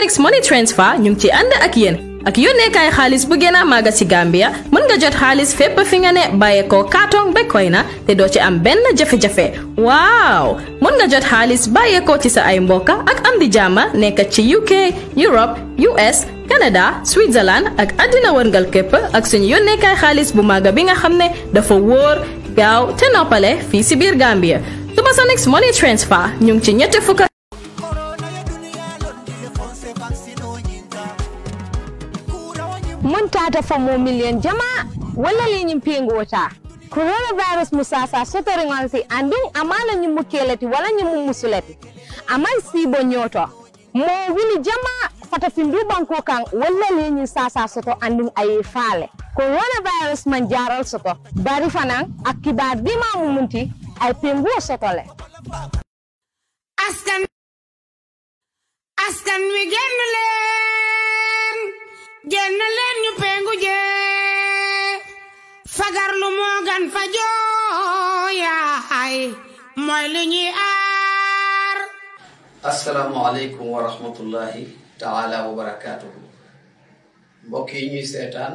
Phoenix Money Transfer ñu anda ci and ak yeen ak yónneekaay xaalis bu gene ci Gambia mën nga jot xaalis fepp fi nga ne baye ko ba Wow, koyna te do ci am benn jafé jafé waaw mën nga jot baye ko ci sa ay mboka ak am di jama nekk ci UK Europe US Canada Switzerland ak adina wangal kep ak suñu kay xaliss bu maga bi nga xamne ne dafa wóor gaaw te fi ci bir Gambia Money Transfer ñu ci ta famo million jama wala li nyim pingu wata coronavirus musasa sotori ngansi andin amana nyim mukeleti wala nyim musuleti amay sibo nyoto mo wini jama fata findu banko kan wala li nyim sasa soto andin ay faale coronavirus man jaral soto bari fanan akibar bima mumunti ay pingu soto le askan askan mi génn leen ñu pengu jee fagar lu moo fa jooyaay mooy lu ñuy aar asalaamualeykum wa rahmatullahi taala wa barakaatuhu mbokk yi ñuy seetaan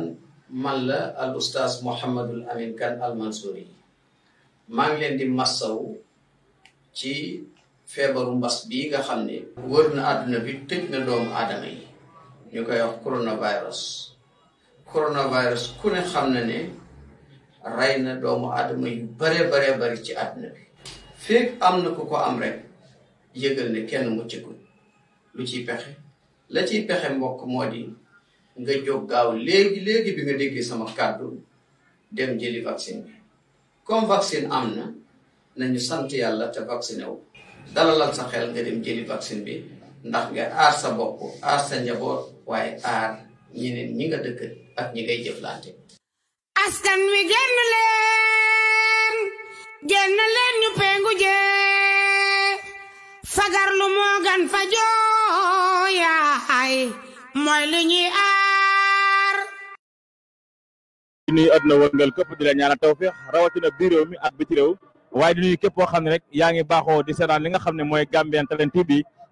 malla la al oustaz Mouhamadul Amin Kane Al Mansouri maa ngi leen di massaw ci feebaru mbas bii nga xam ne wër na àdduna bi tëj na doomu aadama ñu koy wax coronavirus coronavirus ku ne xam na ne rey na doomu aadama yu bare bare bari ci àdduna bi féeg am na ku ko am rek yëgal ne kenn muccagul lu ciy pexe la ciy pexe mbokk moo di nga jóg gaaw léegi léegi bi nga déggee sama kàddu dem jëli vaccin bi comme vaccin am na nañu sant yàlla te vacciné wu dalalal sa xel nga dem jëli vaccin bi ndax nga aar sa bopp aar sa njaboot waye aar ñeneen ñi nga dëkk ak ñi ngay jëflante askan wi genn leen genn leen ñu pengu je fagar lu mo gan fa jooyaay mooy lu ñuy aar di nuyu àdduna wërngal këpp di la ñaanal tawfiq rawati na bi rew mi ak bi réew waaye di nuyu képp koo xamne rek yaangi baxoo di sétane li nga xamne moy mooy Gambian Talents TV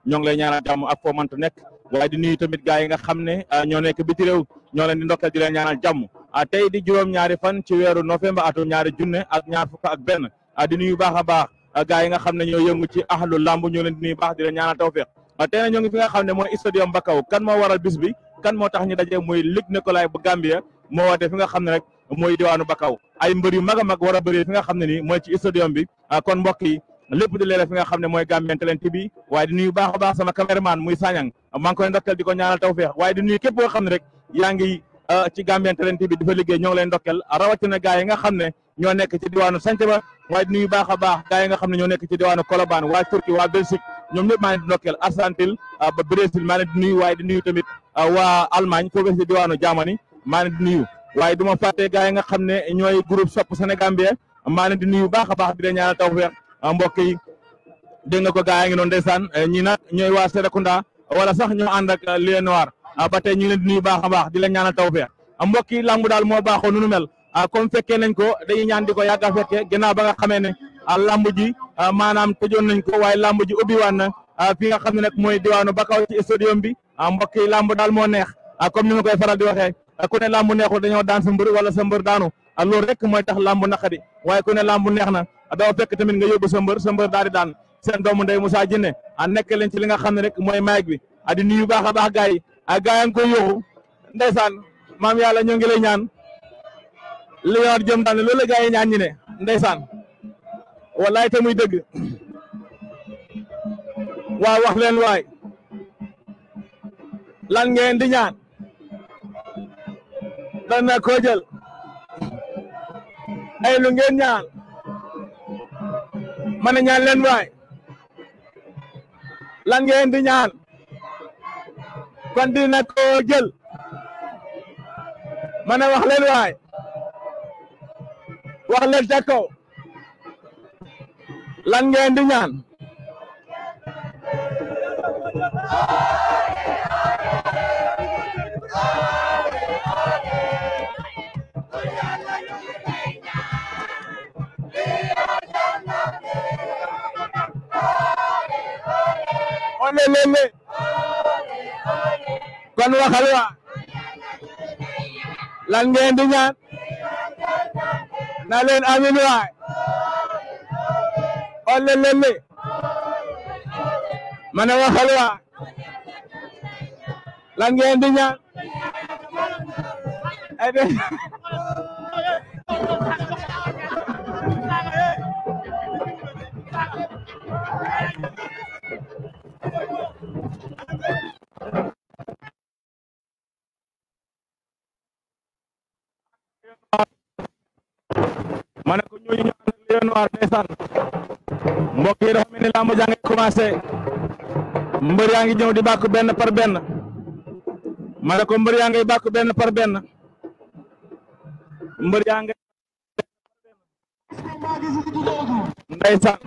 ñoo lay ñaanal jamm ak fo mënta nek waaye di nuyu tamit gars yi nga xam ne ah, ñoo nekk biti réew ñoo leen di ndokkal di leen ñaanal jàmm ah, tey di juróom-ñaari fan ci weeru novembre atum ñaari junne ak ñaar fukk ak benn ah, di nuyu baax a baax gars yi nga xam ne ñoo yëngu ci ahlu lamb ñoo leen di nuyu baax di leen ñaanal tawfeex tey na ñoo ngi fi nga xam ne mooy stadium Bakau kan moo waral bis bi kan moo tax ñu daje muy Luc Nicolaï bu Gambia moo woote fi nga xam ne rek mooy diwaanu Bakau ay mbër yu mag a mag war a bëri fi nga xam ne nii mooy ci stadium bi mbokk yi lépp di leeral fi nga xam ne mooy Gambian Talents TV waaye di nuyu baax a baax sama caméraman muy Sagnang maa ngi koy ndokkel di ko ñaanal tawféex waaye di nuyu képp koo xam ne rek yaa ngi uh, ci Gambian Talents TV di fa liggéey ñoo ngi leen nga xam ne nekk ci diwaanu Santhiaba waaye di nuyu baax a baax gaa yi nga xam ne ñoo nekk ci diwaanu Colobane waa Turquie waa Belgique ñoom ñëpp maa ngi leen di ndokkel Argentine uh, ba Brésil maa ngi di nuyu waaye di nuyu tamit uh, waa Allemagne foofu ci diwaanu Germany nga xam ne ñooy groupe sopp Sénégambie maa ngi leen di baax a baax di leen ñaanal tawféex Ah, mbokk yi dégg ko gaa yaa ngi noonu ndeysaan eh, ñi nag ñooy waa Serekunda wala sax ñoo ànd ak eh, Lion Noir ah, ba tey ñu di nuyu baax a baax di leen ñaanal tawfeex a ah, yi làmb daal moo baaxoo nu nu a comme fekkee nañ ko dañuy ñaan di ko yàgg a fekkee ginnaaw ba nga xamee ne làmb ji maanaam tëjoon nañ ko waaye làmb ji ubbiwaan na fi nga xam ne nag mooy diwaanu Bakaw ci stadium bi mbokk yi lamb daal moo neex comme ni ma koy faral di waxee ku ne làmb neexul dañoo daan sa mbër wala sa mbër daanu loolu rek mooy tax làmb naqadi daw fekk tamit nga yobbu sa mbër sa mbër daal di daan seen doomu ndey musa jinne a nekk len ci li nga xamne rek moy mayg bi a di nuyu baax baax gaay yi a gars ko yoxu koy yóbbu ndeysaan maam yàlla ngi lay ñaan li nga jëm daan loolu la gaay ñaan ñi ne ndeysaan wallahi te muy deug wa wax len way lan ngeen di ñaan dana ko jël ay lu ngeen ñaan ma ne ñaan leen waay lan di ñaan kon dina ko jël ma ne wax leen waay wax leen ca kaw lan ngeen di ñaan ole lan ngeen di ñaan na leen amin waay ole lele ma ne waxal wa ni lamb jaa commencé mbër yaa ngi ñëw di bàkku benn par benn ma ne ko mbër yaa ngay bàkku benn par benn mbër yaa ngay ndeysaan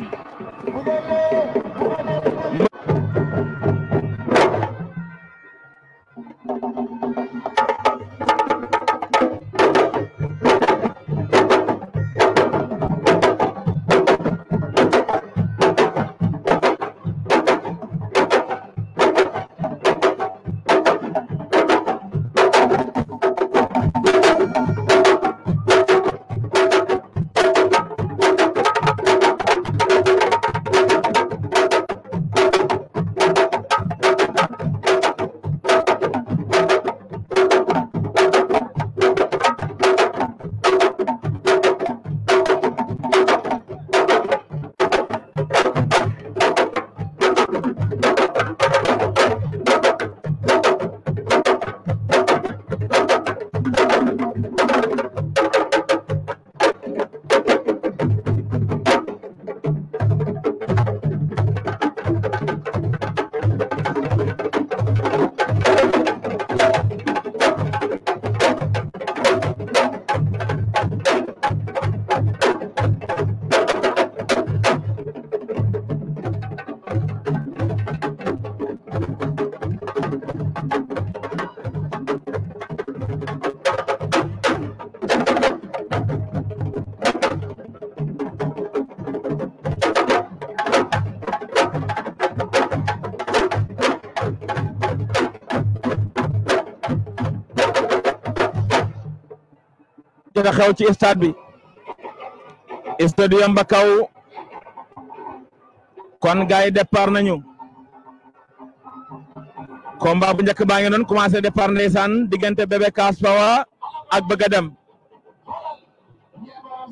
nga xew ci stade bi stadium ba kaw kon gars yi départ nañu combat bu njëkk baa ngi doon commencé départ ndeysaan diggante bébé kaas fawa ak bëgg a dem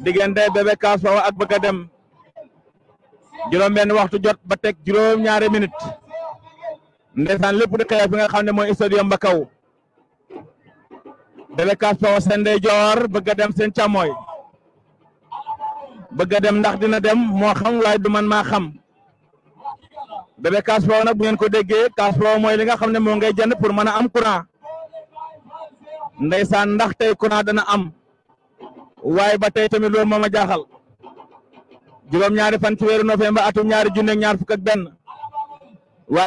diggante bébé kaas fawa ak bëgg a dem juróom benn waxtu jot ba teg juróom ñaari minute ndeysaan lépp di xew nga xam ne mooy stadium ba kaw délégation seen ndeyjoor bëgg a dem seen càmmooy bëgg a dem ndax dina dem moo xam waaye du ma xam bébé cash na nag bu ngeen ko déggee Cash-Power mooy li nga xam ne moo ngay jënd pour mën a am courant ndeysaan ndax tey courant dana am waaye ba tey tamit loolu moo ma jaaxal juróom-ñaari fan ci weeru novembre atum ñaari junne ñaar fukk ak benn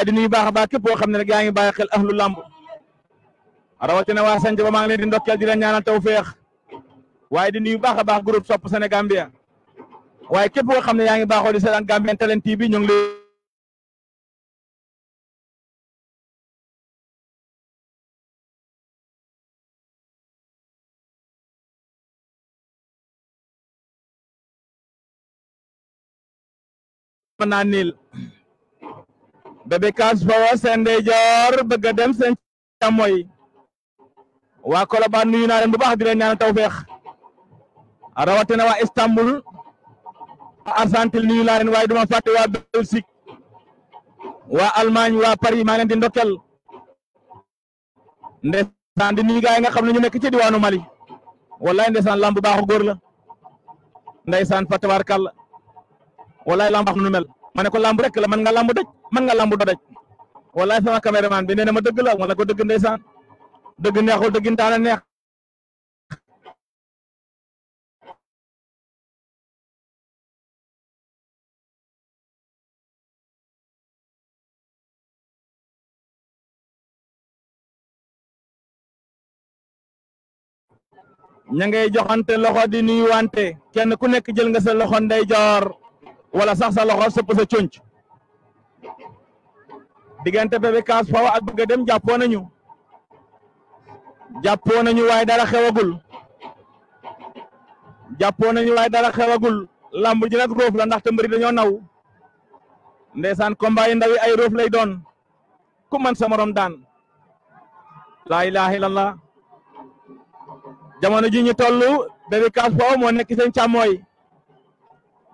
di nuyu baax a baax képp xam ne rek yaa ngi bàyyi xel ahlu lamb rawatina waa sanc ba maa ngi leen di ndokkeel di leen ñaanal taw féex waaye di nuyu baax a baax groupe sopp waaye képp koo xam ne yaa ngi baaxoo di seetaan Gambian Talents TV ñu ngi seen ndeyjoor bëgg dem seen càmmoy waa Colobane nuyu naa leen bu baax di leen ñaan tawfeex rawatina a Istanbul waa Argentine nuyu naa leen waaye duma fàtte waa Belgique waa Allemagne waa Paris maa ngi leen di ndokkel di nuyu gaa nga xam ne ñu nekk ci diwaanu Mali wallaay ndeysaan lamb baax góor la ndeysaan fa tabaarkàlla wallaay lamb baax nu mel ma ne ko lamb rek la man nga lamb daj man nga lamb do daj wallaay sama caméraman bi nee na ma dëgg la wala ko dëgg ndeysaan dëgg neexul dëgg ntaana neex ña ngay joxante loxo di nuyuwante kenn ku nekk jël nga sa loxo ndeyjoor wala sax sa loxo sëpp sa conc diggante bébé Cash Power ak bëgg dem jàppoo nañu jàppoo nañu waaye dara xewagul jàppoo nañu waaye dara xewagul lamb ji nag roof la ndax tembari dañoo naw ndeysaan combat yi ndaw yi ay roof lay doon ku man sa morom daan laa ilaha illallah jamono ji ñu toll Bébé Cash Power moo nekk seen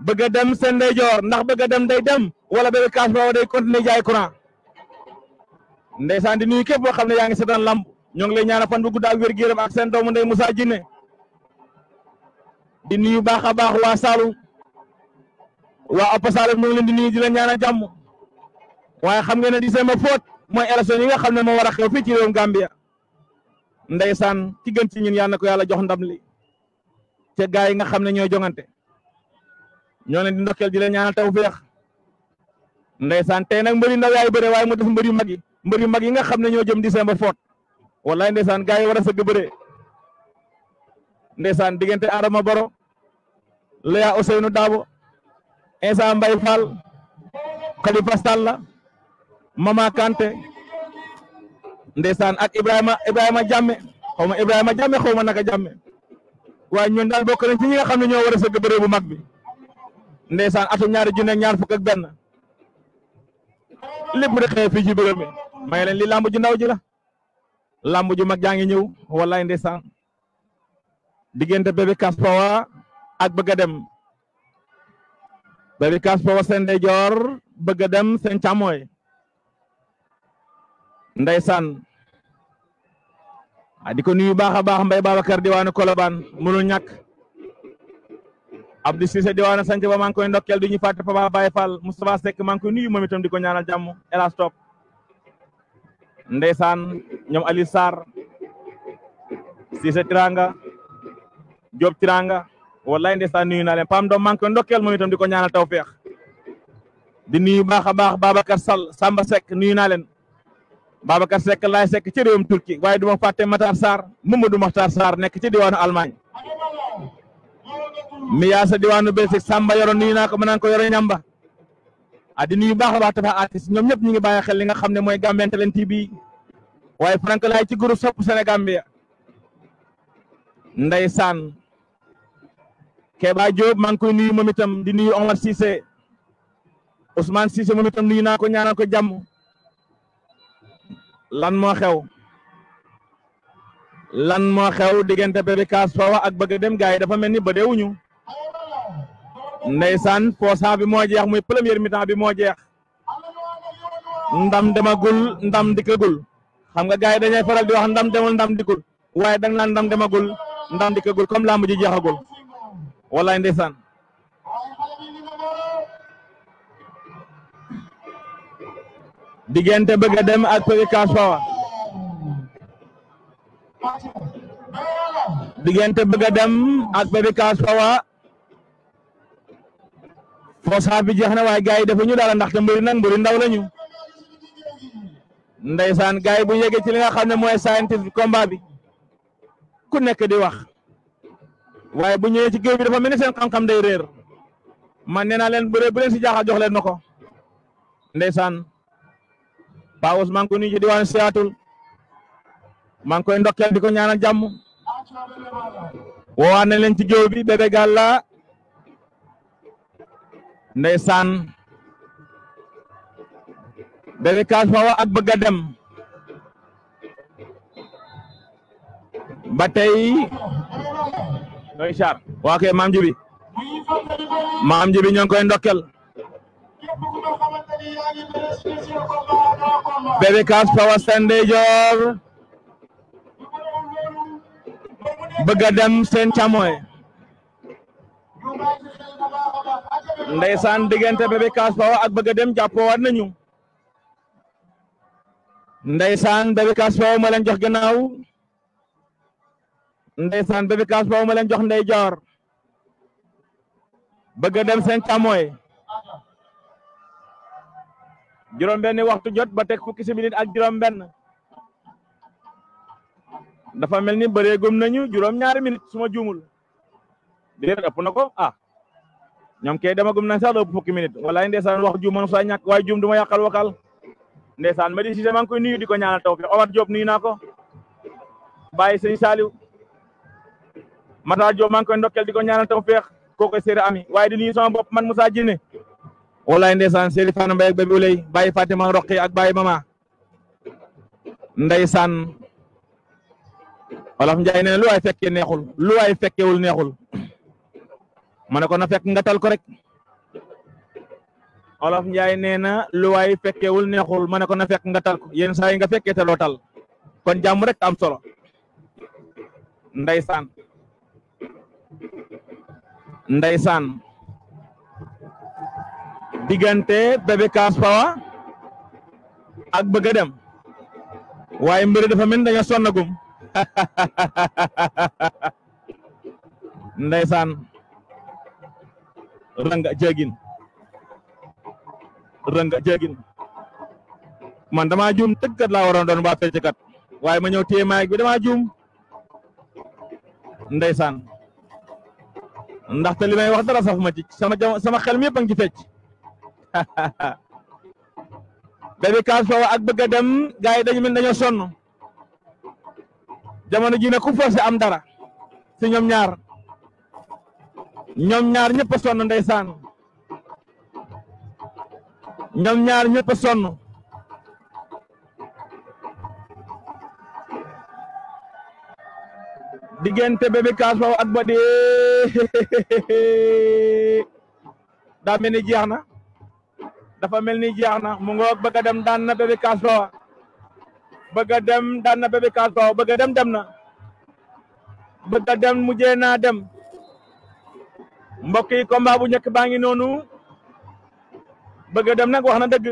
bëgg dem seen ndeyjoor ndax bëgg dem day dem wala Bébé Cash Power day continuer jaay courant ndeysaan di nuyu képp boo xam ne yaa ngi seetaan lamb ñong lay ñaanal fan bu gudda wër wér ak seen doomu ndey Moussa Djiné di nuyu baax a baax waa Saalum waa Opa Saalum leen di nuyu di la ñaanal jamm waye xam ngeen ne di sama ma foot moy élection yi nga xam ne moo war xew fi ci réewum Gambia ndeysaan ci gën ci ñun yal ko jox ndam li te gaay nga xam ne ñooy jongante ñoo leen di ndokkel di leen ñaanal tawfeex ndeysaan tey nak mbeuri ndaw yaay bëre waye mo def mbeuri mag yi mbëri mag yi nga xam ne ñoo jëm di sama foot wallaay ndeysaan gaa yi war a sëgg bëre ndeysaan diggante Adama Baro Leya Ousseynou Dabo Insa Mbay Fall Khalifa Sall Mama Kanté ndeysaan ak Ibrahima Ibrahima Jamme xaw ma Ibrahima Jamme xaw ma naka Jamme waaye ñun daal bokk nañ ci ñi xam ne ñoo war a sëgg bu mag bi ndeysaan atum ñaari junne ñaar fukk ak benn lépp rek xëy fii mi may leen li làmb ji ndaw jila Lambu ju mag jangi ñew ñëw ndessan ndeysaan bébé Kaspawa ak bëgg dem bébé Kaspawa seen jor bëgg dem sen chamoy ndaysan di ko nuyu baax a baax Mbaye Babacar diwaanu Colobane Abdou Cissé sante ba koy ndokkel duñu fatte Papa Baye Fall mustapha sek maa ngi koy nuyu momitam diko ñaanal jamm hélas ndeysaan ñoom Aliou Sarr Cissé Tiranga job Tiranga wallahi ndeysaan nuyu na leen Pam do manqué ndokel moom itam di ñaanal tawfiq di nuyu baax a baax Babacar Samba sek nuyu na leen babakar sek lay sek ci rewum Turki waye duma faté Matar Sarr Mamadou Makhtar sar nek ci diwanu Allemagne mi yaasa diwanu diwaanu Samba yoro nuyu na ko manan ko yoro ñamba adini ah, nuyu baax a baax tafa artiste ñom ñep ñi ngi baye xel li nga xamne moy Gambian TV waye Frank lay ci groupe sopp Sénégambia ndaysan Keba Diop maa ngi koy nuyu moom itam di nuyu Omar Cissé Ousmane Cissé moom nuyu naa ko ñaanal ko jamm lan mo xew lan mo xew diggante Bébé Cash ak bëgg dem gaay dafa melni ndeysaan posa bi moo jeex muy première mi-temps bi moo jeex ndam demagul ndam dikkagul xam nga gars yi dañuy faral di ndam demul ndam dikkul waaye da ndam demagul ndam dikkagul comme làmb ji jeexagul wallaay ndeysaan diggante bëgg dem ak Peri Cash Power diggante dem ak Peri Cash foosaa bi jeex na waaye gars yi defuñu dara ndaxte mbëri nan mbëri ndaw lañu ndaysan gars bu yegge ci li nga xamne moy scientist combat bi ku nekk di wax waaye bu ñewé ci geew bi dafa melni seen xam-xam day reer man neena len ci jaxal jox len nako ndaysan ndeysaan Paa ko ñu ci diwan siatul man koy ndokkel diko ñaanal jamm wo wa na len ci geew bi bebe galla ndeysaan bébé cash ak bëgg a dem ba tey noy char waa kay maam jibi maam jibi ñoo ngi koy ndokkel bébé bëgga dem seen càmmooy ndaysan digenté bébé kaas bawo ak bëgg dem jappo wat nañu ndaysan bébé kaas bawo ma leen jox gënaaw ndaysan bébé kaas bawo ma leen jox jor bëgg dem sen chamoy juroom benn waxtu jot ba tek fukki minute ak juroom benn dafa melni ni gum nañu juroom ñaari minute suma jumul dëgg ëpp nako ah ñom kay dama gum na sax lëpp fukki minute walaay ndeysaan wax juum mënu saa ñàkk waaye juum du wakal ndeysaan ma di ci sama koy nuyu diko ñaanal taw fi Omar Diop nuyu nako baye bàyyi saliw Mata job man ngi koy ndokkel diko ñaanal taw feex kooku séeré ami waaye di nuyu sama bop man musa jine walaay ndeysaan Seri Fane Mbaye ak Babi Ulay baye Fatima Roqi ak baye Mama ndeysaan wala Njaay jay ne lu way fekke neexul lu fekke wul neexul mané ko na fekk nga tal ko rek olof njaay nee na lu waay fekkewul neexul ma ne ko na fekk nga tal ko yenn nga fekke te tal kon rek am solo ndaysan ndaysan digante bébé kaas pawa ak bëgg dem waye mbeure dafa mel sonnagum Rangga Jagin. Rangga Jagin. jum tegat la lawaran don ba fe cekat. Waye ma ñew téye maay bi dama jum. Ndaysan. Ndax li limay wax dara sax ma ci sama sama xel mi bang ci fecc. Bébé Kass Fawa ak bëgg dem gaay dañu min dañu sonu. Jamono ji ne ku fossé am dara si ñom ñaar ñom ñaar ñepp a ndaysan ñom ñaar ñepp a sonn bébé kaas ak Body daa mel ni jeex dafa melni jeexna jeex na mu ngoog bëgg dem daan na bébé kaas bëgg dem daan na bébé kaas bëgg dem dem na bëgg dem mujjee naa dem mbokk yi combat bu njëkk baa ngi noonu bëgg dem nag wax na dëgg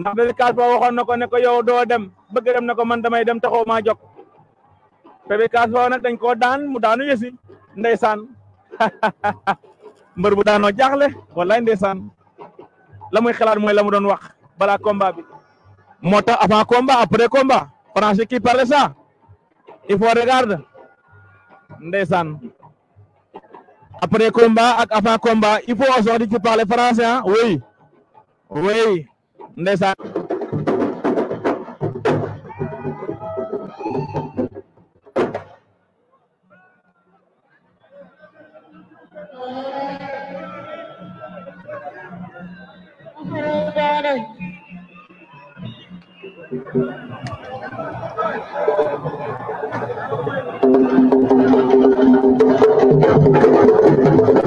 ndax Bébé Casbah waxoon na ko ne ko yow doo dem bëgg dem na ko man damay dem taxaw maa jog Bébé Casbah nag dañ koo daan mu daanu yësi ndeysaan mbër bu daanoo jaaxle wallaay ndeysaan la muy xalaat mooy la mu doon wax balaa combat moo tax avant combat après combat français qui parle ça il faut regarder ndeysaan après combat et avant combat il faut aujourd'hui tu parles français hein oui oui ça. なるほど。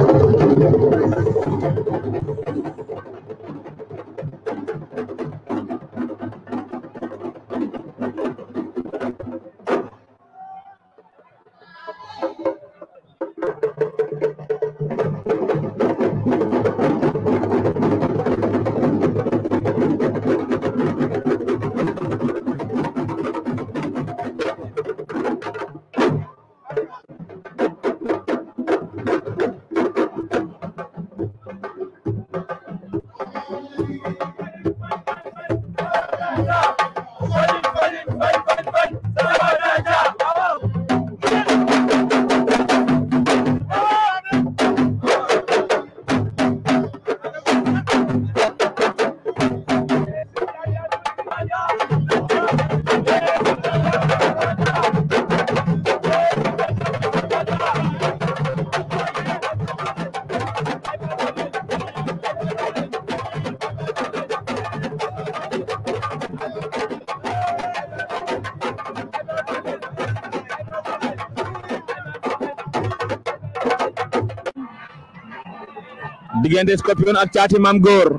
diggante Scorpion ak tiati mam gor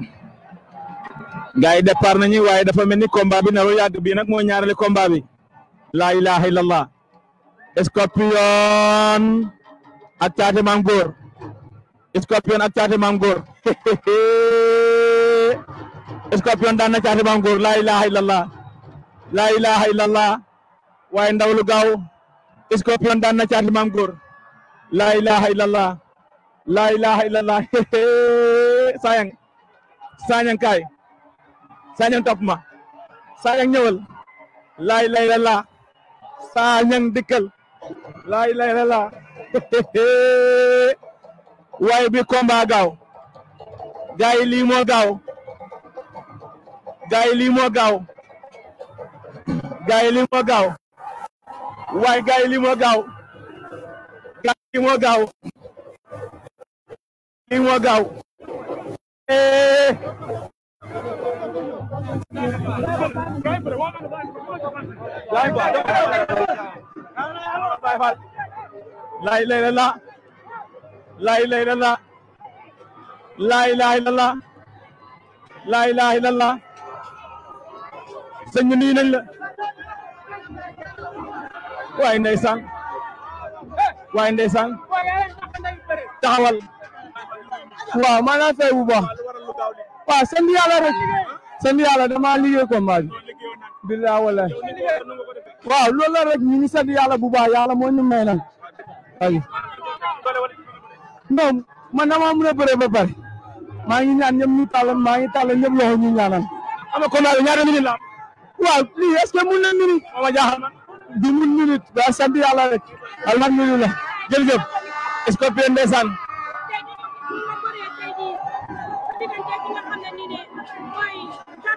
gars départ nañu waye dafa melni ni combat bi naru yag bi nak mo ñaarale combat bi la ilaha illallah Scorpion ak tiati mam gor Scorpion ak tiati mam gor Scorpion dan na tiati mam la la ilaha illallah la ilaha illallah waye ndawlu lu gaaw Scorpion dan na tiati mam gor la ilaha illallah La ilaha illallah. Sayang. Sayang kay. Sayang top ma. Sayang ñewal. La ilaha illallah. Sayang dikkal. La ilaha illallah. Waaye bi combat gaaw. Gaa yi lii moo gaaw. Gaa yi lii moo gaaw. Gaa yi lii moo gaaw. Waaye gaa yi lii moo gaaw. Gaa yi lii moo in wagau eh lai lai la la lai lai la la lai lai la la lai lai la la sëñ nii nañ la waaye ndeysaan waaye ndeysaan taxawal Wah mana fay bu Wah waaw sant yàlla rek sant yàlla damaa liggéey combat bi billaay wallaay waaw loolu la rek ñu ngi sant yàlla bu baax yàlla moo ñu may nag waaye non man damaa e mën a bëre ba pare maa ngi ñaan ñëpp ñu tàllal maa ngi tàllal ñëpp loxo ñu ñaanal la est-ce na di mun minute ba sant yàlla rek alhamdulilah est-ce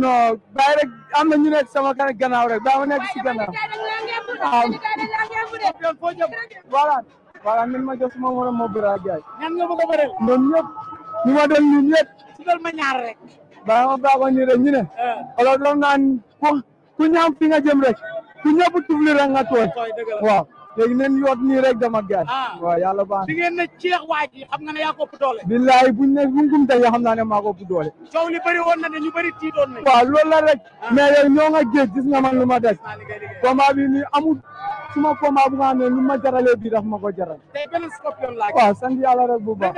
non bàyyi rek am na ñu nekk sama kan gannaaw rek ba ma nekk si gannaaw ah, voilà voilà min ma jox suma mën a moo bëra gaay ñan nga bëgg ma doon ñu ma ñaar rek ba ma baba ni rek ñu ne ah. naan ku ñaam fi nga jëm rek ku ñëpp tubli rek nga léegi nañ yoot nii rek dama gàtt. waaw yàlla baax na. bi ngeen ne ceex waa ji xam nga ne yaa ko ëpp doole. billaay buñ ne buñ gum tey xam naa ne maa ko ëpp doole. coow li bëri woon na ne ñu bëri tiitoon nañ. waaw loolu la rek. mais yow ñoo nga géej gis nga man lu ma des. combat bi nii amul suma combat bu nga xam ne lu ma jaralee bii daf ma ko jaral. tey benn scorpion laa waaw sant yàlla rek bu baax.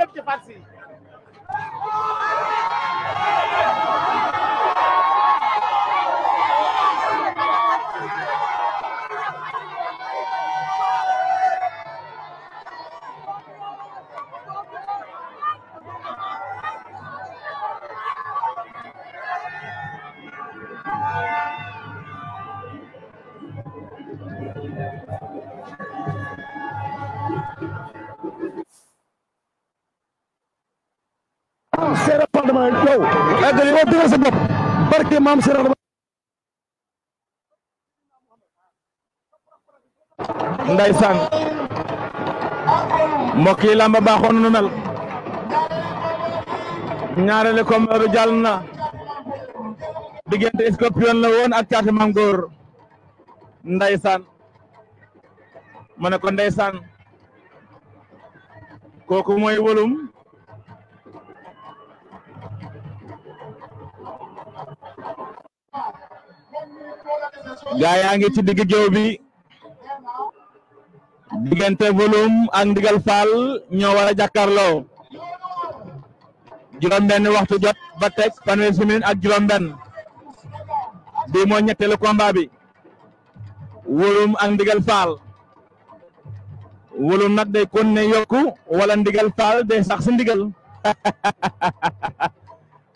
boo dëggal sa bopp barke Ba. Ndeysaan mbokk yi lamba baaxoon nu mel ñaareelu combat bi jàll na diggante scorpion la woon ak caati maam góor Ndeysaan ma ne ko Ndeysaan kooku mooy wëlum. gaay yaa ci digg géew bi digante volume ak digal fall ñoo wara jakarlo juroom ben waxtu jot ba tek panel simili ak juroom ben bii mo ñetteelu combat bi wulum ak digal fall wulum nak day konne yokku wala digal fall day sax ci digal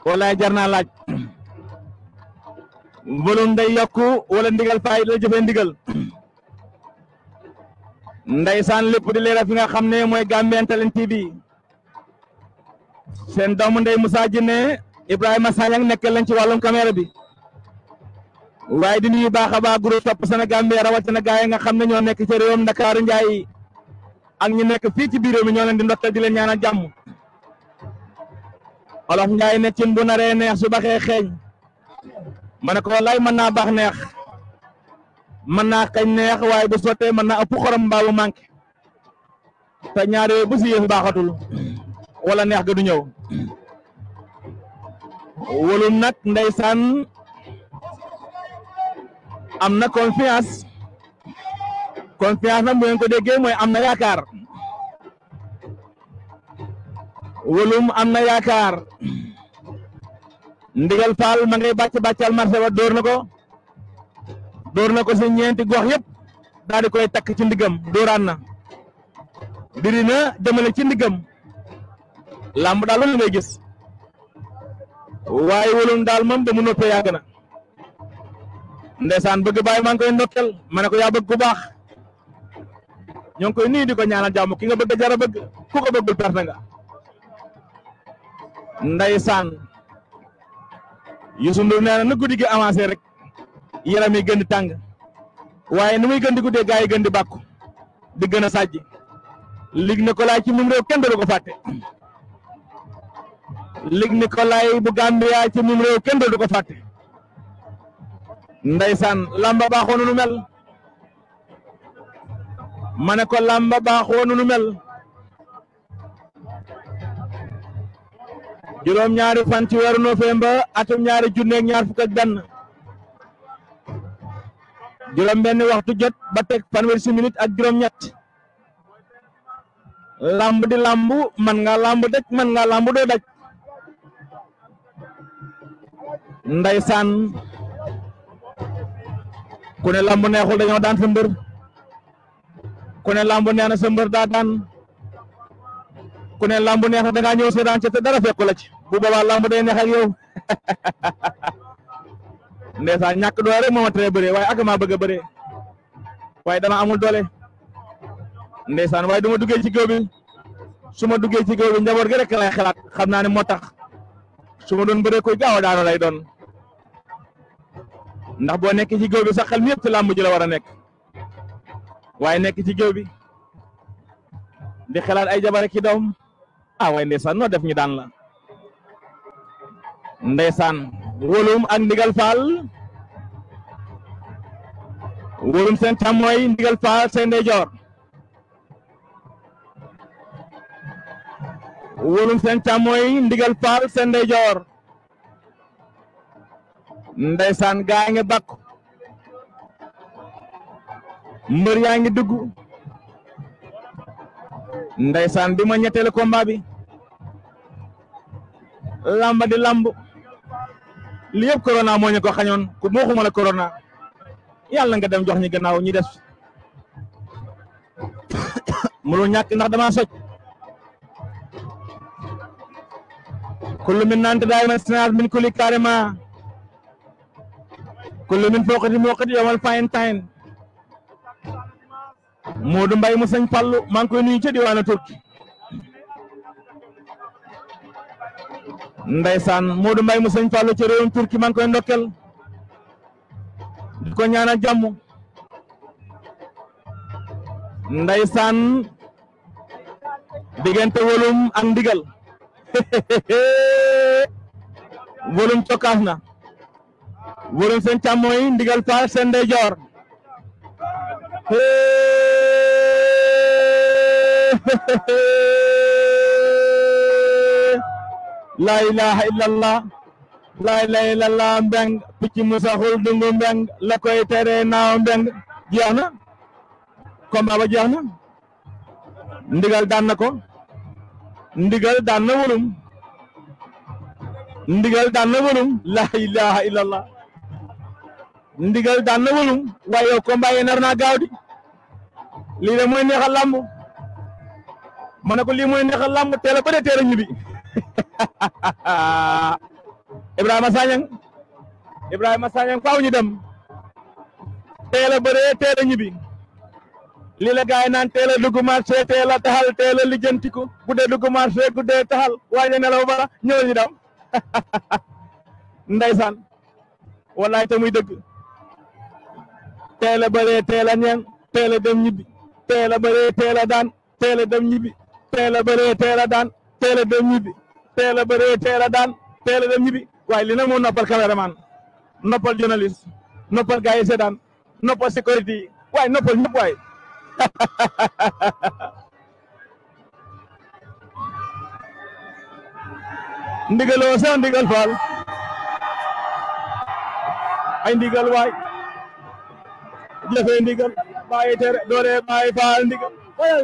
wala jarna laaj mbërum day yokku wala ndigal faay la jëfee ndigal ndeysaan lépp di leer fi nga xamne moy Gambian TV sen doomu ndey musa Ibrahima Sanyang nekk lan ci walum caméra bi way di nuyu baxa ba baax top sene gambe rawatina na gaay nga xamne ne ñoo nekk ci réewum dakar Njaay ak ñu nekk fi ci biir mi ño leen di ndottal di leen ñaanal jamm Olof Njaay ne cin bu re neex su baxee mané ko lay man na bax neex man na kañ neex waaye bu soté man na ëpp xorom baawu manké ta ñaar bu si baaxatul wala neex ga du ñew wolum nak ndaysan amna confiance confiance nag bu ngeen ko déggé moy amna yaakar wolum amna yaakar ndigal fal ma ngay bacc baccal marché ba dor nako ko nako ci ko gox yëpp dal di koy tak ci ndigam doran na biri na demale ci ndigam lamb dal lu ngay gis waye wolum dal dama noppé yag na ndessane bëgg bay ma ngoy ko bëgg ku baax ñong koy ni di ko ñaanal jamm ki nga bëgg jara bëgg ku ko bëggul perte nga Youssou Ndour nee na na guddi gi avancé rek yaram yi gën di tàng waaye nu muy gën di guddee gaa yi gën di bàkku di gën a sàjji lig Nicolas ci mim réew kenn du ko fàtte lig Nicolas bu Gambia ci mim réew kenn du ko fàtte ndeysaan lamba baaxoo nu nu mel ma ko lamba baaxoo nu mel jurom ñaari fan ci november novembre atum ñaari junne ak ñaar fukk ak benn jurom ben waxtu jot ba teg fanweer si minute ak jurom ñett lamb di lamb man nga lamb dekk man nga lamb do dekk ndaysan ku ne lamb neexul dañu daan sa mbeur ku ne lamb neena sa mbeur da daan ku ne lamb neex da nga ñew sa ca ci dara fekku ci bu boobaa lamb day neex ak yow ndeysaan ñàkk doole rek moo ma tere bëree waaye ak maa bëgg a bëree waaye dama amul doole ndeysaan waaye du ma duggee ci géew bi su ma duggee ci géew bi njaboot gi rek lay xalaat xam naa ne moo tax su ma doon bëree koy gaaw a daanu lay doon ndax boo nekkee ci géew bi sax xel mi yëpp ci làmb ji la war a nekk waaye nekk ci géew bi di xalaat ay jabar ak i doom ah waaye ndeysaan noo def ñu daan la. ndaysan wolum ak ndigal fal wolum sen càmmooy ndigal faal seen ndeyjoor wolum sen càmmooy ndigal faal sen ndeyjoor ndeysaan gaa ngi bakku mbër yaa dugg ndaysan bima ñettel combat bi lamba di lambu li yëpp corona moo ñu ko xañoon ku moo xuma la corona yàlla nga dem jox ñi gannaaw ñi des mënul ñàkk ndax dama soj kullu min nante daay ma sinaat min kulli carrément kullu min fooqati mooqati yomal fayin tayin Modou Mbaye mu sëñ Pallu maa ngi koy nuyu ca diwaanu Turki Ndeysaan Modou Mbaye mu sëñ Fallou ca Turki maa koy ndokkel di ko ñaanal jàmm Ndeysaan diggante wolum ak ndigal wolum cokkaas na wolum seen càmmooy ndigal faal seen ndeyjoor la ilaha illallah la ilaha illallah mbeng picc mu saxul dungu la koy tere naaw mbeng jeex na combat ba jeex na ndigal daan na ko ndigal daan na wulum ndigal daan na wulum la ilaha illallah ndigal daan na wulum waaye yow combat yi naa gaaw di lii de mooy neexal làmb ma ne ko lii mooy neexal làmb teel a bëre teel a ñibbi Ibrahima Sagnang Ibrahima Sagnang faaw ñu dem teel a bëree teel a ñibbi lii la gaay naan teel a dugg marché teel a taxal teel a lijjantiku guddee dugg marché guddee taxal wàññi nelaw ba ñëw ñu dem ndeysaan dëgg teel a bëree teel a ñeeng teel a dem ñibbi teel a daan teel a dem ñibbi teel a bëree daan teel a dem teel a bëree teel a daan teel a dem li nag moo noppal caméraman noppal journaliste noppal gars yi noppal sécurité yi noppal ñëpp waay ndigal waay jëfee ndigal bàyyi tere dooree bàyyi faal ndigal waay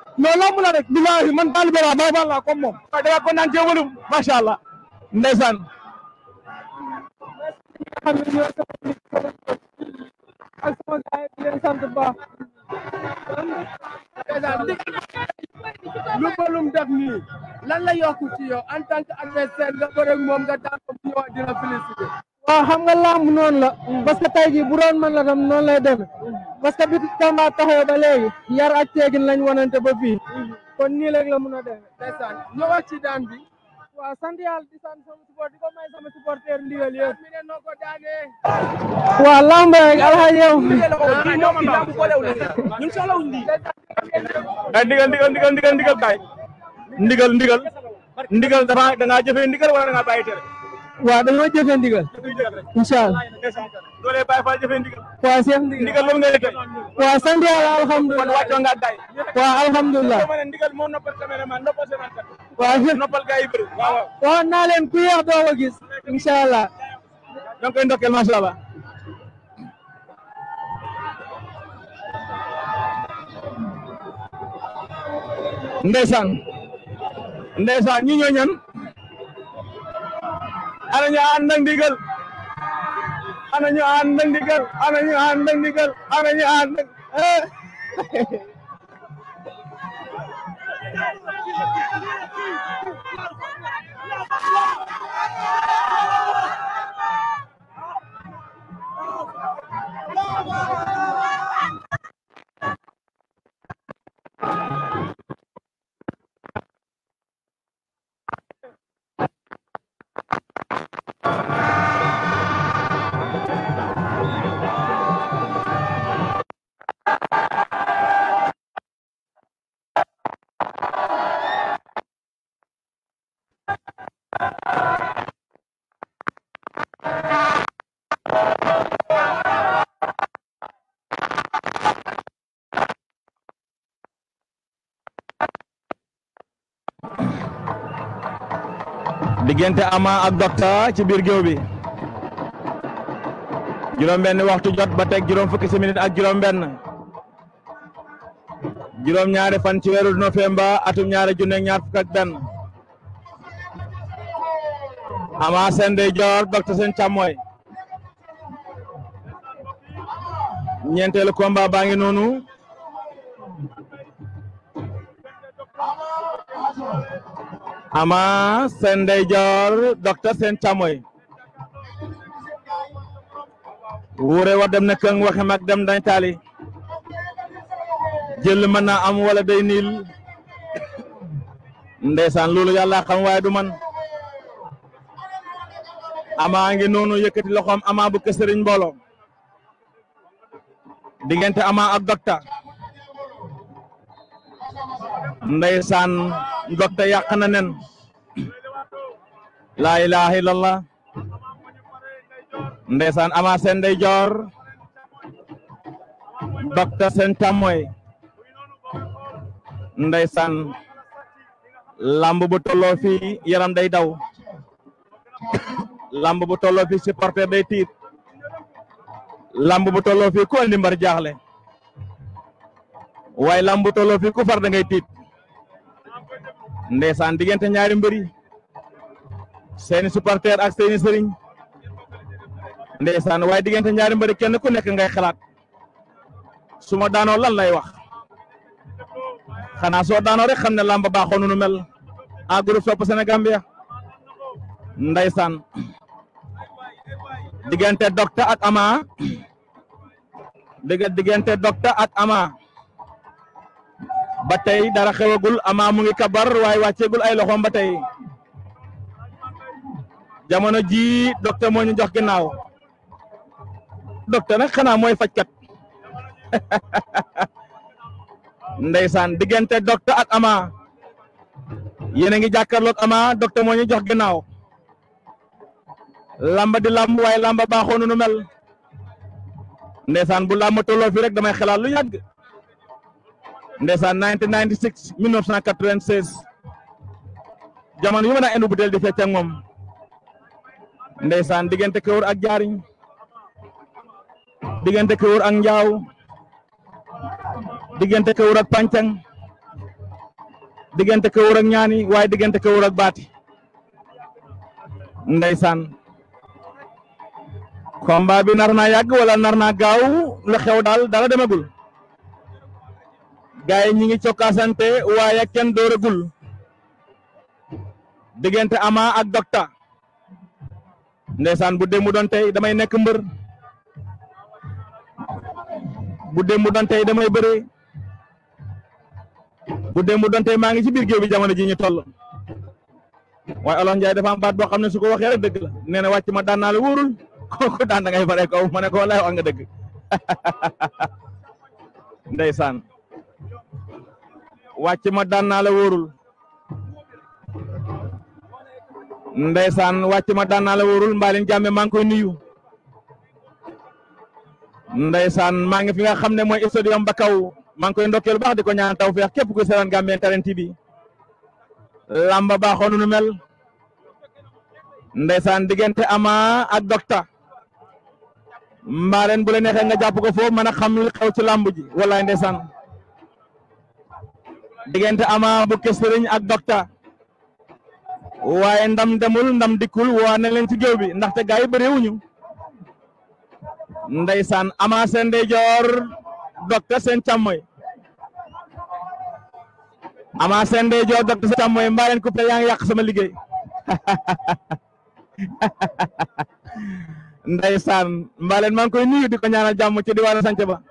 non lamb la rek billahi man taalibe laa baay baal laa comme moom da nga ko naan jéemalum macha allah ndeysaan ak sama gaay di leen sant bu baax lu balum def nii lan la yokku ci yow en tant que adversaire nga bëre ak moom nga daan ko bu ñëwaat dina félicité waaw xam nga làmb noonu la parce que tey jii bu doon man la tam noonu lay demee parce que bi Tamba taxawee ba léegi yar ak teegin lañ wanante ba fii kon nii rek la mun a demee ndeysaan ñëwaat ci daan bi waaw sant yàlla di sant di ndigal ndigal ndigal ndigal ndigal ndigal dafa da ngaa ndigal wala da ngaa tere waaw dañoo jëfee ndigal incha allah doole Baye Fall ndigal waaw ndigal ana ñu ànd ak ndigal ana ñu ànd ak ndigal diggante Ama ak Docteur ci biir géew bi juróom-benn waxtu jot ba teg juróom fukki minutes ak juróom-benn juróom-ñaari fan ci weeru novembre atum ñaari junne ak ñaar fukk benn Ama seen ndeyjoor Docteur seen càmmooy ñeenteelu combat baa ngi noonu. ama seen ndeyjoor docteur seen càmmoy wuure war dem na këng waxe mag dem dañ taali jël mën naa am wala day niil ndeysaan loolu yàlla xam waaye du man ama ngi noonu yëkkati loxoom ama bu ke sëriñ mbooloo diggante ama ak docteur ndaysan ndokte yak na nen la ilaha illallah ndaysan ama day jor bakta sen tamoy ndaysan lamb bu tolo fi yaram day daw lamb bu tolloo fii supporter day tit lamb bu tolo fi ku andi mbar jaaxle lamb bu tolloo fii ku far da ngay tit ndeysaan diggante ñaari mbëri yi seeni supporter ak seeni sëriñ ndeysaan waaye diggante ñaari mbëri kenn ku nekk ngay xalaat suma ma daanoo lan lay wax xanaa soo daanoo rek xam ne làmb baaxoo nu mel a groupe sopp gambia ndeysaan diggante docteur ak ama dëgg diggante docteur ak ama ba tey dara xewagul ama mu ngi kabar waaye wàcceegul ay loxoom ba tey jamono ji docteur moo ñu jox ginnaaw docteur nag xanaa mooy fajkat ndeysaan diggante docteur ak ama yéen a ngi jàkkaarloog ama docteur moo ñu jox ginnaaw lamba di lamb waaye lamba baaxoo nu mel ndeysaan bu lamba tolloo fi rek damay xalaat yàgg ndeysaan 1996 1996 jamono yu ma daan indi butéel di fecc ak moom ndeysaan diggante Kër ak jaariñ diggante Kër ak njaaw diggante Kër ak pàncang diggante Kër ak ñaani waaye diggante Kër ak baati ndeysaan combat bi nar naa yàgg wala nar naa gaaw lu xew daal dara demagul. gaay ñi ngi cokkaasante waye ken dooragul Ama ak docteur ndeysaan bu démb don tay damay nek mbeur bu démb don tay damay bëree bu démb don tay ma ngi ci bir géew bi jamono ji ñu toll way alon Njaay dafa am baat bo xam suko su rek dëgg la wacc ma koku da ngay bare ko mané ko lay wax nga dëgg wàcc ma daan naa la wóorul ndeysaan wàcc ma daan la wóorul mbaalin jàmme maa ngi koy nuyu ndeysaan maa ngi fi nga xam ne mooy stadium ba kaw maa ngi koy ndokkeel baax di ko ñaan taw feex képp kuy seetaan Gambian Talents TV lamba baaxoon nu mel diggante ama ak docteur mbaa ren bu nga jàpp ko foofu mën xam li ci làmb ji wallaay diggante Ama Bukke Sëriñ ak Docteur waye ndam demul ndam dikul, wa ne leen ci géew bi té gaay bëré wuñu ndaysan Ama seen jor, Docteur sen chamoy Ama seen jor, Docteur sen chamoy mba leen coupé yaa ngi yàq sama liggéey ndaysan mba leen nuyu di ñaanal jamm ci diwaanu sànce ba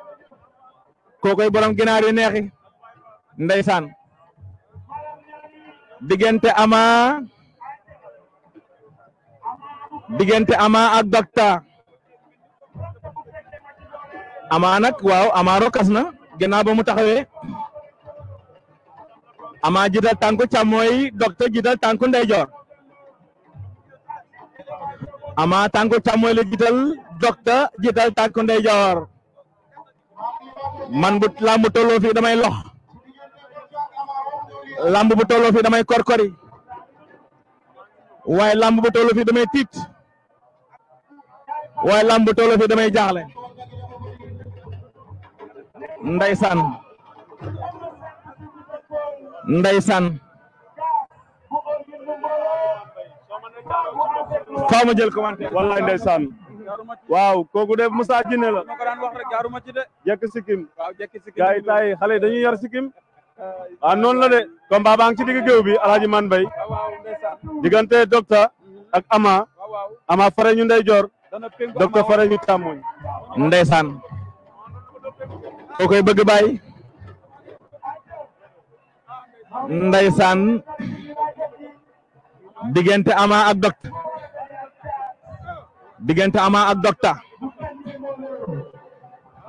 kokoy borom ginaar yu neexi ndeysaan diggante ama diggante ama ak docta ama nag waaw ama rokas na ginnaaw ba mu taxawee ama jiital tànku càmmooy docta jiital tànku ndeyjoor ama tànku càmmooy la jiital docta jiital tànku ndeyjoor man bu laa mu tolloo damay lox làmb bu tolloo fii damay korkori waaye làmb bu tolloo damay tiit waaye làmb bu tolloo damay jaaxle ndeysaan ndeysaan faaw ma jël commentaire wallaay ndeysaan waaw kooku de Moussa Djinné la ma ko daan wax rek sikkim waaw jekk sikkim dañuy yar sikkim waaw ah, noonu la de combat baa ngi ci digg géew bi alaaji man bay diggante docteur ak ama ama fare ñu ndey joor docteur fare ñu càmmoñ ndeysaan koo koy bëgg baay ndeysaan diggante ama ak docteur diggante ama ak docteur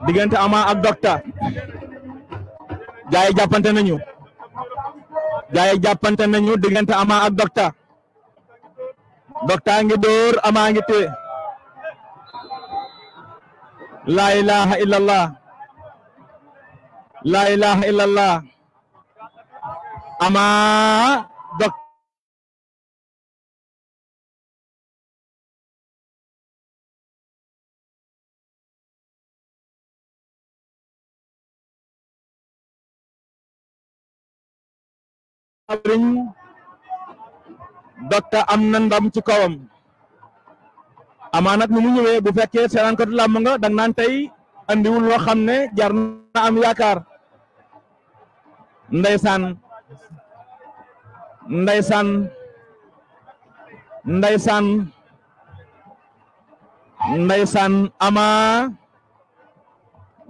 diggante ama ak docteur gaa yi jàppante nañu gaa yi jàppante nañu diggante Ama ak Docta Docta ngi dóor Ama ngi sëriñ Docta amna ndam ci kawam amanat ni mu ñëwee bu féké seetaan ko làmb nga dag nan tay andi lo ne jar na am yakar ndaysan ndaysan ndaysan ndaysan ama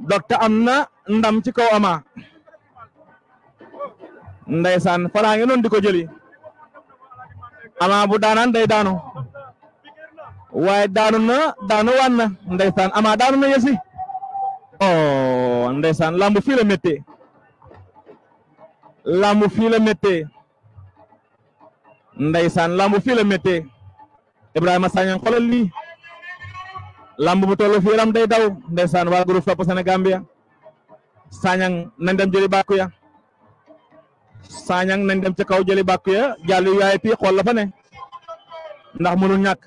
Dokter Amna ndam ci kaw ama ndaysan fala ngi non diko jeli ama bu danan day danu way danu na danu wan na ndeysaan ama danu na yesi oh ndaysan lambu file la metti lamb mete, la metti ndaysan lamb fi la metti Ibrahima sañan xolal lii lamb bu tollu fi lam day daw ndaysan wa groupe Sopp Sénégambia sañan nañ dem ya Sagnang nañ dem ca kaw jëli bàkk ya jàll yaay pi xool la fa ne ndax mënul ñàkk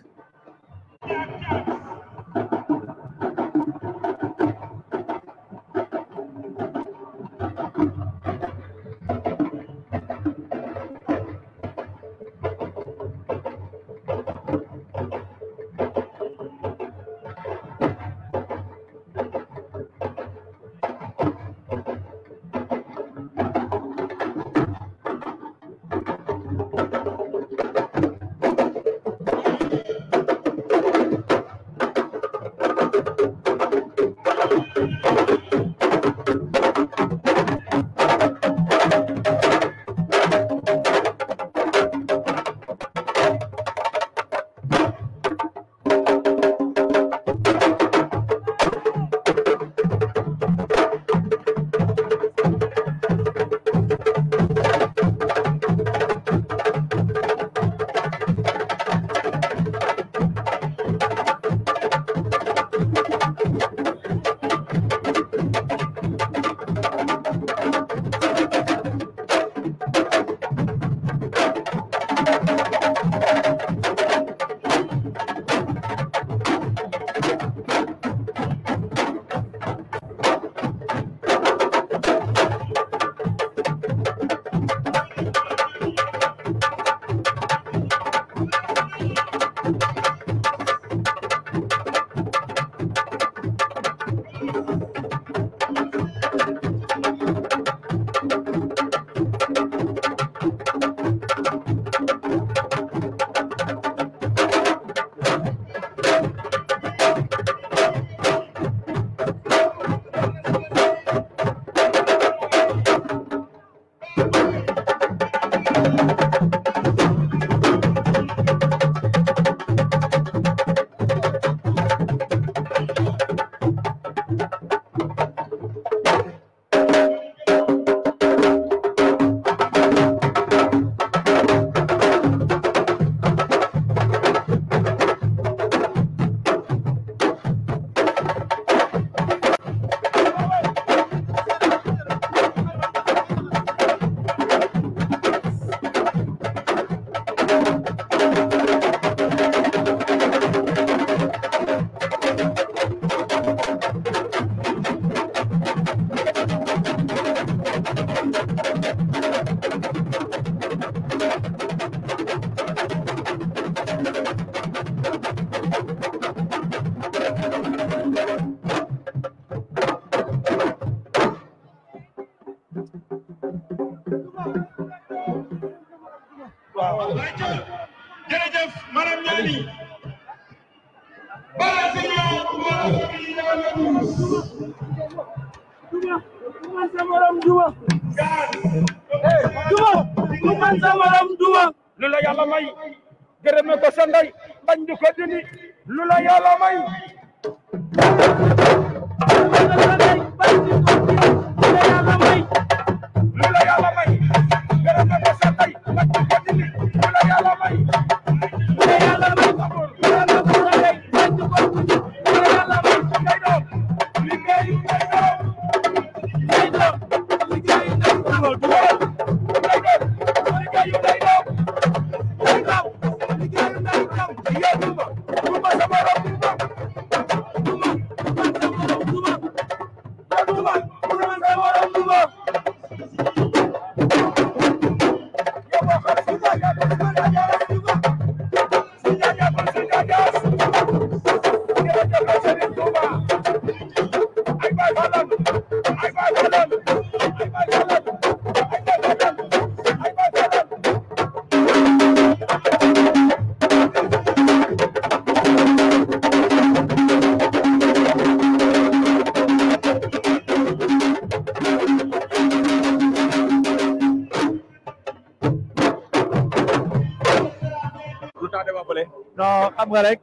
nga oh. eh, rek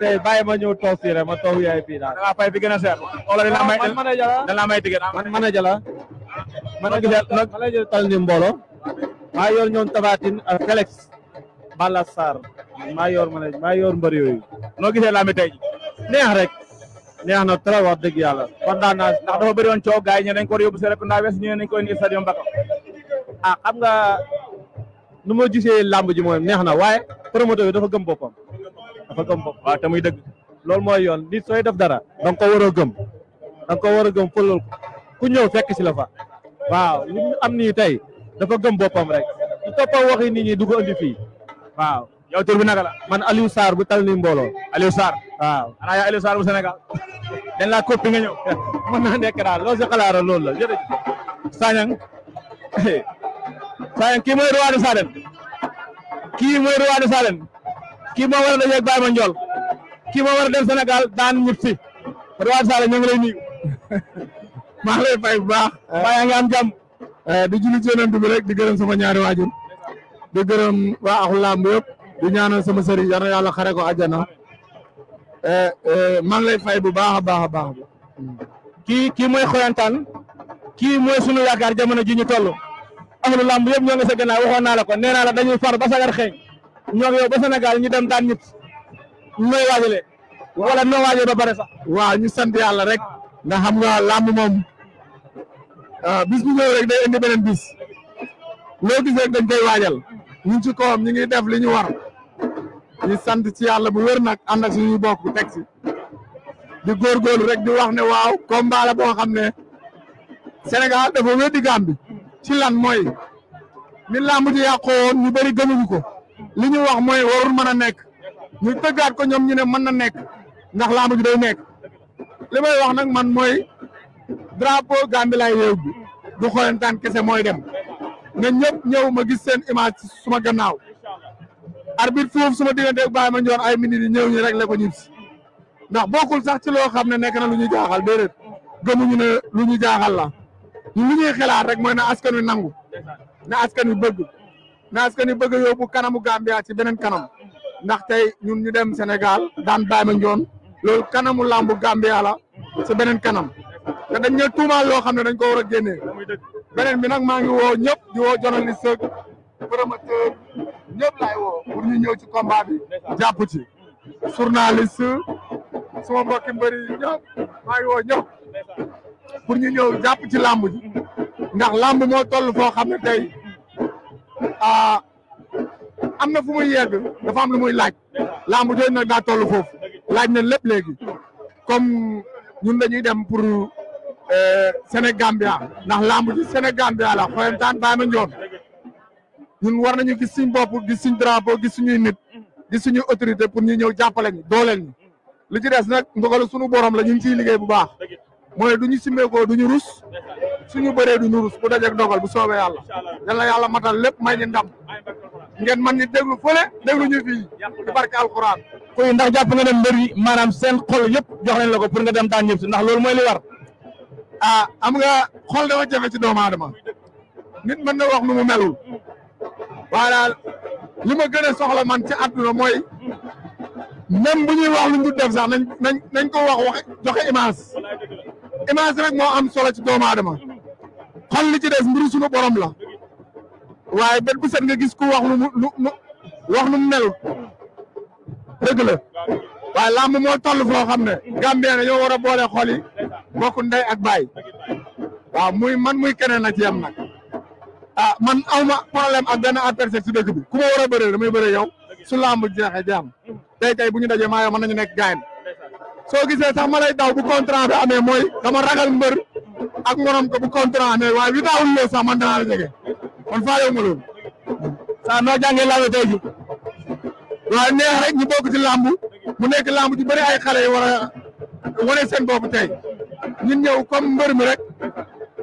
tey bàyyi ma nous toog fii rek ma toog yaay fii daal. waaw fay bi nous a seer. wala dina may man manager la dina may ticket. man manager la. manager nous manager tal ni nous maa yor ñoom nous ak Félix Balla nous maa yor manager nous yor mbër yooyu. nous gisee laa mi nous neex rek. neex na trop wax dëgg nous kontaan naa ndax dafa bëri woon coow nous yi ñu dañ ko war a yóbbu nous West ñu ne nañ ko indi stadium nous ah xam nga nous ma gisee làmb ji mooy neex na nous promoteur bi dafa gëm boppam waaw ah, te muy dëgg loolu mooy yoon nit sooy def dara da nga ko war a gëm da nga ko war a gëm fulul ku ñëw fekk si la fa waaw li am nii tey dafa gëm boppam rek su toppoo waxi nit ñi du ko andi fii waaw yow tur bi naka la man Aliou Sarr bu tal ni mbooloo Aliou Sarr waaw ana yaa Aliou Sarr bu Sénégal dañ laa koppi nga ñëw mën naa nekk daal loolu si xalaara loolu la jërëjëf Sagnang Sagnang kii mooy roi de Salen kii mooy roi de Salen kii moo war a kii moo war dem senegal daan mursi si Edouard ñu ngi lay nuyu maa lay fay bu baax. mbaa yaa am di julli ci yonent bi rek di gërëm sama ñaari waajur di gërëm waa axu làmb di ñaanal sama sëriñ yal na xare ko àjjana maa ngi lay fay bu baax a baax a baax. sunu jamono ji ñu toll axlu làmb yëpp ñoo ngi sa gëna waxo na la ko neena la dañuy far ba sagar xey ñoo yow ba senegal ñu dem daan nit. nooy waajalee. wala noo waajal ba pare sax. waaw ñu sant yàlla rek. nga xam nga làmb moom ah, bis bu ñëw rek day indi beneen bis loo gis rek dañ koy waajal ñu ci kawam ñu ngi def li ñu war ñu sant ci yàlla bu wér nag ànd ak suñuy bokk teg si di góorgóorlu rek di wax ne waaw koom la boo xam ne Sénégal dafa weddi Gàmbi ci lan mooy ni làmb ji yàqoo woon ñu bëri gëmuñu ko li ñu wax mooy warul mën a nekk. ñu tëggaat ko ñoom ñu ne mën na nekk ndax laamu ji day nekk li may wax nag man mooy drapeau Gambie laay réew bi du xoyantaan kese mooy dem na ñëpp ñëw ma gis seen image suma gannaaw arbitre foofu suma diggante bàyyi ma njoon ay minutes yi ñëw ñu rek la ko ñibbi ndax bokkul sax ci loo xam ne nekk na lu ñu jaaxal déedéet gëmuñu ne lu ñu jaaxal la ñu lu ñuy xalaat rek mooy na askan wi nangu na askan wi bëgg na askan wi bëgg yóbbu kanamu Gambia ci beneen kanam ndax tey ñun ñu dem Sénégal daan Baye Mandione loolu kanamu làmbu Gambia la beneen kanam te dañ ne tuumaal xam ne dañ ko war a génnee beneen bi nag maa ngi woo ñëpp di woo journaliste ak promoteur ñëpp laay ñu ñëw ci combat bi ci journaliste suma mbokki mbëri ñëpp maa ngi ñu ñëw jàpp ci làmb ji ndax làmb moo toll foo xam ne tey ah am na fu muy yegg dafa am lu muy laaj làmb jooju na daa toll foofu laaj na lépp léegi comme ñun dañuy dem pour euh, Sénégambia ndax lamb ji Sénégambia la xoyantaan bàyyi ma njoon ñun war nañu gis suñ bopp gis suñ drapeau gis suñuy nit gis suñuy autorité pour ñu ñëw jàppale ñu dooleel ñu li ci des nag ndogalu suñu borom la ñu ngi ciy liggéey bu baax moy duñu simé ko duñu rus suñu bëree duñu rus bu ak dogal bu soobé yalla yalla yalla matal lepp may ni ndam ngeen man ni déglu fële déglu ñu fi di barke alquran koy ndax japp nga dem mbër yi manam seen xol yépp jox nañ la ko pour nga dem daan ñëpp ndax lool moy li war ah am nga xol dafa jafé ci doomu aadama nit mën na wax nu mu melul wala daal li ma gën soxla man ci aduna moy même bu ñuy wax lu ñu def sax nañ nañ ko wax wax joxe image image rek moo am solo ci doomu aadama xol li ci des mbiru sunu borom la waaye bët bu set nga gis ku wax lu mu lu wax lu mu mel dëgg la waaye làmb moo toll foo xam ne Gambien na ñoo war a boole xol yi bokk ndey ak baay waa muy man muy keneen ak yam nag ah man awma problème ak benn adversaire si dëkk bi ku ma war a bëree damay bëree yow su làmb jeexee jaam tey tey bu ñu dajee maa yow mën ñu nekk gaayen soo gisee sax ma lay daw bu contrat bi amee mooy dama ragal mbër ak ngorom ko bu contrat amee waaye wi daawul loolu sax jege kon faa yow loolu. saa noo jàngee tey ji waaye neex rek ñu bokk ci làmb mu nekk làmb ci bëri ay xale yi war a wane seen bopp tey ñun ñëw comme mbër mi rek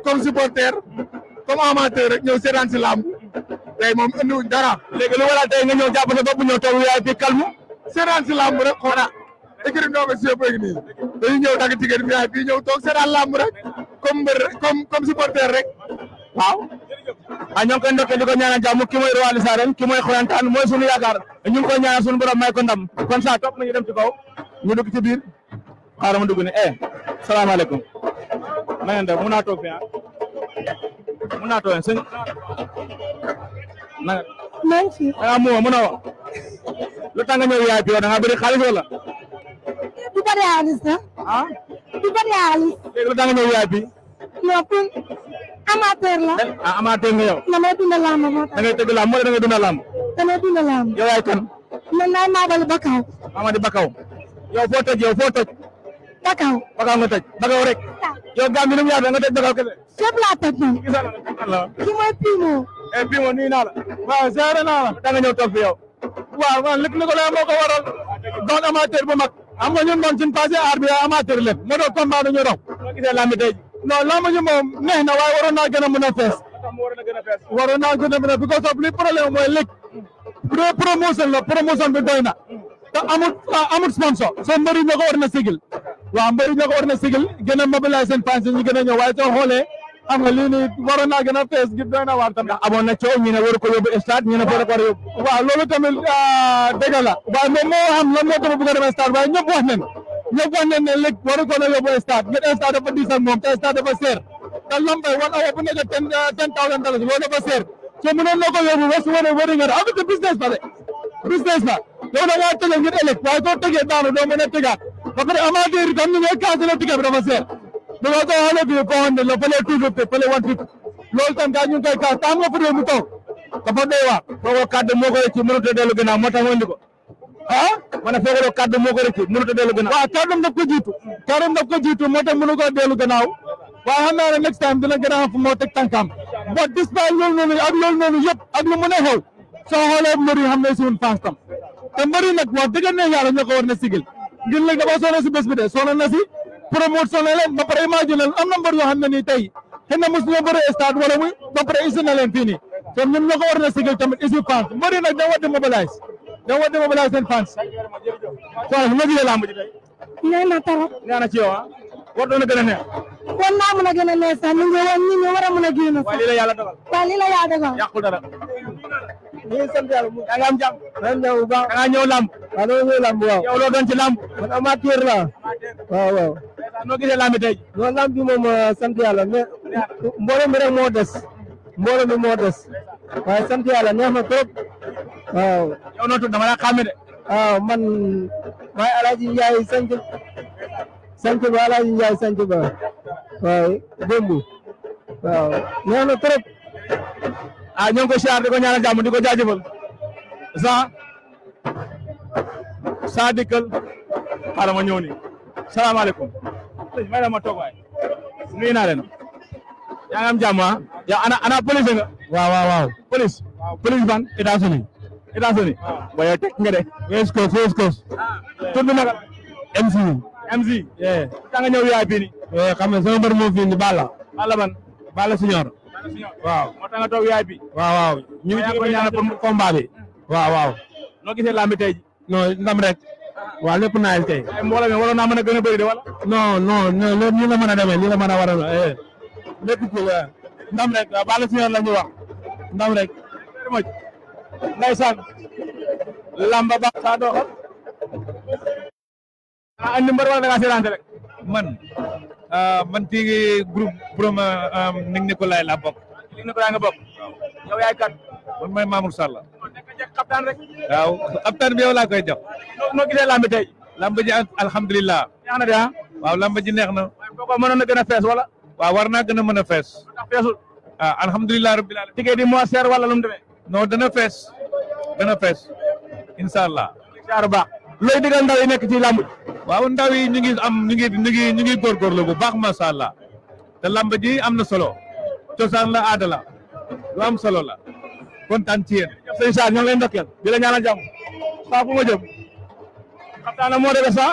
comme supporter comme amateur rek ñëw seetaan si làmb tey moom dara. léegi lu waral tey nga ñëw jàpp sa bopp ñëw toog VIP calme seetaan si làmb rek xoolal. écurie Ndogo si yëpp rek nii dañuy ñëw dagg ticket VIP bi ñëw toog seetaan làmb rek comme mbër comme comme supporter rek waaw. ah ñoo ngi koy ndokkee di ko ñaanal jàmm ki mooy roi des arènes ki mooy xoyantaan mooy sunu yaakaar ñu ngi koy ñaanal sunu borom may ko ndam kon saa topp nañu dem ci kaw ñu dugg ci biir xaaral dugg ne eh salaamaaleykum na ngeen def mun naa toog fii ah mun naa toog sëñ na nga. maa ngi fi. ah mu ma mun a lu tax nga yaay bi da ngaa bëri xaalis wala. du bëri xaalis ah. ah du bëri xaalis. léegi lu tax nga ñëw VIP. yow pour amateur la. ah amateur nga yow. damay dunda lamb moo tax. da ngay tëgg lamb moo da ngay dunda lamb. damay dunda lamb. yow yaay kan. Bakaw. yow foo toj yow foo toj. Bakaw. Bakaw nga toj Bakaw rek. yow gàmm bi nu nga toj Bakaw kese. fépp laa toj ki mooy Pimo. eh Pimo naa la. waaw seere naa la. da ñëw toog yow. waaw man lépp ni moo ko waral doon amateur bu mag. am nga ñun moom suñ passé aar bi amateur lépp moo doon combat dañu raw non moom neex na waaye waroon naa gën a a fees waroon naa gën a mën a because of li problème mooy léegi bu dee promotion la promotion bi doy na te amul ah, amul sponsor war na sigil waaw mbëri ñoo war na sigil gën a mobiliser seen fans yi ñu gën a ñëw waaye soo xoolee xam nga lii naa gën a fees gi doy na waar tamit. ndax amoon na coow ñu ko yóbbu stade ñu ne ko war a yóbbu. waaw loolu tamit ah, dëgg waaye moom moo xam lan moo tax bëgg a waaye ñëpp wax nañ ñëpp wax nañ ne léeg waru ko na yóbbu stade ngir stade dafa diis ak moom te stade dafa seer te lambay wan awa bu nekk ten ah, ten thousand dollars loolu dafa seer soo mënoon na ko yóbbu wasu wane wari nga am na business ba de business ba yow da ngaa tëjee a because the whole of you go on the level two fifty, level one fifty. loolu tam daa ñu ngi koy kaas tam nga fa réew mi toog dafa doy waar foogoo kàddu moo ko rëcc mënut a dellu ginnaaw moo tax ma indi ko ah ma ne foogoo kàddu moo ko rëcc mënut a dellu ginnaaw waaw kàddum daf ko jiitu kàddum daf ko jiitu moo tax mënu ko dellu ginnaaw waaye xam naa next time dina gën a fu moo teg tànkam bon despite loolu loolu noonu yëpp ak lu mën a xew soo xoolee mbër yi na sigil ngir léegi dafa sonal si bés bi de sonal promotion leen ba pare am na mbër yoo xam ne nii tey xëy na mosu ñu bëri stade wala muy ba pare isi na leen fii nii kon ñun ko war na sigal tamit isi fans mbër nag da war di mobiliser war di mobiliser fans xoolal nga gisee làmb ji tey neex na trop neex na ci yow ah? war doon a gën a neex war naa mën a gën a neex sax ñu ngi woon ñi ñu war a mën a ñu ngi sant yàlla bu da nga am jàmm da nga bu baax da nga ñëw lamb waaw la waaw waaw noo gisee euh, moo des mbooloo mi moo des waaye sant neex na trop waaw neex na trop ah ñoo ngi ko siyaar di ko ñaanal jàmm di ko jaajëfal sa sa dikkal xaaral ma ñëw ni salaamaaleykum may la ma toog waay nuyu naa leen yaa ngi am ah? ana ana police nga waaw waaw waaw police police ban États-Unis États-Unis waaye teg nga de West Coast West Coast ah. tur bi naka MC MC eh da nga ñëw VIP ni eh xam nga sama mbër moo fi ni Balla Balla ban bala Senior waaw moo tax nga toog yaay bi waaw waaw ñu ngi ci ko ñaanal waaw waaw noo gisee lamb bi ndam rek waaw lépp naay tey mbooloo mi waroon naa mën a gën a bëri de wala non non nii la mën a demee nii la mën a waral eh. lépp ko eh. ndam rek ndam rek ndeysaan lamba ba sa doxal a andi mbër wala da nga seetaante rek man Ah, man fii groupe Borom ah, ni nga Nikolaay laa bokk. ni nga Nikolaay nga bokk. yow yaay kan. man waaw abtaan bi yow koy jox. noo gisee làmb tey. ji alhamdulilah. neex na de ah. waaw làmb ji neex waaw kooku mënoon na gën a fees wala. waaw war naa gën mën a fees. ndax feesul. Ah, di moo seer wala lu mu demee. dana fees. dana fees. incha allah. looy digal ndaw nekk ci làmb ji waaw ndaw yi ñu ngi am ñu ngi ñu ngi ñu ngi góorgóorlu bu baax macha allah te làmb ji am na solo cosaan la aada la lu am solo la kontaan ci yéen sëñ Sarr ñoo ngi leen ndokkeel di la ñaanal jàmm saa fu ma jëm xaptaan la moo dëgg saa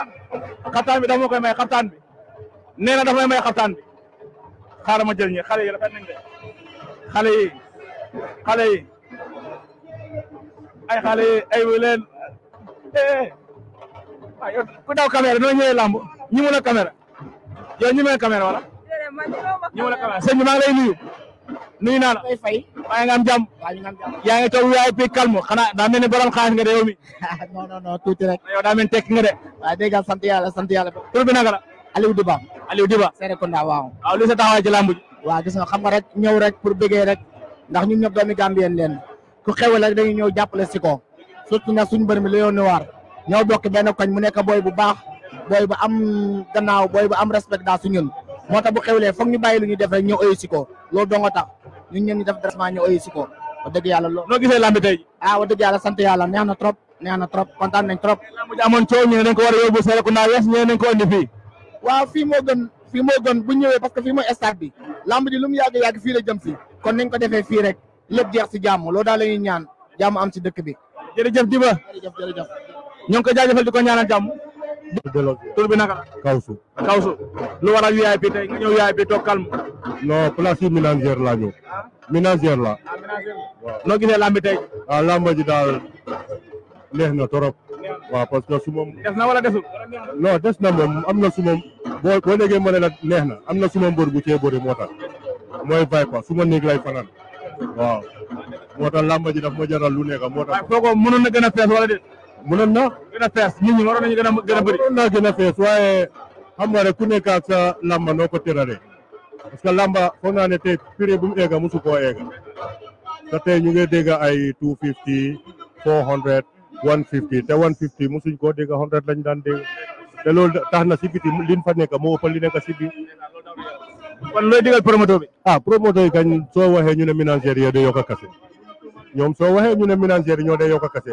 xaptaan bi dafa ma koy may xaptaan bi nee na dafa may may xaptaan bi xaaral ma jël ñi xale yi rafet nañ de xale yi ay xale yi ay wu leen eh, ku daw caméra dina ñëwee làmb ñi mun a caméra yow ñi mën a caméra wala ñi mun a caméra sëñ bi maa ngi lay nuyu nuyu naa la waaye nga am jàmm yaa ngi toog VIP calme xanaa daa mel ni borom xaalis nga yang yow mi non non non tuuti rek yow daa mel ni tekki nga de waaye dégg sant yàlla sant yàlla tur bi naka la Aliou Diba Aliou Diba Serekunda waaw waaw li sa taxawaay ci làmb ji gis nga xam nga rek ñëw rek pour bëggee rek ndax ñun ñëpp doomi Gambien leen ku xewal rek dañuy ñëw jàppale si ko surtout nag suñu mbër mi Noir ñoo bokk benn koñ mu nekk booy bu baax booy bu am gannaaw booy bu am respect daa su ñun moo tax bu xewlee foog ñu bàyyi lu ñuy def rek ñu oyisi ko loolu dong tax ñun ñeen ñi def dressement ñu oyisi ko wax dëgg yàlla loolu. noo gisee lambi tey. ah sant yàlla neex na trop neex na trop kontaan nañ trop. mu amoon coow ñu ne dañ ko war a yóbbu Serekunda West ñu ne fii. waaw fii moo gën bu ñëwee parce que fii mooy stade bi lamb ji lu mu yàgg yàgg fii la jëm kon nañ ko defee fii rek lépp jeex si jàmm loolu daal la ñuy ñaan jàmm am si dëkk bi. jërëjëf Diba jërëjëf jërëjëf ñu ngi ko jaajëfal di ko ñaana jàmm. tur bi naka. Kawsu Kawsu lu waral VIP tey nga ñëw VIP toog calme. non place yi ménagère laa ñëw. ménagère la. waaw ah, ji daal neex na trop. waaw parce que su moom. des na wala desul. non des na moom am na su moom. boo boo déggee ma ne la neex na am na su ma mbër bu cee bëri moo tax. mooy fay quoi su ma néeg lay fanaan. waaw ji daf ma jaral lu nekk moo tax. waaw foo na fees wala déet. mënoon na gën a fees nit ñi waroon nañu gën a waaye xam nga rek ku nekk sa lamba noo ko tërale parce que lamba foog naa ne tey prix bu mu eega musu koo eega te tey ñu ngi dégg ay two fifty four hundred one fifty te one fifty musuñ koo dégg hundred lañ daan dégg te loolu tax na si biti liñ fa nekk moo ëpp li nekk si bi kon looy digal promoteur bi ah promoteur yi kañ soo waxee ñu ne ménagère yi day yokk a kase ñoom soo waxee ñu ne ménagère yi ñoo day yokk kase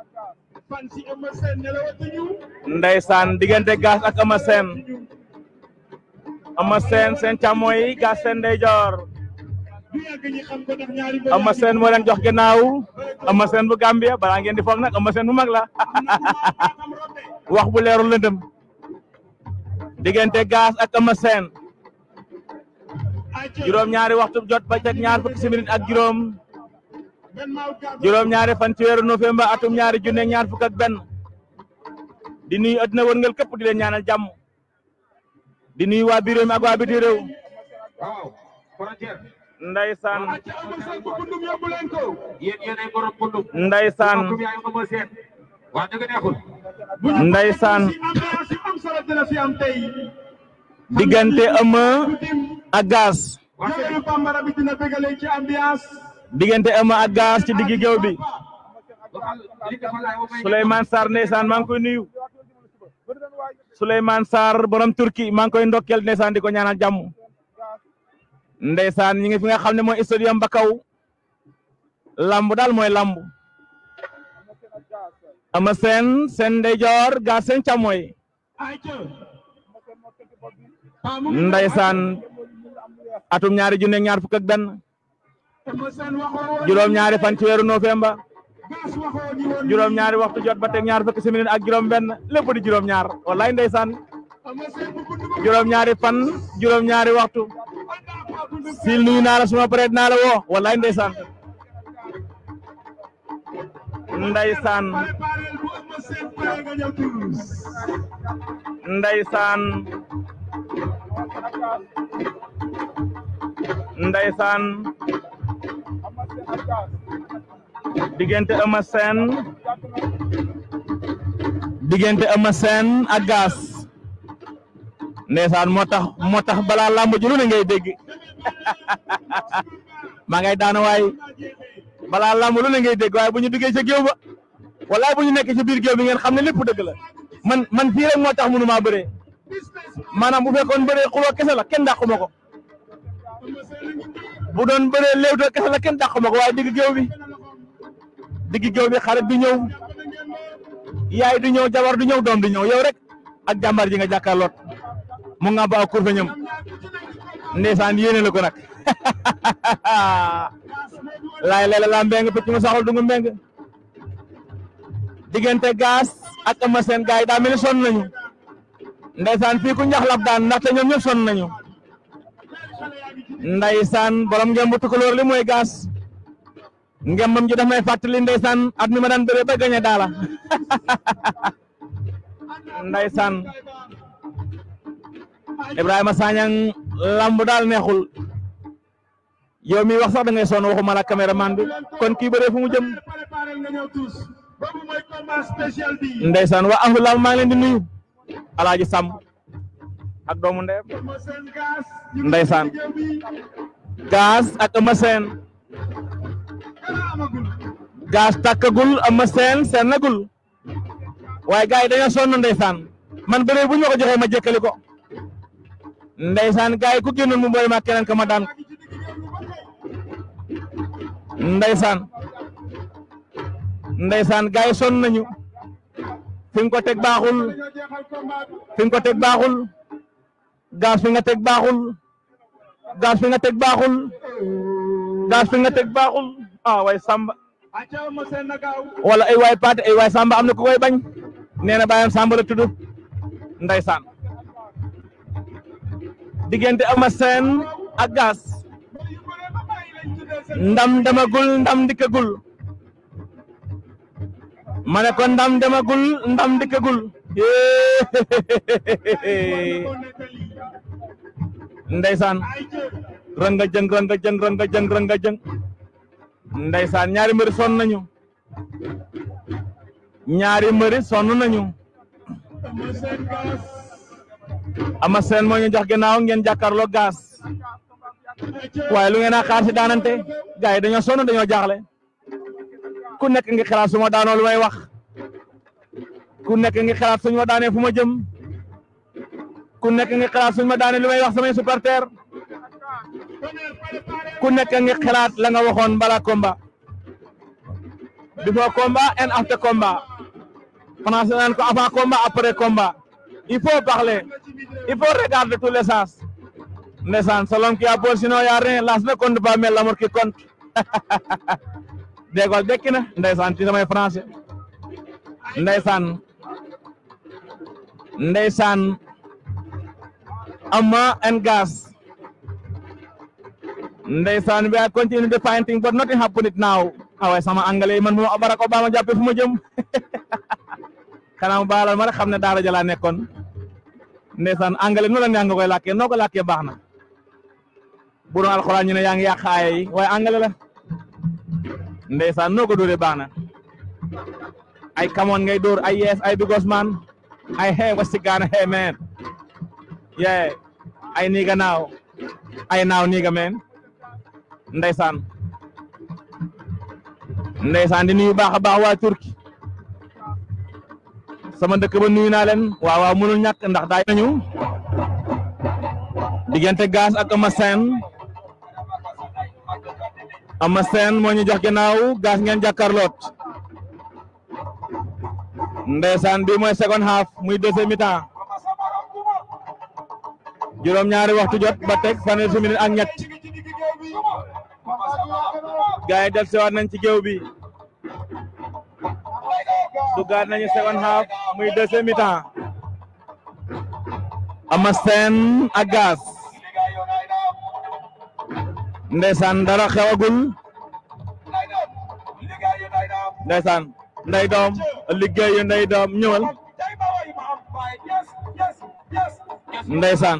ndeysaan diggante gas ak mesin, mesin Eumeu Sène sen càmmooy Gaas seen ndeyjoor Eumeu sen mo len jox ginnaaw Eumeu sen bu Gambia bala ngeen di fokk nak Eumeu sen bu mag la wax bu leerul lëndëm diggante gas ak Eumeu sen juróom ñaari waxtu jot ba ci ñaar ak juróom ñaari fan ci atau nyari atum ñaari junne ñaar fukk ak benn di nuyu àddina wërngal képp di leen ñaanal jàmm di nuyu waa biir réew mi digënté Eumeu ak Gaz ci diggi gëw bi Suleyman Sar ndeysaan mang koy nuyu Suleyman Sar borom Turki mang koy ndokkel di ñaanal jamm ndeysaan ñi nga fi nga xam ne mooy stadium ba kaw lamb daal mooy lamb ama seen seen ndeyjoor Gaz seen atum ñaari junne ñaar fuk ak dan juróom-ñaari fan ci weeru novembre juróom-ñaari waxtu jot ba teg ñaar fukki simili ak juróom-benn lépp di juróom-ñaar wallaay ndeysaan juróom-ñaari fan juróom-ñaari waxtu si nuyu naa la suma pare naa la woo wallaay ndeysaan ndeysaan ndeysaan diggante ama sen diggante ama sen ak Gass ndeysaan motax tax moo tax balaa lu ne ngay dégg ma ngay daanu way bala lamb lu ne ngay dégg way buñu duggé ci gëw ba wala buñu nekk ci biir gëw bi ngeen xamné lepp la man man fi rek motax mënu maa bëree bu fekkon bëré xulo kese la bu doon beure lew do kessa la ken dàqu mako way waaye digg géew bi digg gew bi xarit bi ñew yaay du ñew jabar du ñew doom du ñew yow rek ak jambar ji nga jàkkaarloot mu nga ba ko fa ñëm ndeysaan yene la ko nak lay lay la mbeng pe ci ma saxal du nga mbeng diggante gas ak ma sen gaay da mel son nañu ndeysaan fi ku ñax njaxlab daan ndaxte ñom ñu son nañu ndaysan borom ngeen bu tukulóor li moy gas ngembam ji daf may fàttali ndeysaan at mi ma dan bëree ba gagne dala ndaysan Ibrahima sañang lamb dal nekhul yow mi wax sax da ngay son waxuma la cameraman bi kon ki beure fu mu jëm ndaysan wa ma ngi di nuyu alaaji sam ak doomu ndeyam ndeysaan gaas ak ama seen gaas tàkkagul ama seen seenagul waaye gars yi dañoo sonn ndeysaan man bëre bu ñu ko joxee ma jékkali ko ndeysaan gars yi ku génnoon mu boole ma keneen ka ma daan ndeysaan ndeysaan gars yi sonn nañu fi nga teg baaxul fi nga teg baaxul Gas bi nga teg baaxul. Gas bi nga teg Gas nga Ah way Samba. wala ay way Paate ay way Samba amna ko ku koy bañ. nee na Samba la tuddu ndaysan diggante ama sen ak Gas. ndam gul ndam dikkagul. gul ko ndam gul ndam gul ndaysan ranga jeng ranga jeng ranga jeng ranga jeng ndaysan ñaari son nañu ñaari son nañu ama sen moñu jox ngeen jakarlo gas way lu ngeena xaar ci daanante gaay dañu sonu dañu ku nekk nga wax ku nekk ngi xalaat suñ ma fu ma jëm ku nekk ngi xalaat suñ ma lu may wax samay supporter ku nekk ngi xalaat la nga waxoon bala combat before combat and after combat français naan ko avant après combat il faut parler il faut regarder tous les sens ndeysaan selon qui a bon sinon y a rien las ne compte pas mais l'amour qui compte déggoo samay français ndeysaan ndeysaan Ama and Gas ndeysaan we are continuing the fighting but nothing happened it now waaye sama anglais man moom Barack Obama jàppe fu ma kanam baalal ma xam ne daara ja laa nekkoon ndeysaan anglais noonu la neex nga koy làkkee noo baax na bu doon ne yaa ngi yàq aaya yi ndeysaan noo ko dóoree baax na ay kamoon ngay dóor ay yees ay bigos man I hear what's the gun hey man? Yeah, I nigga now. I now nigga man. Ndeysaan. Ndeysaan di nuyu baax a baax waa Turki. Sama dëkk ba nuyu naa leen waaw waaw mënul ñàkk ndax daay nañu. Diggante gaz ak Eumeu Sène. Eumeu Sène moo ñu jox ginnaaw gaz ngeen jàkkaarloot. ndeysaan bi mooy second half muy deuxième mi juróom ñaari waxtu jot ba teg fanweeri minute ak ñett gaay yi dellusiwaat nañ ci géew bi duggaat nañu second half muy deuxième mi-temps ama seen ak gaz ndeysaan dara xewagul nday doom liggéeyu nday doom ñëwal ndeysaan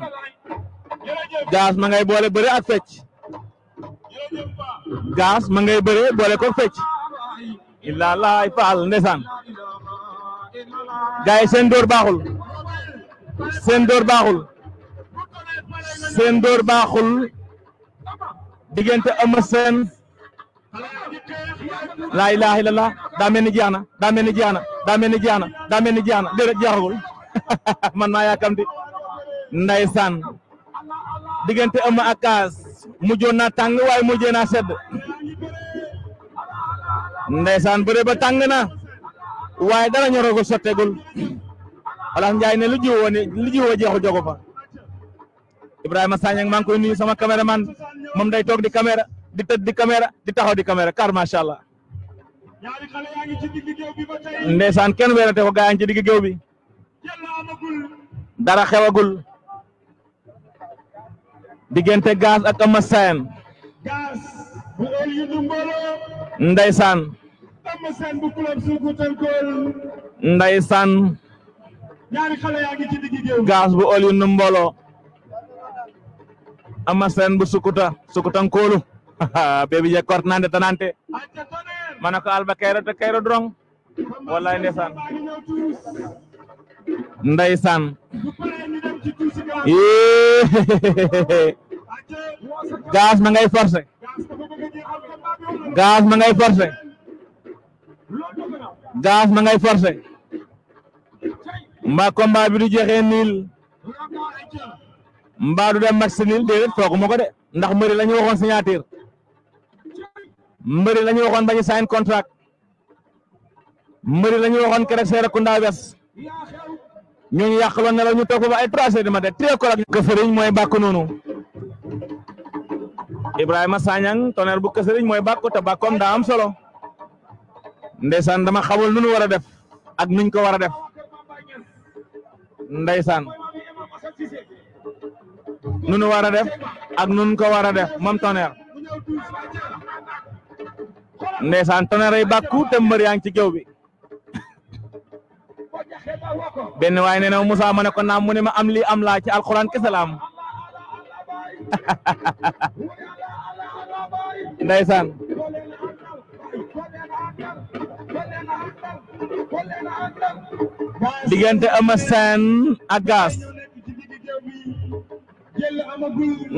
jaas ma ngay boole bëre ak fecc jaas ma ngay bëre boole ko fecc illaa laay faal ndeysaan gaay seen dóor baaxul seen dóor baaxul seen dóor baaxul diggante Eumeu Sène la ilaha illallah da melni ni da melni daa da melni jeex da melni mel ni jeex na Naisan na man ma yakam di ndaysan Eumeu ak akas mujjoon naa tàng waaye sedd ndaysan bëre ba tang na way dara Njaay ne lu jiwoo lu jiwoo jeexu jogo fa Ibrahima Sagne ngi koy nuyu sama cameraman mom day tok di kamera. di tëdd di caméra di taxaw di caméra car macha allah. ndeysaan kenn weerate ko gaa yaa ngi ci digg bi. dara xewagul. diggante gaz ak Eumeu Sène. ndeysaan. ndeysaan. gaz bu ol yu nu mbooloo. Eumeu Sène bu sukuta sukutan koolu. bebi je kortnande tanante mana ko alba kayro to kayro drong wallahi ndeysaan ndeysaan gaas ma ngay forcé gaas ma forcé gaas ma forcé mbaa combat du jeexee niil mbaa du dem match niil déedéet fooguma ko de ndax mëri la ñu waxoon mbeuri lañu waxon bañu sign contract lañu waxon ñu waxoon keroog Serekunda ñu ñu yàqaloon ne la ñu tokku ba ay trois de du très trois o'clock ak Sëriñ bakku bàkk Ibrahima toner bu Sëriñ moy bakku te bakkom da am solo ndaysan dama xamul nu wara def ak nuñ ko wara def ndaysan nu nu def ak nuñ ko wara def toner ndeysaan Tonnerre ay bàkku te mbër yaa ngi ci géew bi benn waay nee na Moussa ma ne ko naam mu ne ma am lii am laa ci alxuraan kese la am ndeysaan diggante Eumeu Sène ak Gass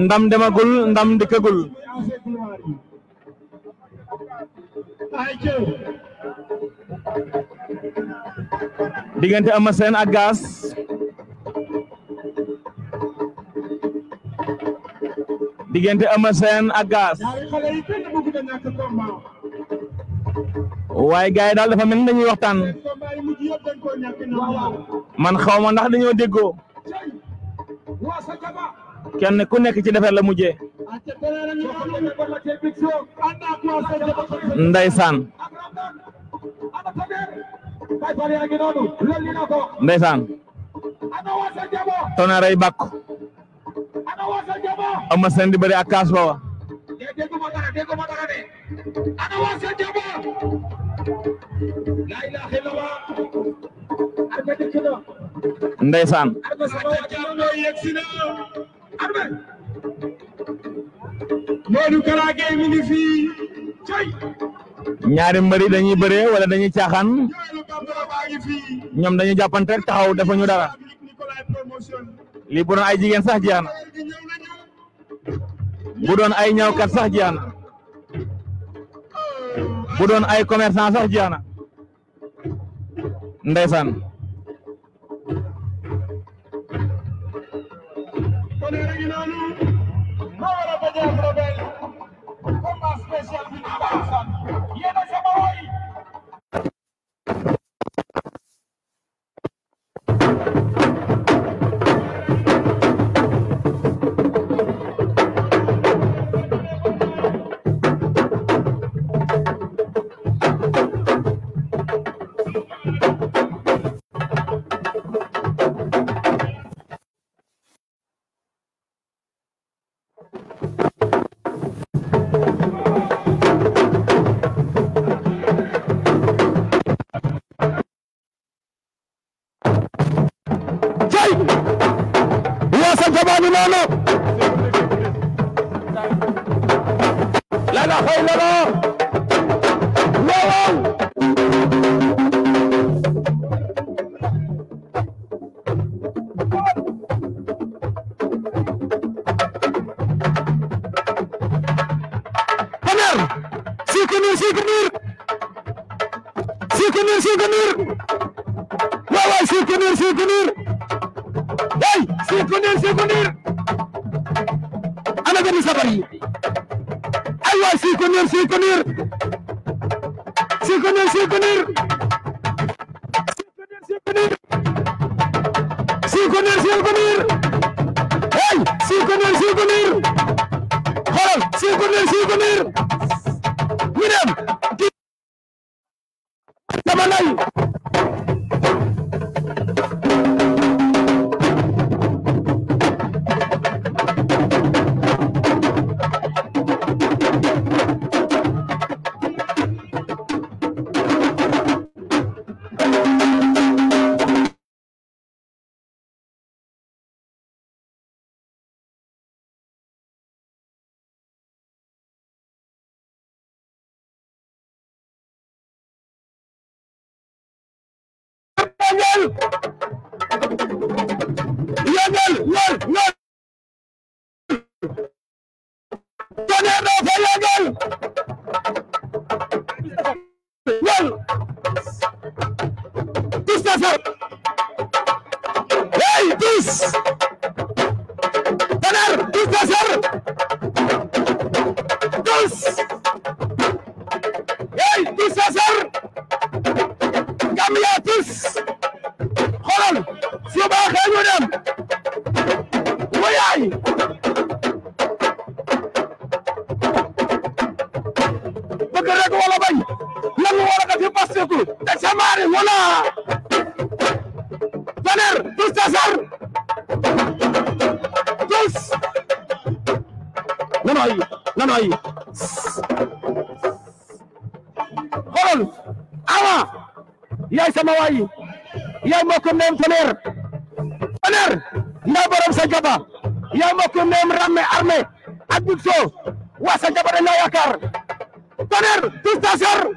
ndam demagul ndam dikkagul ay jëw diggante Eumeu Sène ak a diggante Eumeu Sène ak Gaz waaye gars yi daal dafa mel ni dañuy waxtaan man xaw ma ndax dañoo déggoo kenn ku nekk ci defar la mujjee Ndeysaan. Ndeysaan. Tonnerre ay bàkk. Ama di bëri ak kaas booba. Ndeysaan. Modou Kara Gueye mi ngi ñaari mbari dañuy bëree wala dañuy tiaxan ñom dañuy jàppante rek taxaw dafa ñu dara li bu doon ay jigen sax jiana bu doon ay ñaw kat sax jiana bu doon ay commerçant sax jiana ndaysan ko ne ma jeex na ndeysaan special people. You're not yëngal yëngal wër wër tonnerre dafa yëngal wër tus dafa hey tus tonnerre tus dafa tus ko neem tonnerre tonnerre nda borom sa jaba yaa ma ko neem ramme armée ak big so waa sa jaba dañ la yaakaar tonnerre tout station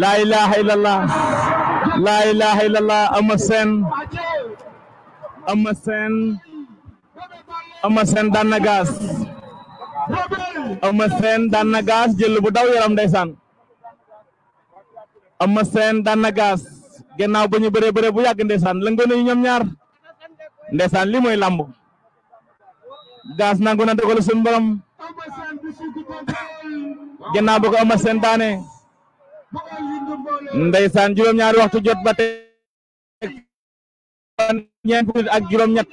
laa ilaha illallah laa ilaha illallah Eumeu Sène Eumeu Sène Eumeu am daan na gaas Eumeu Sène daan na gaas jël bu daw yaram ndeysaan Eumeu Sène daan na gaas gannaaw ba ñu bëree bëree bu yàgg ndeysaan lëngoo nañu ñoom ñaar ndeysaan li mooy làmb gaas nangu na dogalu suñu borom ginnaaw bu ko ama seen daane ndeysaan juróom-ñaari waxtu jot ba tey ñeent fukki ak juróom-ñett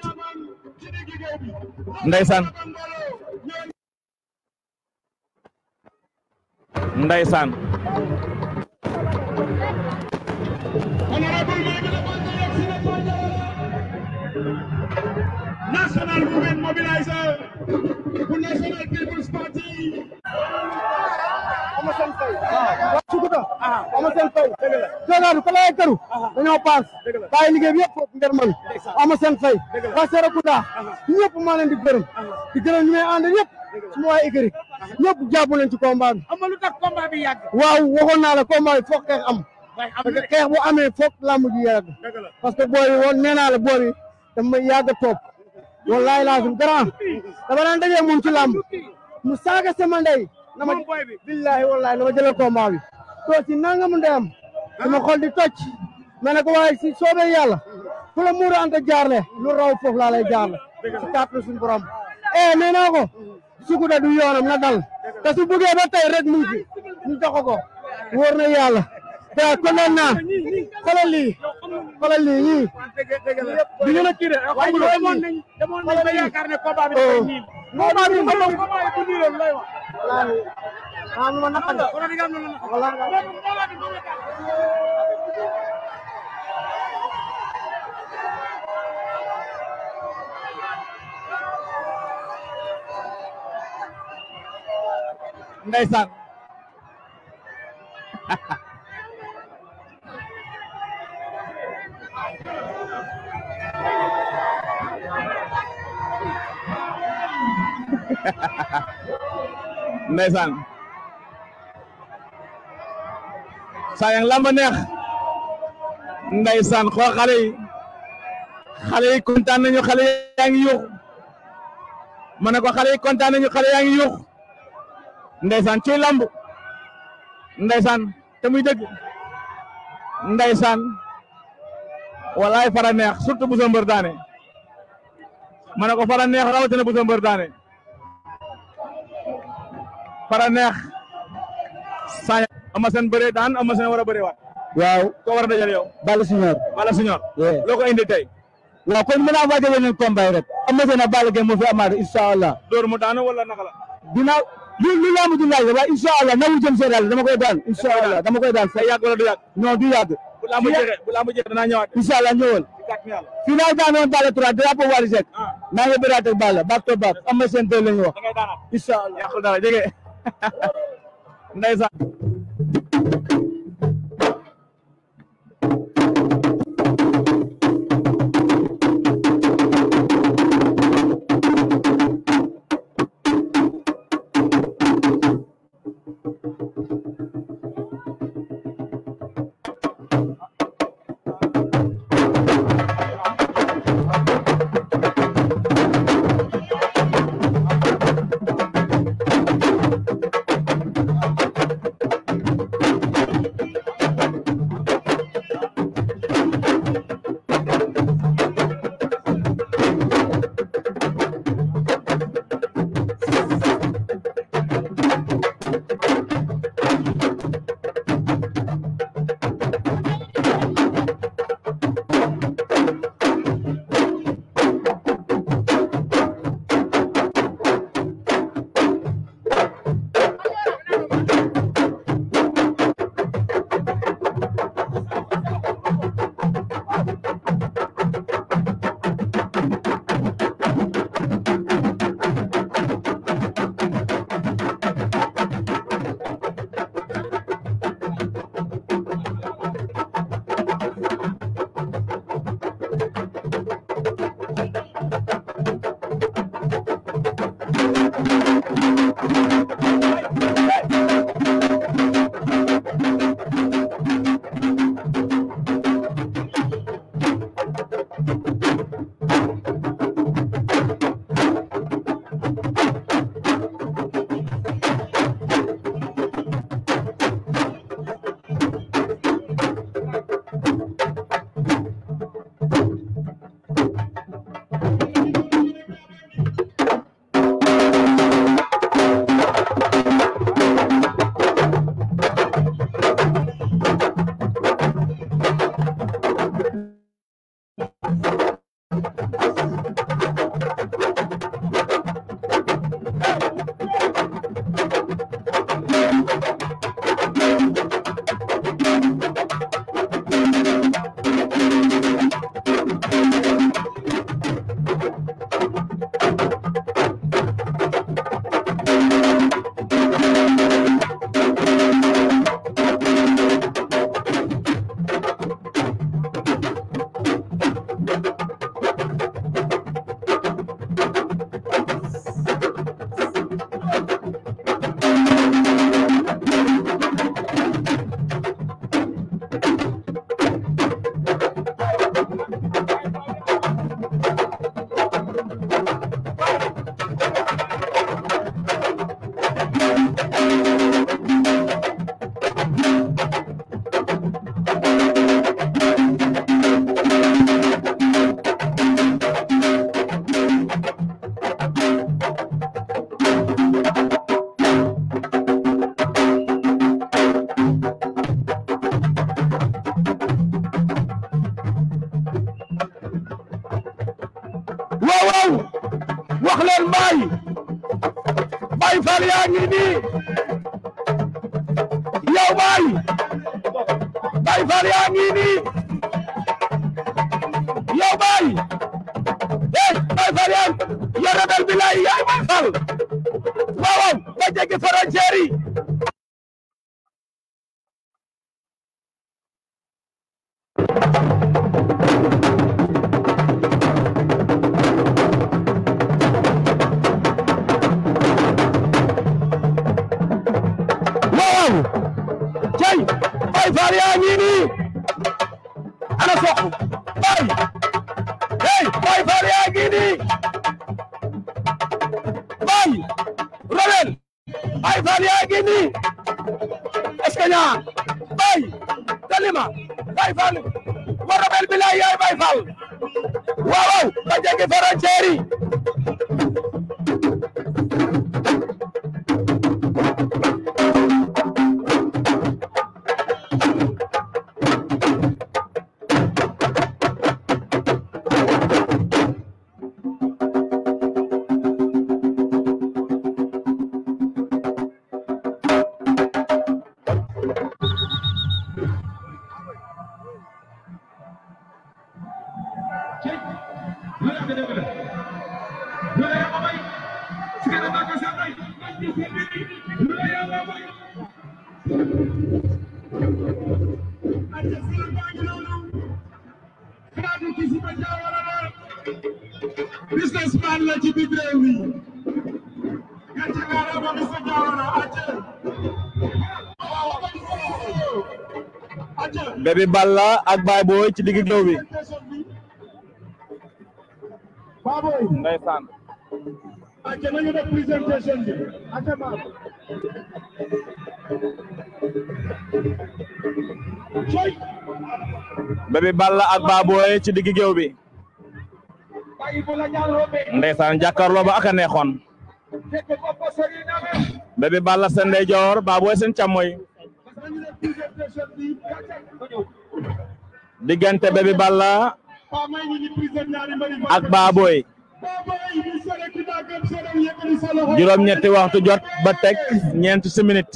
ndeysaan ndeysaan national movement mobilizer bu national people's party Amasen Faye Sukuta Amasen Faye Jogaadu kala ye këru dañoo paas bàyyi liggéey bi yëpp ngir man Amasen Faye waa Serekunda ñëpp maa leen di gërëm di gërëm ñu may ànd ñëpp su ma waay écrit ñëpp jàpp leen ci combat bi am lu tax combat bi yàgg waaw waxoon naa la combat bi foog xeex am parce que xeex bu amee foog làmb ji yàgg parce que boor yi woon nee naa la boor yi dama yàgg topp wallaay laazim grand dama daan dajee moom ci làmb mu saaga sama ndey na ma billahi wallahi la ma jëlal combat bi too ci nangamu ndeyam sama xol di toj ma ne ko waaye si soobee yàlla fu la muur anta jaarle lu raw foofu laa lay jaarle si kàttan suñu borom eh nee naa ko sukuda du yoonam na dal te su bëggee ba tey rek mu ngi ñu jox ko wóor na yàlla waaw kontaan naa xoolal lii xoolal lii ñii du ñu la kii de xamul woon nii xoolal lii oo combat bi amul wallaahi maa ngi ma naqari wallaahi. ndeysaan ndeysaan saa yang lamba neex ndeysaan xoo xale yi xale yi kontaan nañu xale yaa yuux ma ne ko xale yi kontaan nañu xale yaa ngi yuux ndeysaan ci lamb ndeysaan te muy walaay fara neex surtout bu sa ma ne ko fara neex rawatina bu sa mbër daane fara neex sañ ama seen bëree daan ama war a bëree waat waaw ko war a dajal yow Balla Senior Balla Senior loo ko indi tey waaw kon mën naa waajal yeneen combat rek ama seen a Balla Gaye moo fi amaat incha allah dóor mu daanu wala naka la lu lu laamu du laaj la waaye incha allah na wu jëm seedaal dama koy daan incha dama koy daan sa yàgg wala du yàgg non du yàgg bu laa ma jeexee bu laa ma jeexee danaa ñëwaat. incha allah ñëwal. final bi amoon Balla 3 drapeau Wally Seck. Ah. maa ngi bëraat ak Balla back to back am na ñu wax. incha allah yàqul dara Bébé Balla ak Baye ci digg géew bi ndeysaan acca ci digg géew bi ndeysaan jàkkaarloo ba aka neexoon Bébé Balla seen ndeyjoor Baye Boy seen càmmoñ diggante Bébé Balla ak Baboy juróom-ñetti waxtu jot ba teg ñeent siminit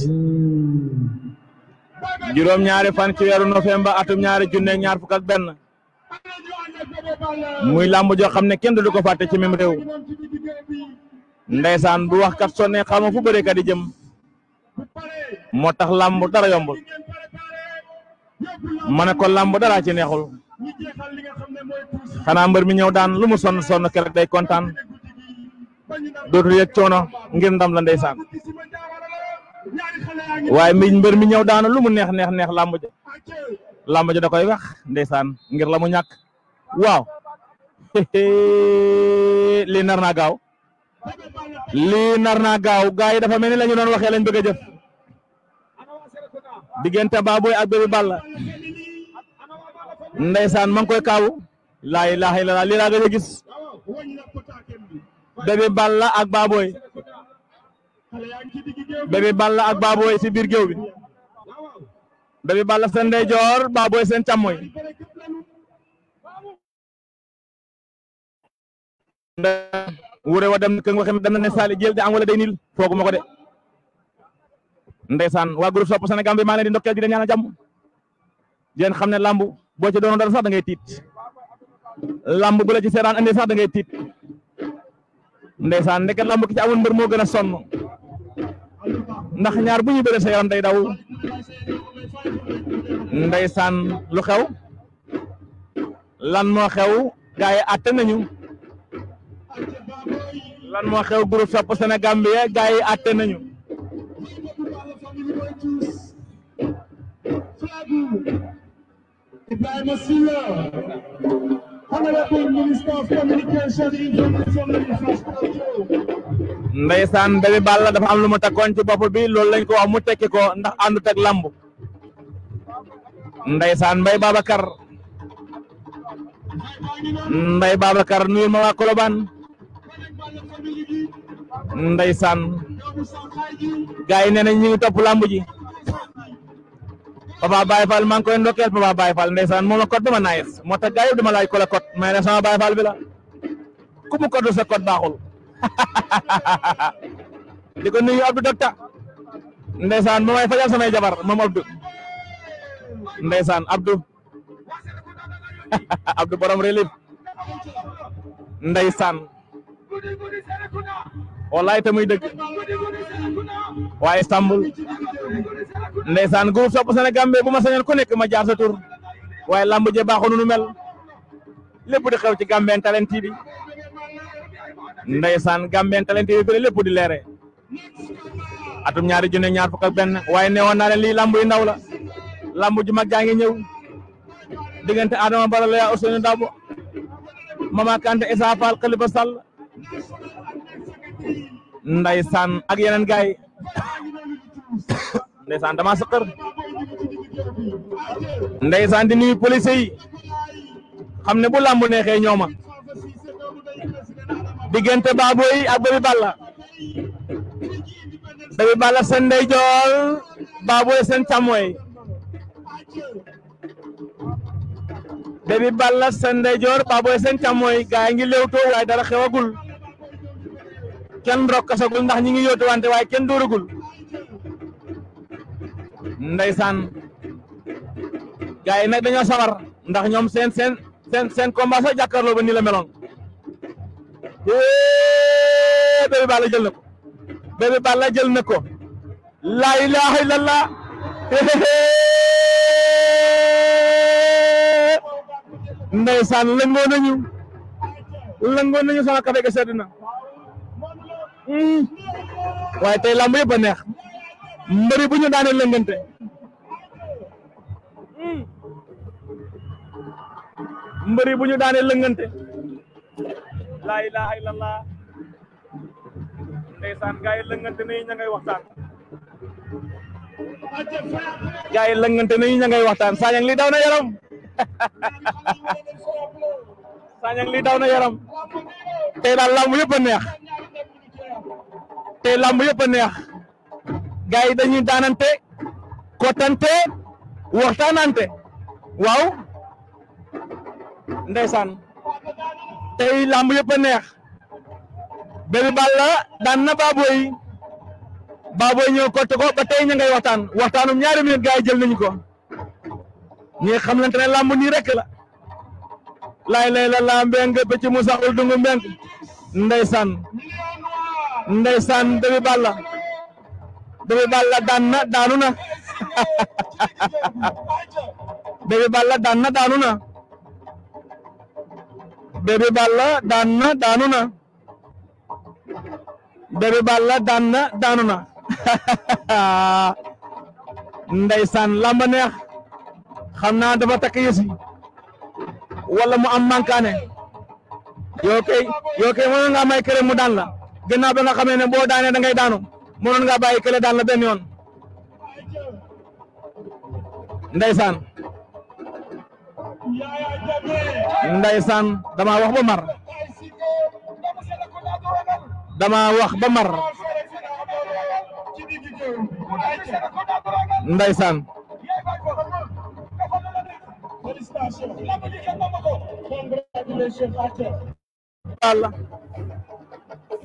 juróom-ñaari fan ci weeru novembre atum ñaari junne ñaar fukk benn muy làmb joo xam ne kenn du ko fàtte ci même réew ndeysaan bu waxkat sonne xama fu bërekat yi jëm motax lamb dara yombul mané ko lamb dara ci neexul xana mbeur mi ñew daan lu mu son son keroog day kontaan dootul yëg ciono ngir ndam la ndeysaan waye mi mbeur mi ñew daan lu mu neex neex neex lamb ja lamb ja da koy wax ndeysaan ngir lamu ñak waaw gaaw lii nar naa gaaw gaa yi dafa mel ni la ñu doon waxee lañ bëgg a jëf diggante ak Bébé Balla ndeysaan ma ngi koy kaawu laa ilaaha illallaah lii laa gis Bébé Balla ak Baboy Bébé Balla ak Baboy si biir géew bi Bébé Balla seen ndeyjoor Baboy seen càmmoñ wure wa dem ke nga xam dem na ne Sali jël di am wala day nil foogu mako ko de ndeysaan waa groupe sop Sénégal bi ma leen di ndokkel di leen ñaanal jàmm di leen xam lamb bo ci doono dara sax da ngay tit lamb bu la ci seeraan andi sax da ngay tit ndaysan nek lamb ki ci amul mbeur mo gëna sonn ndax ñaar bu ñu bëre sa yaram day daw ndaysan lu xew lan mo xew gaay atté nañu lan moo xew groupe sopp Sénégambie gars yi àtte nañu Ibrahima Silla honorable minister Balla dafa am lu mu takkoon ci bopp bi lool lañ ko wax mu tekki ko ndax àndut ak lamb ndeysaan Mbaye Babacar Mbaye Babacar nuyul ma waa Colobane ndeysaan gars yi nee nañ ñu ngi topp làmb ji Papa Baye Fall maa ngi koy ndokkeel Papa Baye Fall ndeysaan moom la code dama naayes moo tax gars yëpp dama laaj ko la code mais ne sama Baye Fall bi la ku mu code sa code baaxul di ko nuyu Abdou Docta ndeysaan moom ay fajal samay jabar moom Abdou ndeysaan Abdou Abdou borom relib ndeysaan wallaay tamuy dëgg waaye Istanbul ndeysaan groupe sopp Sénégambie bu ma sañoon ku nekk ma jaar sa waaye lamb je baaxoon nu mel lépp di xew ci Gambian Talents TV ndeysaan Gambian Talents lépp di leere atum ñaari junne ñaar fukk ak waaye newoon naa leen lamb yu ndaw la lamb ju mag jaa ngi ñëw diggante Adama Barrow la yaa Ousseynou Dabo Mama Kante Issa Fall Ndeysaan ak yeneen gaay Ndeysaan dama sëqër Ndeysaan di nuyu police xam ne bu làmb neexee ñooma diggante Baboy ak Babi Balla Babi Balla seen ndeyjoor Baboy seen càmmooy Babi Balla seen ndeyjoor Baboy seen càmmooy gaay ngi léewtoo waaye dara xewagul kenn brokkasagul ndax ñi ngi yóotu wante way ken dóoragul ndeysaan gars yi nag dañoo sawar ndax ñom sen sen sen sen combat sa jakarlo ba ni la meloon eh, bebe Balla jël nako bebe Balla jël nako la ilaha illallah ndaysan lengo nañu lengo nañu sama kafe ga sedd Hmm. waaye tey làmb yëpp neex mbër bu ñu daanee lëngante mbëri bu ñu daanee lëngante hmm. laa ilaha illallah ndeysaan gaa yi lëngante nañu ña ngay waxtaan gaa yi lëngante nañu ña ngay waxtaan saañang li daw na yaram saañang li na yaram tey neex te làmb yëpp a neex gars yi dañuy daanante kottante waxtaanante waaw ndeysaan tey làmb yëpp a neex Bébé Balla daan na Baboy Baboy ñëw kotte ko ba tey ña ngay waxtaan waxtaanum ñaari minute gars jël nañu ko ñi xamlante ne làmb nii rek la laay lay la laa mbeng ba ci mu saxul dungu mbeng ndeysaan Débé Balla Débé Balla daan na daanu na Débé na daanu na Débé Balla daan na daanu na Débé Balla daan na daanu na ndeysaan lamba neex xam naa dafa takk yësi wala mu am mankaane yoo kay yoo kay mën nga may kere mu daan gannaaw ba nga xamee ne boo daanee da ngay daanu mënoon ngaa bàyyi kële daan la benn yoon ndeysaan ndeysaan dama wax ba mar dama wax ba mar ndeysaan Allah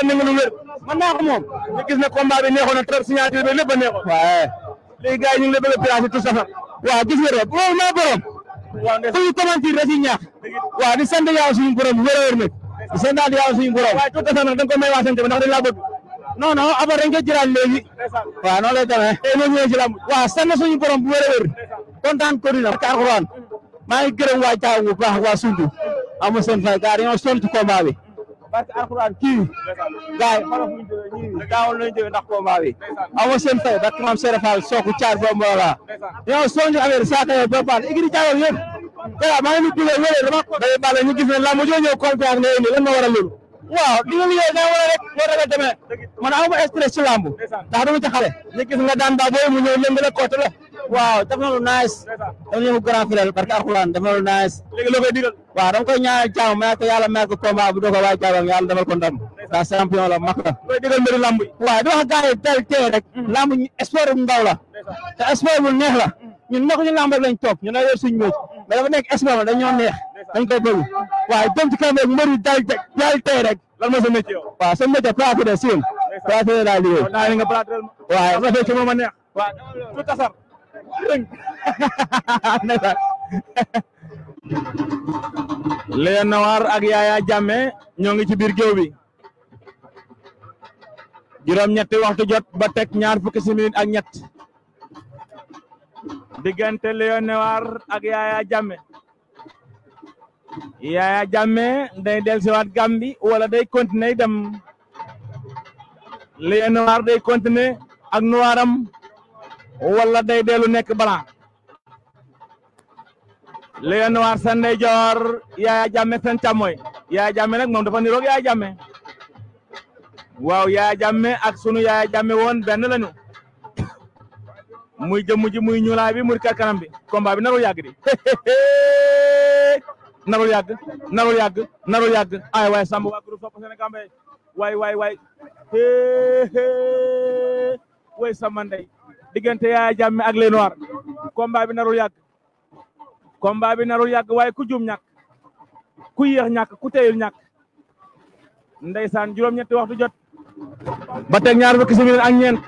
am na nga lu wér man naa ko moom ñu gis ne combat neexoon na trop signature bi lépp a neexoon. waaye léegi gars ñu ngi lay bëgg a piraasi tout ça waaw gis nga de loolu mooy borom. waaw da ciy ñaax. waaw di sant yàlla suñu borom ko waa sant bi ndax dañ laa bëgg. non léegi. waaw noonu lay demee. tey ñoo ñëwee ci lamb waaw sant borom bu wér wér kontaan ko dina ak alxuraan maa ngi gërëm waa Thiaw bu baax waa Sundu amu seen fay gars dañoo sont bi parce que alxuraan kii gars yi xolof luñ jëlee ñii daawul lañ jëlee ndax combat bi amoo seen fay ba maam Serigne Fall sooku caar boobu moo la yow soo ñu affaire saa kayoo boo paal igri caayoo yëpp voilà maa ngi dugal dama ko day bàlle gis ne làmb joo ñëw confiance nga indi lan ma war a loolu waaw li nga liggéey daa war a rek loolu da nga demee man amuma stress ci làmb ndax ci xale ñu gis nga daan daa booy mu ñëw lëngale koote waaw def na lu nice def nañu ko grand final parce que alxuraan def na lu nice léegi loo koy digal waaw dama koy ñaanal jàmm may ko yàlla may ko combat bu doo ko waay jaabam yàlla defal ko ndam ndax la mag la koy digal mbiru lamb yi waaw di wax gars yi teel teel rek mm. lamb ndaw la te bu neex la mm. ñu lamb rek ñu na yor suñu métier mm. mais dafa nekk sport la dañoo waaw jëm ci kanam rek mbër daal daal waaw daal liggéey waaw rafet ci moom a neex Lion Noir ak Yaya Jammeh ñoo ngi ci biir géew bi juróom-ñetti waxtu jot ba teg ñaar fukki simili ak ñett diggante Lion Noir ak Yaya Jammeh Yaya Jammeh day dellusiwaat Gàmbi wala day continuer dem Lion day continuer ak Noiram. wala day dellu nekk blanc Lion Noir seen ndeyjoor Yaya Jammeh seen càmmooy Yaya Jammeh nag moom niroog Yaya Jammeh waaw Yaya Jammeh ak sunu Yaya Jammeh won benn lañu muy jëmm ji muy ñuulaay bi muy kar kanam bi combat bi narul yàgg di narul yàgg narul yàgg narul yàgg ay waay Samba waa groupe Sopp Sénégal waay waay waay waay Samba Ndey diggante Yaya Jammeh ak les noirs combat bi narul yàgg combat bi narul yàgg waaye ku jum ñàkk ku yéex ñàkk ku teyul ñàkk ndeysaan juróom-ñetti waxtu jot ba teg ñaar fukki simili ak ñeent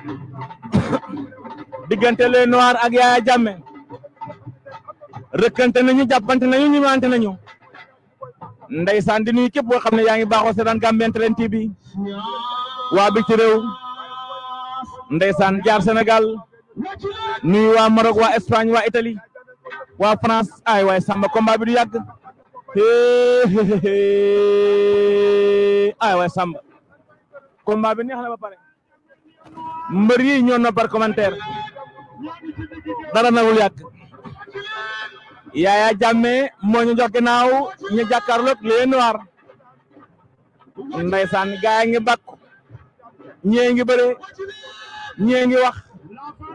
diggante les noirs ak Yaya Jammeh rëkkante nañu jàppante nañu ñimante nañu ndeysaan di nuyu képp boo xam ne yaa ngi baaxoo seetaan Gambian Talents TV waa bi ci réew jaar Sénégal ni wa Maroc wa Espagne wa italy wa France ay way Samba combat bi du yàgg ay way Samba combat bi neex na ba pare mbeur yi ñoo na par commentaire dara wul yag yaaya jamme mo ñu jox ginaaw ñu jàkkaarloog le noir ndaysan gaay nga ñe ngi beure ñe ngi wax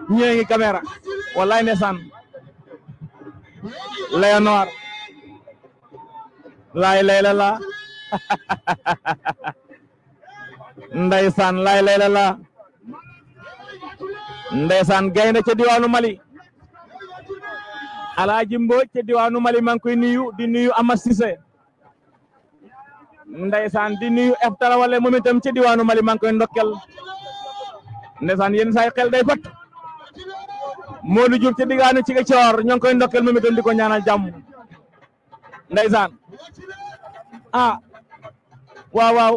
ñëwee ngi caméra wallaay ndeysaan Léonor laay lay la laa ndeysaan laay lay la laa ndeysaan gaynde ca diwaanu Mali Alaaji Mbooj ca diwaanu Mali maa ngi koy nuyu di nuyu Ama Cissé ndeysaan di nuyu F Tarawale moom itam diwaanu Mali maa koy ndokkel ndeysaan yéen saay xel day fat Modou Diouf ci diggaanu ci coor ñoo koy ndokkeel moom itam di ko ñaanal jàmm ndeysaan ah waaw waaw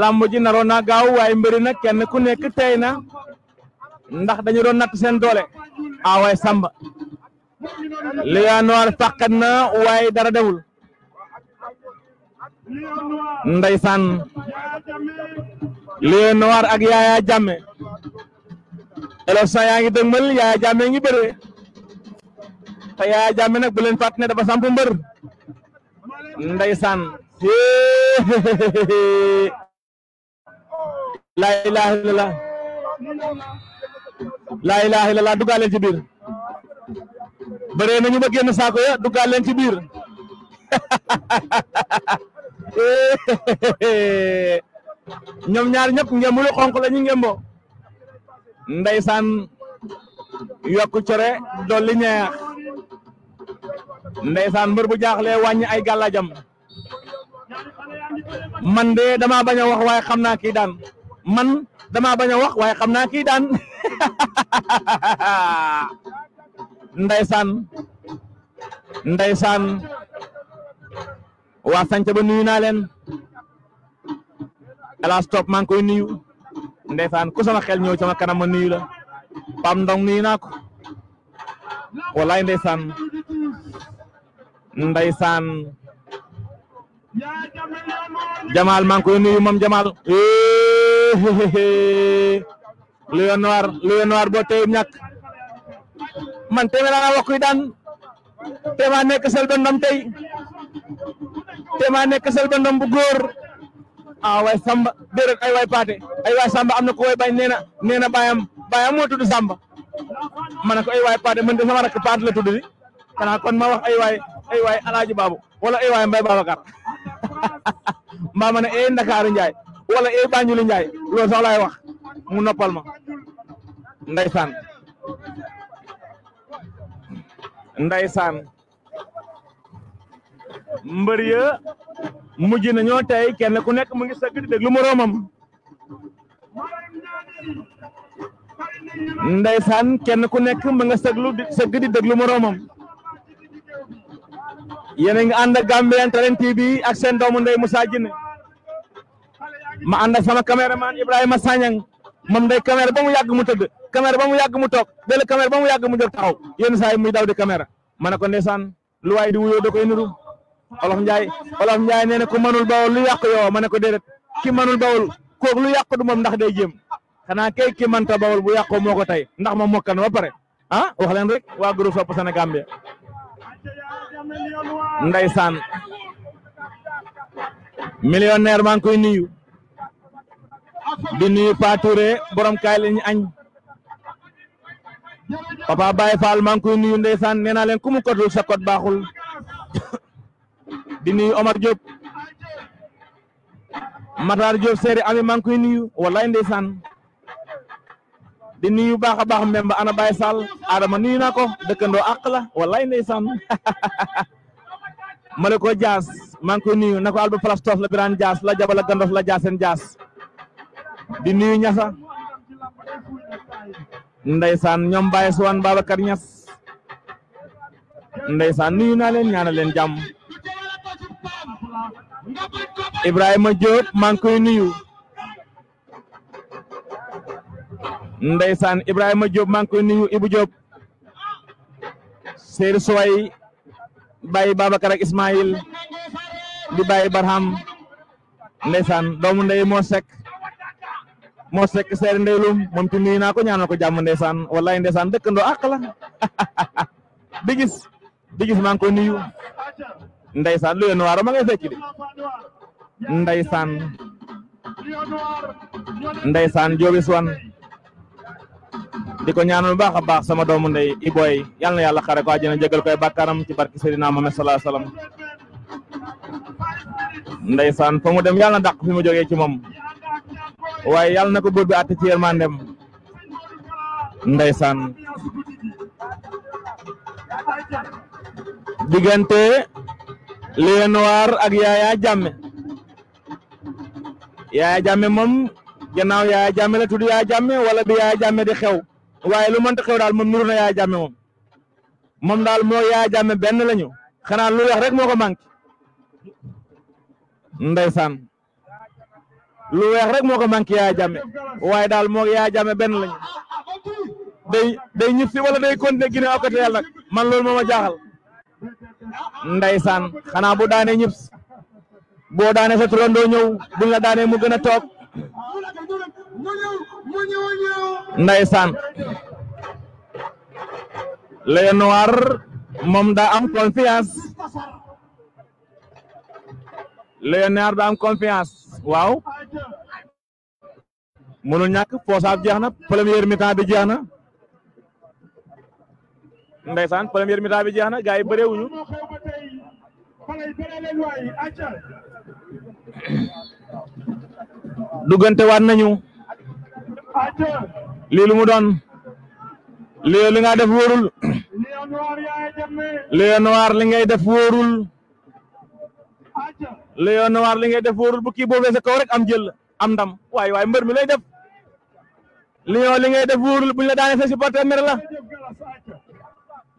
làmb ji naroon na gaaw waaye mbëri nag kenn ku nekk tey na ndax dañu doon natt seen doole a ah, waaye Samba Lion Noir fàqat na waaye dara dewul ndeysaan Lion Noir ak Yaya kalau San yaa ngi dëgmal Yaya ngi fa ya nak bu len dafa ndaysan la ilaha illallah la ilaha illallah ci bir beure nañu ba ya duggaal ci bir ñom ñaar ñep ngeemul xonku la ñu ndaysan yokku do li neex ndaysan mbeur bu jaxle wañ ay galajam man de dama baña wax way xamna ki dan man dama baña wax way xamna ki dan ndaysan ndaysan wa ba nuyu na len ala stop man koy nuyu ndeysaan ku sama xel ñëw sama kanam ma nuyu la Pam Ndong nuyu naa ko wallaay ndeysaan ndeysaan Jamal maa nuyu moom Jamal Lion Noir Lion Noir boo tey ñàkk man téeméer naa wax kuy daan téeméer nekk sel tey téeméer nekk sel ba bu góor a ah, waay Samba déedéet ay waay Paate ay waay Samba am na ko way bañ nee na nee na baayam baayam moo tudd Samba ma ne ko ay waay Paate man de sama rakk la tudd di kon ma wax ay waay ay waay Alaaji Baabu wala ay waay Mbay Babacar mbaa ma ne eh Ndakaaru Njaay wala eh Banjulu loolu sax laay wax mu noppal ma ndeysaan ndeysaan mbeur ya mujji nañoo tay kenn ku nek mu ngi sëgg di déglu romam ndaysan kenn ku nek mu nga sëglu sëgg di romam yene nga and Gambian talent TV ak sen doomu ndey musa jinn ma anda sama kamera Ibrahima sañang mom ndey kamera ba mu yàgg mu tëdd caméra ba mu yàgg mu tok del caméra ba mu mu jox taw yene say muy daw di kamera manako ndaysan lu way di wuyo da koy nuru olof njaay olof njaay neena ku manul bawul lu yak yo ma ki manul bawul ko lu yak du mom ndax day jëm xana kay ki ta bawul bu yakko moko tay ndax mom mokkal ba pare ah wax len rek wa groupe sopp sana Gambia ndaysan millionnaire man koy nuyu di nuyu touré borom kay la ñu papa Baye Fall man koy nuyu ndaysan neena len kumu sa kot baxul di nuyu Omar Diop Matar Diop séri ami man koy nuyu wallahi ndeysaan di nuyu baxa bax memba ana Baye sal Adama nuyu nako dekkendo ak la wallahi ndeysaan Maliko Dias maa ngi koy nuyu nako ko place tof la Birane jass la Jabala Gandof la jassen jass di nuyu Ñasa ndeysaan ñom Baye Suwan babakar ñass nuyu na len ñaanal len jam Ibrahim Diop maa koy nuyu Ndaysan Ibrahim Diop maa koy nuyu Ibu Diop Sir Souway Baye Babacar ak di Baye Barham Ndaysan doomu ndey Mosek. sek mo sek seeri ndey lum moom ci nuyu naa ko ñaanal ko jàmm Ndaysan wallahi Ndaysan dekk ndo akla di gis di nuyu ndaysan lu noir ma ngay ya, fecc di ndaysan ndeysaan joobi suwan di ñaanal bu baax baax sama doomu ndey iboy yalla yalla xare ko àjjana jegal koy ya, bakaram ci barki sayyidina Muhammad sallallahu alaihi wasallam ndaysan fa mu dem yalla na fi mu joge ci mom way yalla nako ko bi att ci dem ndaysan digante Lion Noir ak Yaya Jammeh Yaya Jammeh moom gannaaw Yaya Jammeh la tudd Yaya Jammeh wala bi Yaya Jammeh di xew waaye lu xew daal moom nuru na Yaya Jammeh moom moom daal moo Yaya Jammeh benn lañu xana lu weex rek moo ko manqué ndeysaan lu rek moo ko manqué Yaya Jammeh waaye daal moo Yaya Jammeh benn lañu day day ñib wala day continuer ginnaaw côté yàlla nag man loolu moo ma jaaxal. ndaysan xana bu daane ñep bo daane sa turandoo ñew bu la daane mu gëna tok ndaysan le Noir mom da am confiance le Noir da am confiance waaw mënu ñak foosaab jeexna premier mi-temps bi jeexna Ndeysaan première mi-temps bi jeex na gars yi bëree waat nañu lii lu doon lii li nga def wóorul lion noir li ngay def wóorul lion noir li ngay def wóorul bu kii boobee sa kaw rek am jël am ndam waaye waay mbër mi lay def lion li ngay def wóorul buñ la daane sa supporter mer la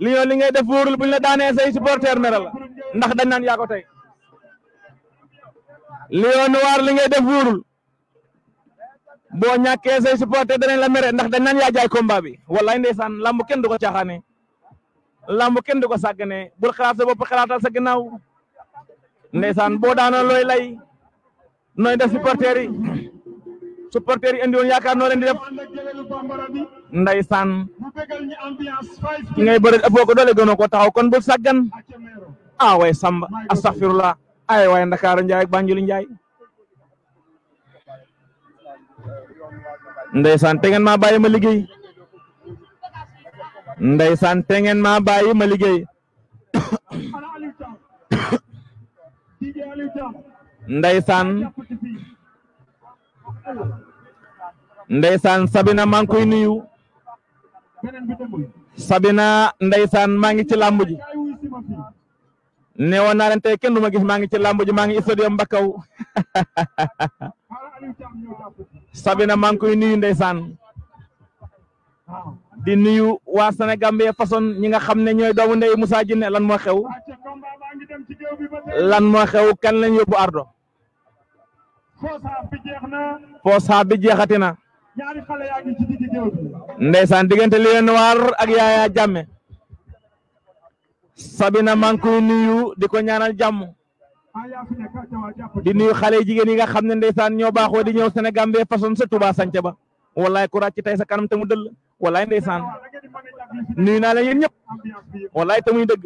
Lion li ngay def wourul buñ la daanee say supporter mer la ndax dañ nan yaa ko tey Lion war li ngay def wourul bo ñaké say supporter dañ la méré ndax dañ nan ya jaay combat bi wallahi ndeysaan lamb kenn duko ko lamb kenn duko xalaat sa bop xalaatal sa ginnaaw ndeysaan bo daana loy lay noy def supporter yi supporter yi indi woon yaakaar noo leen di def ndeysaan ki ngay bëre ëppoo dole doole ko taxaw kon bu saggan ah way samba astaghfirullah ay way ndakar njaay ak banjul njaay ndeysaan te ngeen ma liggéey ndeysaan te tengen ma bàyyi ma liggéey ndaysan sabina mang koy nuyu sabina ndaysan mangi ci làmb ji neewoon naa mangi tey kenn gis maa ci làmb ji maa stadium Mbakaw sabina mang koy nuyu ndaysan di nuyu senegal be façon ñi nga xamne ne doomu ndey musa Jinne lan mo xew lan mo xew kan lañ yóbbu Ardo foosa bi jeex na. foosa bi na. ñaari xale diggante Lion Noir Yaya Jammeh. Sabina maa nuyu di ñaanal jàmm. Ah, di nuyu xale jigéen yi nga xam ne ndeysaan ñoo baaxoo di ñëw Sénégal bee façon sa Touba sànce ba wallaay ku ràcc sa kanam te mu dëll wallaay nuyu naa leen yéen ñëpp wallaay te dëgg.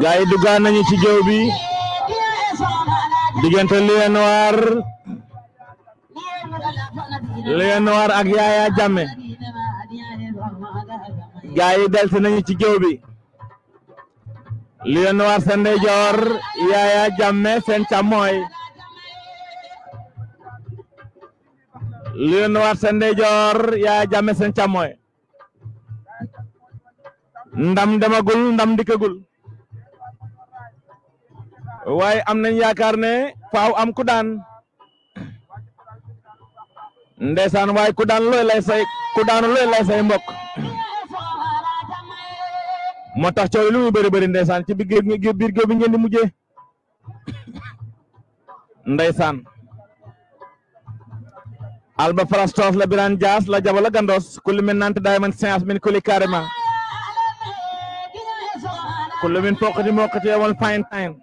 gaa yi duggaan nañu ci géew bi diggante Lion Noir ak Yaya Jammeh gaa yi delsi nañu ci géew bi Lion Noir seen ndeyjoor Yaya Jammeh seen càmmooy Lion Noir seen ndeyjoor Yaya Jammeh seen càmmooy ndam demagul ndam dikkagul waaye am nañ yaakaar ne faaw am ku daan ndeysaan waaye ku daan looy lay ku daanu looy lay say mbokk moo tax coow lu mu bëri bëri ndeysaan ci biir biir géew bi ngeen di ndeysaan alba prastof la biran jas la jabala gandos kullu min nanti diamond science min kulli karima kullu min pokati mokati fine time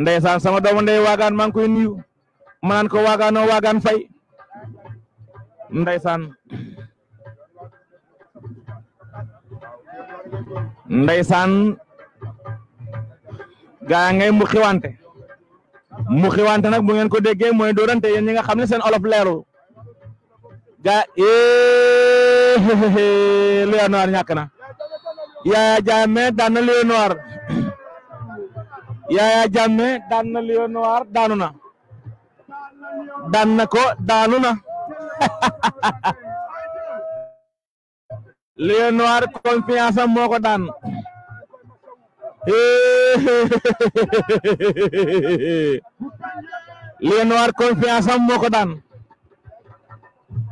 ndeysaan sama doomu ndey waagaan maa ngi koy ko waagaanoo waagaan fay ndeysaan ndeysaan gaa ngay mu xiwante nag bu ngeen ko déggee mooy dóorante yéen ñi nga xam ne seen olof leerul ga éééé eh, Léonard ñàkk na Yaya Jammeh daan na Léonard Yaya Jammeh daan na Léonard daanu daan na ko daanu na Léonard confiance moo ko daan Lenoir confiance am moko dan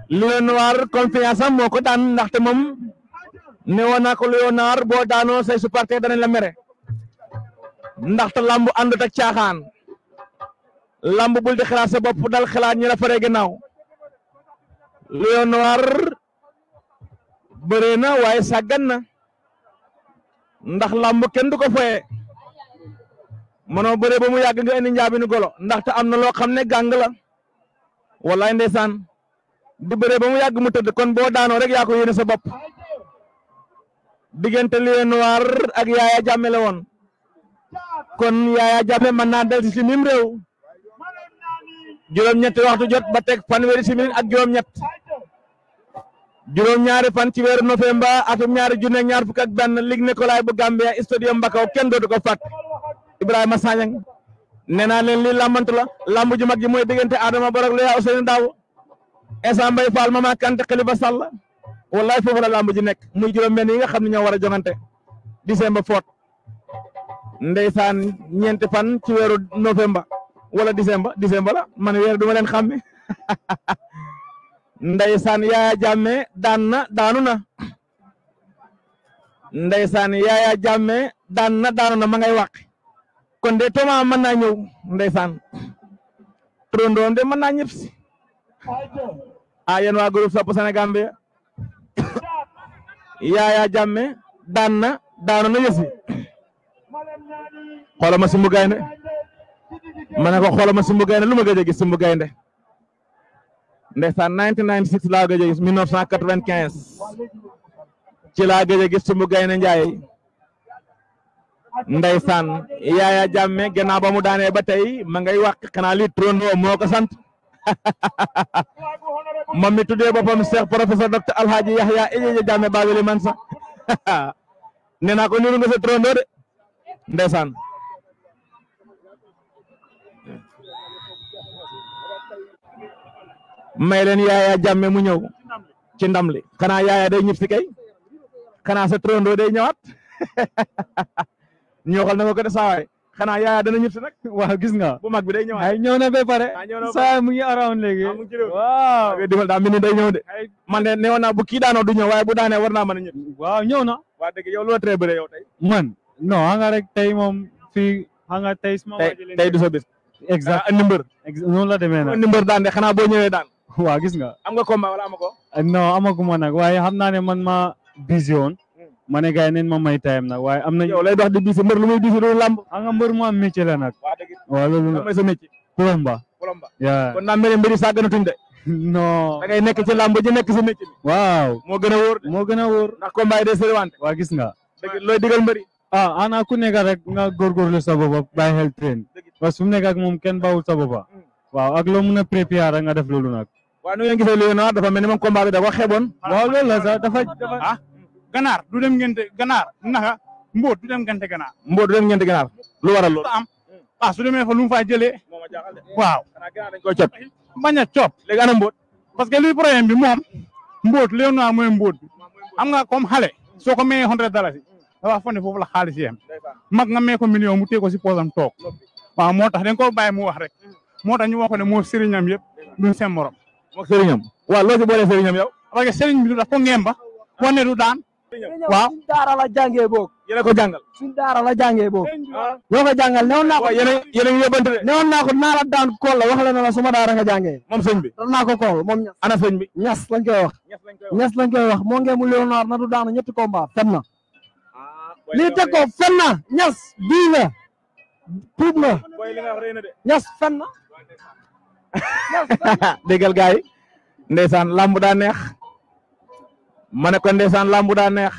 Lenoir confiance am moko dan ndax te mom newona ko Lenoir bo daano say supporter dañ la ndax ndaxte lamb ak tiaxan lamb bul di xalaat sa dal xalaat ñu la Lenoir bëré na ndax lamb kenn duko ko foye mënoo bëre mu yàgg nga indi ni golo ndax ta amna lo xam gang la wallahi ndeysaan di bëre ba mu yàgg mu tëdd kon bo daano rek ya ko yéene sa bopp diggante Lion Noir ak yaaya jamé la kon yaaya jamé man na dal ci nim réew juróom ñett waxtu jot ba ak ñett juróom ñaari fan ci weeru atau nyari ñaari junne ñaar fukk ak benn Ligue Nicolas bu Gambia stadium Mbakaw ken dootu ko fàtt Ibrahima Sagnang nena naa leen lii làmbant la làmb ju mag ji mooy diggante Adama Barrow Loya Ousseynou Daabo Essa Mbaye Fall Mama Kanté Khalifa Sall wallaay foofu la làmb ji nekk muy yi nga xam ñoo war ndeysaan fan ci wala décembre décembre la man weer duma leen ndaysan ya jamme danna na ndaysan na ya yaaya jàmme danna na na ma ngay wax kon de toma man na ñew ndaysan trondon de man na ñëpp ci ah yéen waa groupe Sopp Sénégal bi yaaya jàmme daan na daanu na yësi ya xoolal simbu gaynde ma ko xoolal simbu gaynde lu ma gëj simbu ndeysaan 1996 laa gëj a gis 1995 ci laa gëj a gis Sumbu Gaynde Njaay ndeysaan Yaaya Jàmme gannaaw ba mu daanee ba tey ma ngay wax xanaa lii turandoo moo ko sant moom mi tuddee boppam Cheikh professeur docteur Alhaji Yahya Ejeje Jàmme Babeli Mansa nee ko niru nga sa turandoo de ndeysaan may leen yaaya jàmme mu ñëw ci ndam li xanaa yaaya day ñib si kay xanaa sa trondo day ñëwaat ñooxal na ko ko de saawaay yaaya dana ñib si nag gis nga bu mag bi day ñëwaat ay ñëw na ba pare saa mu ngi around léegi waaw difal daa man a ñëw waaw ñëw na man non xam rek tey moom fii xam tey tey du sa bis exact andi mbër noonu la demee nag daan de xanaa boo ñëwee daan wa gis nga. am nga combat wala amako. non amaguma nag naa ne ma busy woon. Hmm. ma ne gars yi ma may tayam nag waaye am na. yow lay dox di busy mbër lu muy busy loolu làmb. xam nga mbër mu la nag. waaw loolu la sa métier. plomba. plomba yaa kon naa mel ne mbir yi sàgganatuñ de. non da ngay nekk ci làmb ji nekk sa métier. waaw moo gën a wóor. moo gën a wóor. ndax combat yi day soriwante. waa gis nga. dëgg looy digal mbëri. ah ana ku nekk rek nga góorgóorlu sa bopp bàyyi xel train parce que fu mu bawul sa bopp hmm. waaw na loo mën a préparer nga def loolu waaw nu ngeen gisee léegi noonu dafa mel ni moom combat bi da ko xeeboon. Ah, waaw la sax dafa dafa ah. ganaar du dem ngente ganaar naka mbóot du dem ngente ganaar. mbóot du dem ngente ganaar lu waral loolu. am ah su demee fa lu mu faa jëlee. waaw. bañ a cop. léegi ana mbóot. parce que luy problème bi moom mbóot léegi noonu mooy mbóot am nga comme xale soo ko mayee hundred dalasi dafa fone foofu la xaalis yem mag nga may ko million mu teg ko si poosam toog waaw moo tax dañ ko bàyyi mu wax rek mm. moo tax ñu wax ko ne moo sëriñam yëpp duñ seen morom waa sëriñam waaw loo ci boole sëriñam yow parce que sëriñ bi du daf ko ngeem ba wane du daan waaw suñ daara boog yéen ko jàngal suñ daara la jàngee boog loo ah. ko jàngal newoon naa ko a ngi yóbbante de newoon naa ko daan kool la wax la ne la suma daara nga jàngee moom sëñ bi dan naa ko kool moom ñas ana sëñ bi ñas lañ koy wax ñas lañ koy wax moo ngeen mu Léonard na du daanu ñetti combat fen na ah, lii teg ko fen na ñas bii la tuub na ñas fen déggal gaay ndesaan làmb daa neex ma ne ko ndeysaan làmb daa neex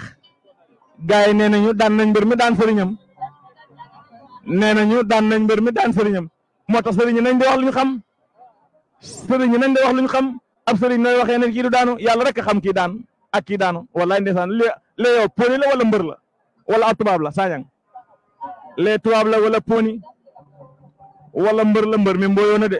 gaay yi nee nañu daan nañ mbir mi daan sëriñam nee nañu daan nañ mbër mi daan sëriñam moo tax sëriñ nañ di wax luñ xam sëriñ nañ di wax luñ xam ab sëriñ na waxe na kii daanu yàlla rek xam kii daan ak kii daanu wallaay ndesaan li lee yow poni la wala mbër la wala ab tubaab la saañang lee tubaab la wala poni wala mbër la mbër mi mbooyoona de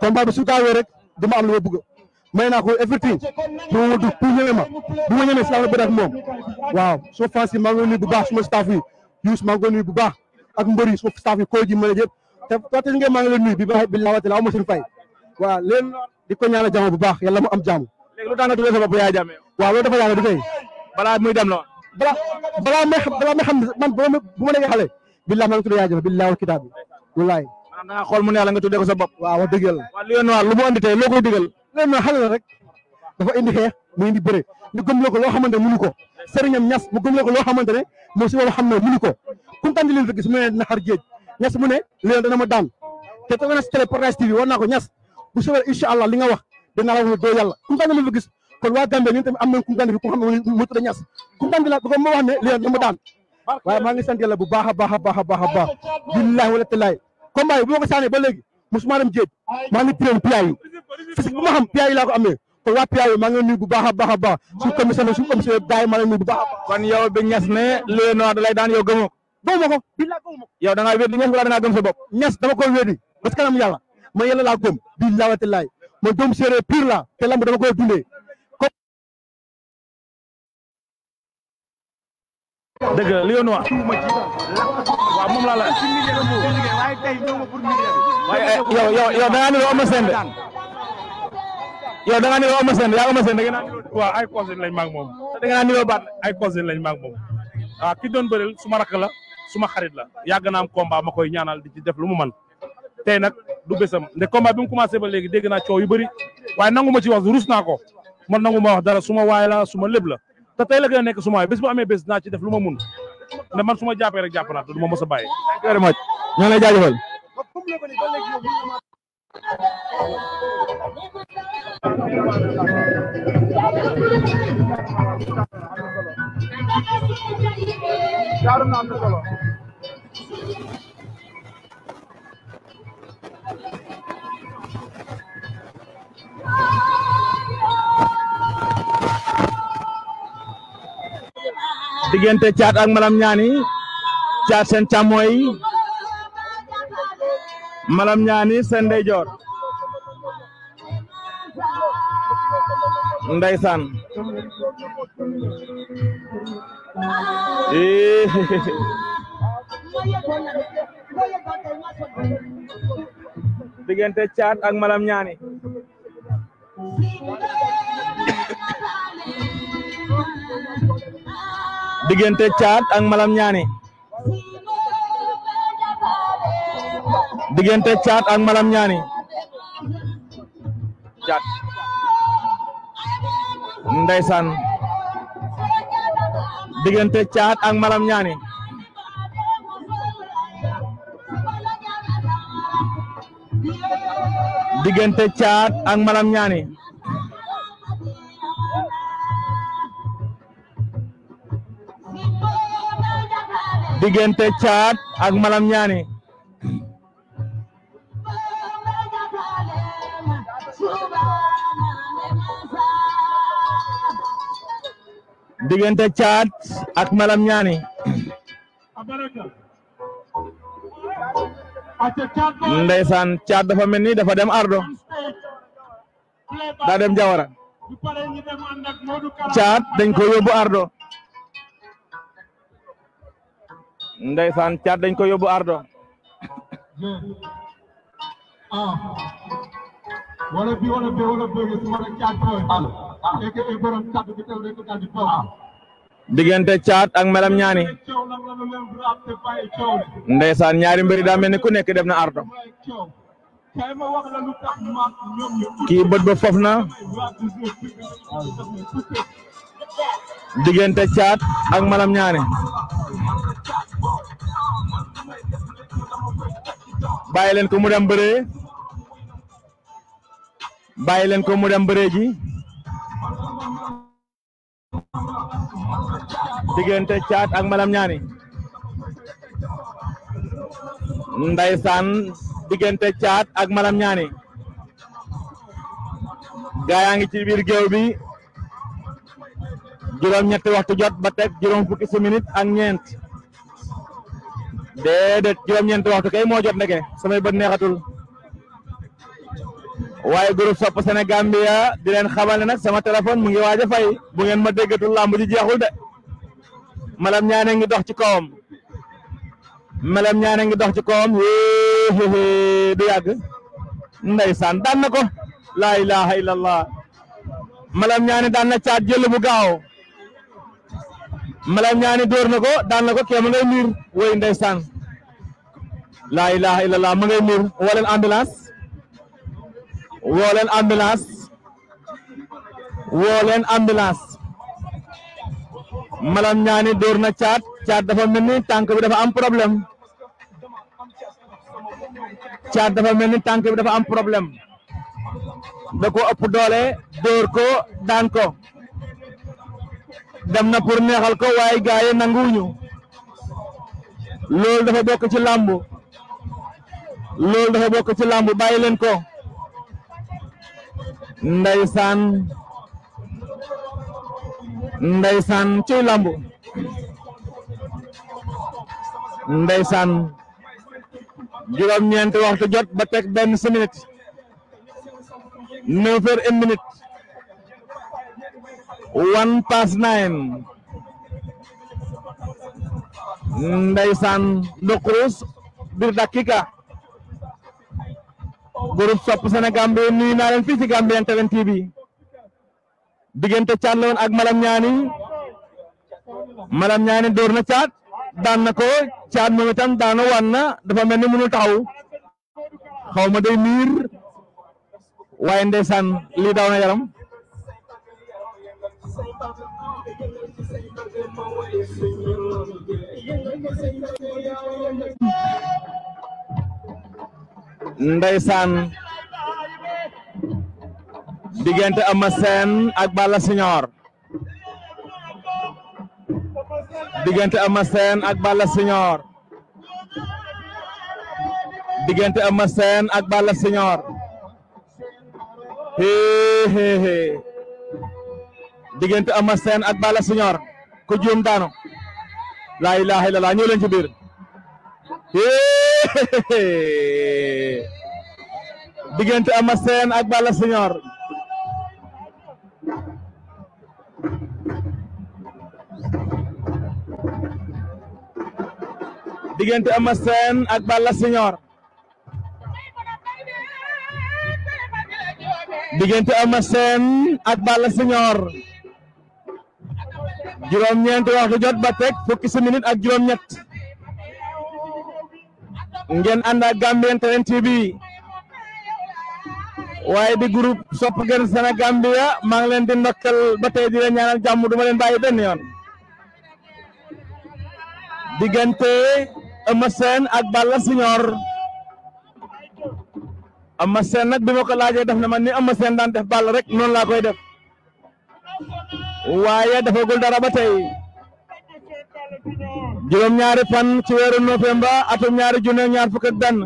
combat bi su gaawee rek duma am lu bëgg may na ko everything do mu dugg pour ñeme ma bu ma ñëwé si laa la bëri ak mom waaw so fancy ma ngi nuyu bu baax suma staff yi Youssou ma ngi nuyu bu baax ak mbër yi suma staff yi ko ji mëna a té te wax dëgg ngeen maa ngi leen nuyu bi baax billahi wa ta'ala aw ma seen fay waaw leen di ko ñaanal jàmm bu baax yalla mu am jàmm. léegi lu tax nga tuddee sa bopp Yaya waaw lo dafa yàgg du tey. bala muy dem lo bala bala me xam bala me xam man bu ma bu xalé billahi ma ngi tuddu Yaya Jammeh billahi wa kitabi wallahi maanaam da ngaa xool mu neex la nga tuddee ko sa bopp. waaw wax dëgg Lion Noir lu mu andi tey loo koy digal. Lion Noir rek dafa indi mu indi ko loo xamante ne ko sëriñam ñas mu gëmloo ko ko kuntandi leen rek su mu ne dina xar géej ñas mu ne Lion ma daan te na TV war ko ñas bu allah li nga wax dina la wax doo yàlla kuntandi leen fa gis kon waa Gambie ñun tamit am nañ kuntandi bi ku xam ne mu tudd ñas kuntandi la ko wax ne Lion ma daan ngi sant bu baax billahi wala combat yi bu ma saanee ba léegi mosuma dem géej maa ngi train piyaayu physique bu ma xam piyaayu laa ko amee kon waa piyaayu maa ngi nuyu bu baax a baax a baax suñu commissaire suñu commissaire gars yi maa ngi nuyu bu baax a baax kon yow ñes ne lée noir da lay daan yow gëmoo ko gëmuma ko billaa gëmuma ko yow da ngaa wéddi ñes wala da gëm sa bopp ñes dama ko wéddi parce que kanam yàlla man yàlla laa gëm bii lawate laay man doom la te dama koy dundee dëgg la Lion Noir waaw moom laa la. Eh, yow yow yow da ngaa niroo Eumeu Sène de yow da ngaa niroo Eumeu ay cousin lañ maag moom. da ay cousin lañ maag moom ah, ki doon bëreel suma rakk la suma xarit la yàgg naa am combat ma koy ñaanal di ci def lu mu man tey nag du bésam nde combat bi mu ba léegi dégg naa coow yu bëri waaye nangu ma ci wax ruus naa ko man nangu ma wax dara suma waay la suma lépp la. te tey la gën nekk suma bés bu amee bés naa ci def lu ma mun ndax man su ma jàppee rek jàpp naa te du ma mos a bàyyi. ñoo lay jaajëfal. jaaru digënte chat ak malam ñaani chat sen chamoy malam ñaani seen ndeyjoor ndeysaan digënte caat ak malam ñaani diggante chat ak Malam Ñaani diggante chat ak Malam Ñaani Chat. ndaysan diggante chat ak Malam Ñaani diggante chat ak Malam Ñaani digente chat ak Malam Ñaani digente chat ak Malam Ñaani ndaysan chat dafa melni dafa dem Ardo da dem Jawara Chat dañ ko yobbu Ardo ndeysaan caat dañ ko yóbbu ardo ah. Ah. wala caat e diggante caat ak melam ñaani ndeysaan ñaari mbëri daa mel ni ku nekk def na ardo ba fof diggante chat ak malam ñaané bayi len ko mu dem béré bayi len ko mu dem béré ji diggante chat ak malam ñaané ndaysan diggante chat ak malam ñaané Gaya ngi ci bir geew bi juróom-ñetti waxtu jot ba teg juróom fukki minute ak ñeent déedéet juróom-ñeenti waxtu kay moo jot ndeke samay bët neexatul waaye groupe sopp di leen xamal ne sama telepon mu ngi fay bu ngeen ma déggatul làmb ji jeexul de malam ñaane ngi dox ci kawam malam ñaane ngi dox ci kawam yéexéexé du yàgg ndeysaan daan na ko ilaha illallah malam ñaane daan na caat jël bu gaaw Malam ñaani door na ko daan na ko kee ma ngay miir woy ndeysaan laa ilaha illallah ma ngay miir woo leen ambulance woo leen ambulance woo leen ambulance Malam ñaani door na caat caat dafa mel ni tànk bi dafa am problème caat dafa mel ni tànk bi dafa am problème da ko ëpp doole door ko daan ko dem na pour neexal ko way gaay yi nanguwuñu loolu dafa bok ci lambu loolu dafa bok ci làmb baye len ko ndaysan ndaysan ci làmb ndaysan juróom ñent waxtu jot ba tek ben si minute 9h 1 minute One past nine. Ndaisan Dokrus bir dakika. Grup sopp Sénégal bi nuyu naa leen fii ci Gambian TV diggante caat ag malam nyani. malam nyani door na caat daan na ko caat moom itam daan na wan na dafa mel ni mënul taxaw na ndaysan digenté am sen ak bala Senior digenté am sen ak bala Senior digenté am sen ak bala Senior he he he Diganti amma sen ak bala señor ku joom daanu la ilaha illallah ñu leen ci biir amma sen ak bala señor amma sen ak bala señor amma sen ak bala Senior juróom-ñeenti waxtu jot ba teg fukki simili ak juróom-ñett ngeen ànd ak Gambian TV di groupe sopp ngeen Sen Gambia maa ngi leen di ndokkal ba tey di leen ñaanal jàmm du ma leen bàyyi yoon diggante Eumeu Sène ak Balla senior Eumeu Sène nag bi ma ko laajee def na man ni def Balla rek koy def. waaye defagul dara ba tey juróom ñaari fan ci weeru novembre atum ñaari junne ñaar fukk ak benn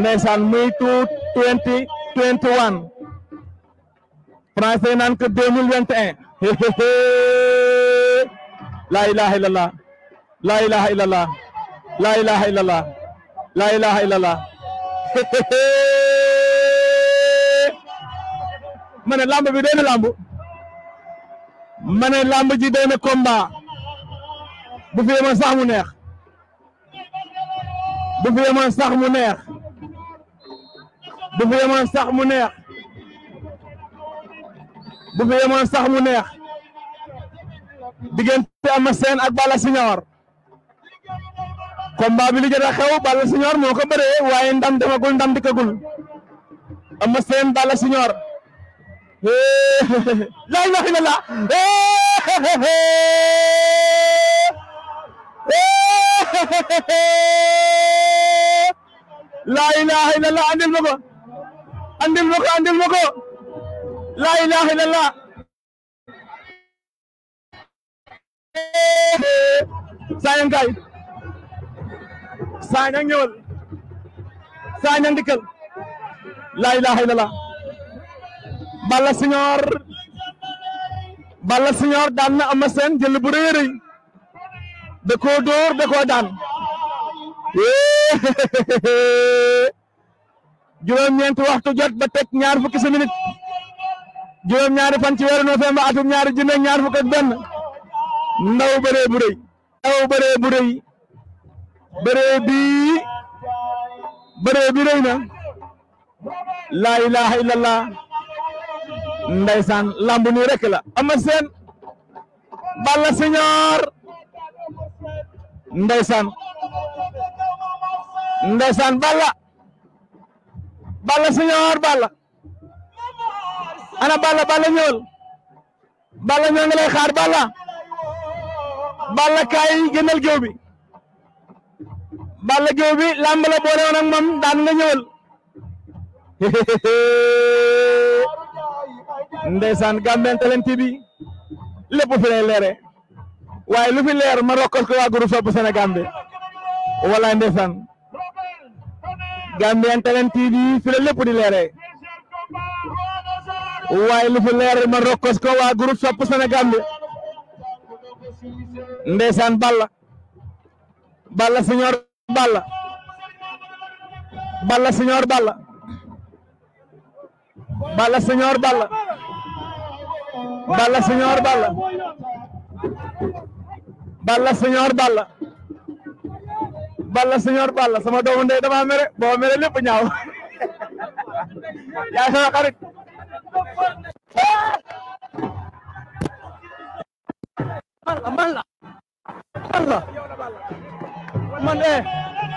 ndeysaan muy tout twenty twenty one français naan ko deux mille vingt et laa ilaha illallah laa ilaha illallah ma ne lamb bi doy na lamb ma ne lamb ji doy na combat bu fi yemoon sax mu neex bu fi yemoon sax mu neex bu fi yemoon sax mu neex bu fi yemoon sax mu neex diggante Ama Sène ak Balla Senior combat bi li jot a xew Balla Senior moo ko bëree waaye ndam demagul ndam dikkagul Ama Sène la ilaha illallah la ilaha illallah andil ma ko andil ma ko andil ma ko la ilaha illallah saañang kay saañang ñëwal saañang dikkal la ilaha illallah bala señor bala señor dan na am sen jël bu reere de ko door de ko dan juroom ñent waxtu jot ba tek ñaar fukki sa minute juroom ñaari fan ci weeru novembre atu ñaari jinné ñaar fukki ak ben ndaw bëree bu reey ndaw bëree bu reey bëree bi bëree bi reey na la ilaha illallah ndeysaan lamb nii rek la ama seen Balla Senior ndeysaan ndeysaan Balla Balla Senior Balla ana Balla Balla ñëwul Balla ñoo ngi lay xaar Balla Balla kaay génnal géew bi Balla géew la boole woon ak moom daan nga ñëwul ndeysaan Gambian Talents lépp fi leere waaye lu fi leer ma rokkal ko waa groupe sopp Sénégal bi wala ndeysaan Gambian Talents TV lépp di leere waaye lu fi leer ma rokkos ko waa groupe sopp Sénégal bi ndeysaan Balla Balla Senior Balla Balla Senior Balla Balla Senior Balla Balla Senior Balla Balla Senior Balla Balla Senior Balla sama doomu ndey dama mere boo mere lépp ñaaw yaa sama xarit man la man la man eh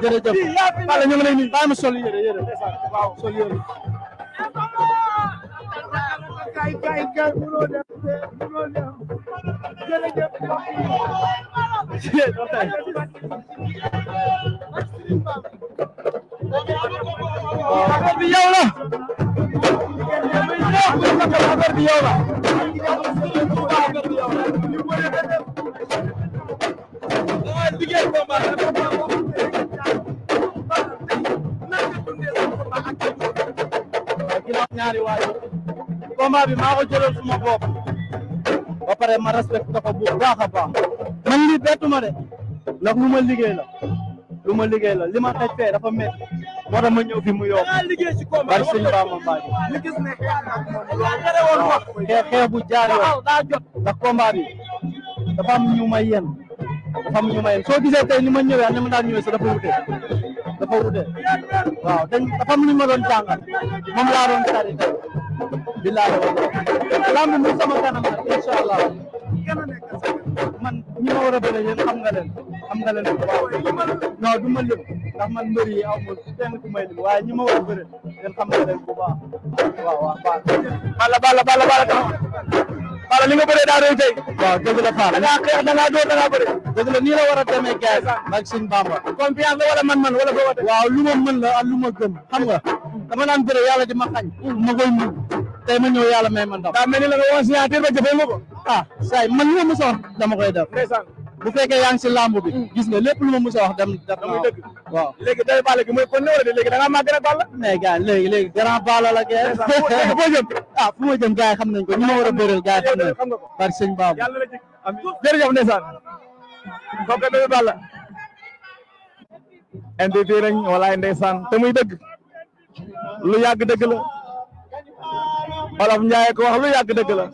jërëjëf Balla ñu ngi lay nuyu bàyyi ma sol yére yére waaw sol yére kay kay kay mënoo dem mënoo dem jërëjëf affaire bi yow la affaire bi yow la affaire bi yow la ginnaaw ñaari waajur combat bi maa ko jëlal suma bopp ba pare ma respecté ko bu baax a baax man lii bettuma de ndax lu ma liggéey la lu ma liggéey la li ma xëj fee dafa métti moo tax ma ñëw fi mu yomb bari suñu baama mbaaj xeex xeex bu jaar yoon ndax combat bi dafa am ñu may yen dafa am ñu may yen soo gisee tey ni ma ñëwee ak ni ma daan ñëwee sax dafa wute dafa wute waaw dañ dafa am lu ma doon jàngal moom laa doon sari tey billaahi lamb mu sama kanam nag incha allah man ñi ma war a bëre yéen xam nga leen xam nga leen waaw non du ma lim ndax man mbër yi aw ma kenn ku may lim waaye ñi ma war a bëre yéen xam nga leen bu baax waaw waaw baax bala bala bala bala Fala li nga bëree daa rëy tey. waaw dëgg la Fala. da ngaa xeex da ngaa dóor da ngaa bëree. dëgg la nii la war a demee gars yi. ak suñu bamba. confiance la wala man-man wala foo ko waaw lu ma mën la ak lu ma gëm xam nga. dama naan bëre yàlla di ma xañ. ma koy mën tey ma ñëw yàlla may ma ndam. daa mel ni la nga woon signature ba jëfee nga ko. ah say man li ma mos a wax dama koy def. ndeysaan. bu Yang yaa ngi si bi mm. gis nga lépp lu ma mos a wax dem def na dëgg waaw léegi day Balla gi mooy kon wala léegi da nga màgg rek Balla mais gars léegi léegi grand Balla la gars foo jëm ah fu ma jëm gars yi xam nañ ko ñu ma war a bëreel gars yi xam nañ ko bari sëñ Baabu jërëjëf ndeysaan kooku bébé Balla NDT nañ walaay ndeysaan te muy dëgg lu yàgg dëgg la Olof Njaay ko wax lu yàgg dëgg la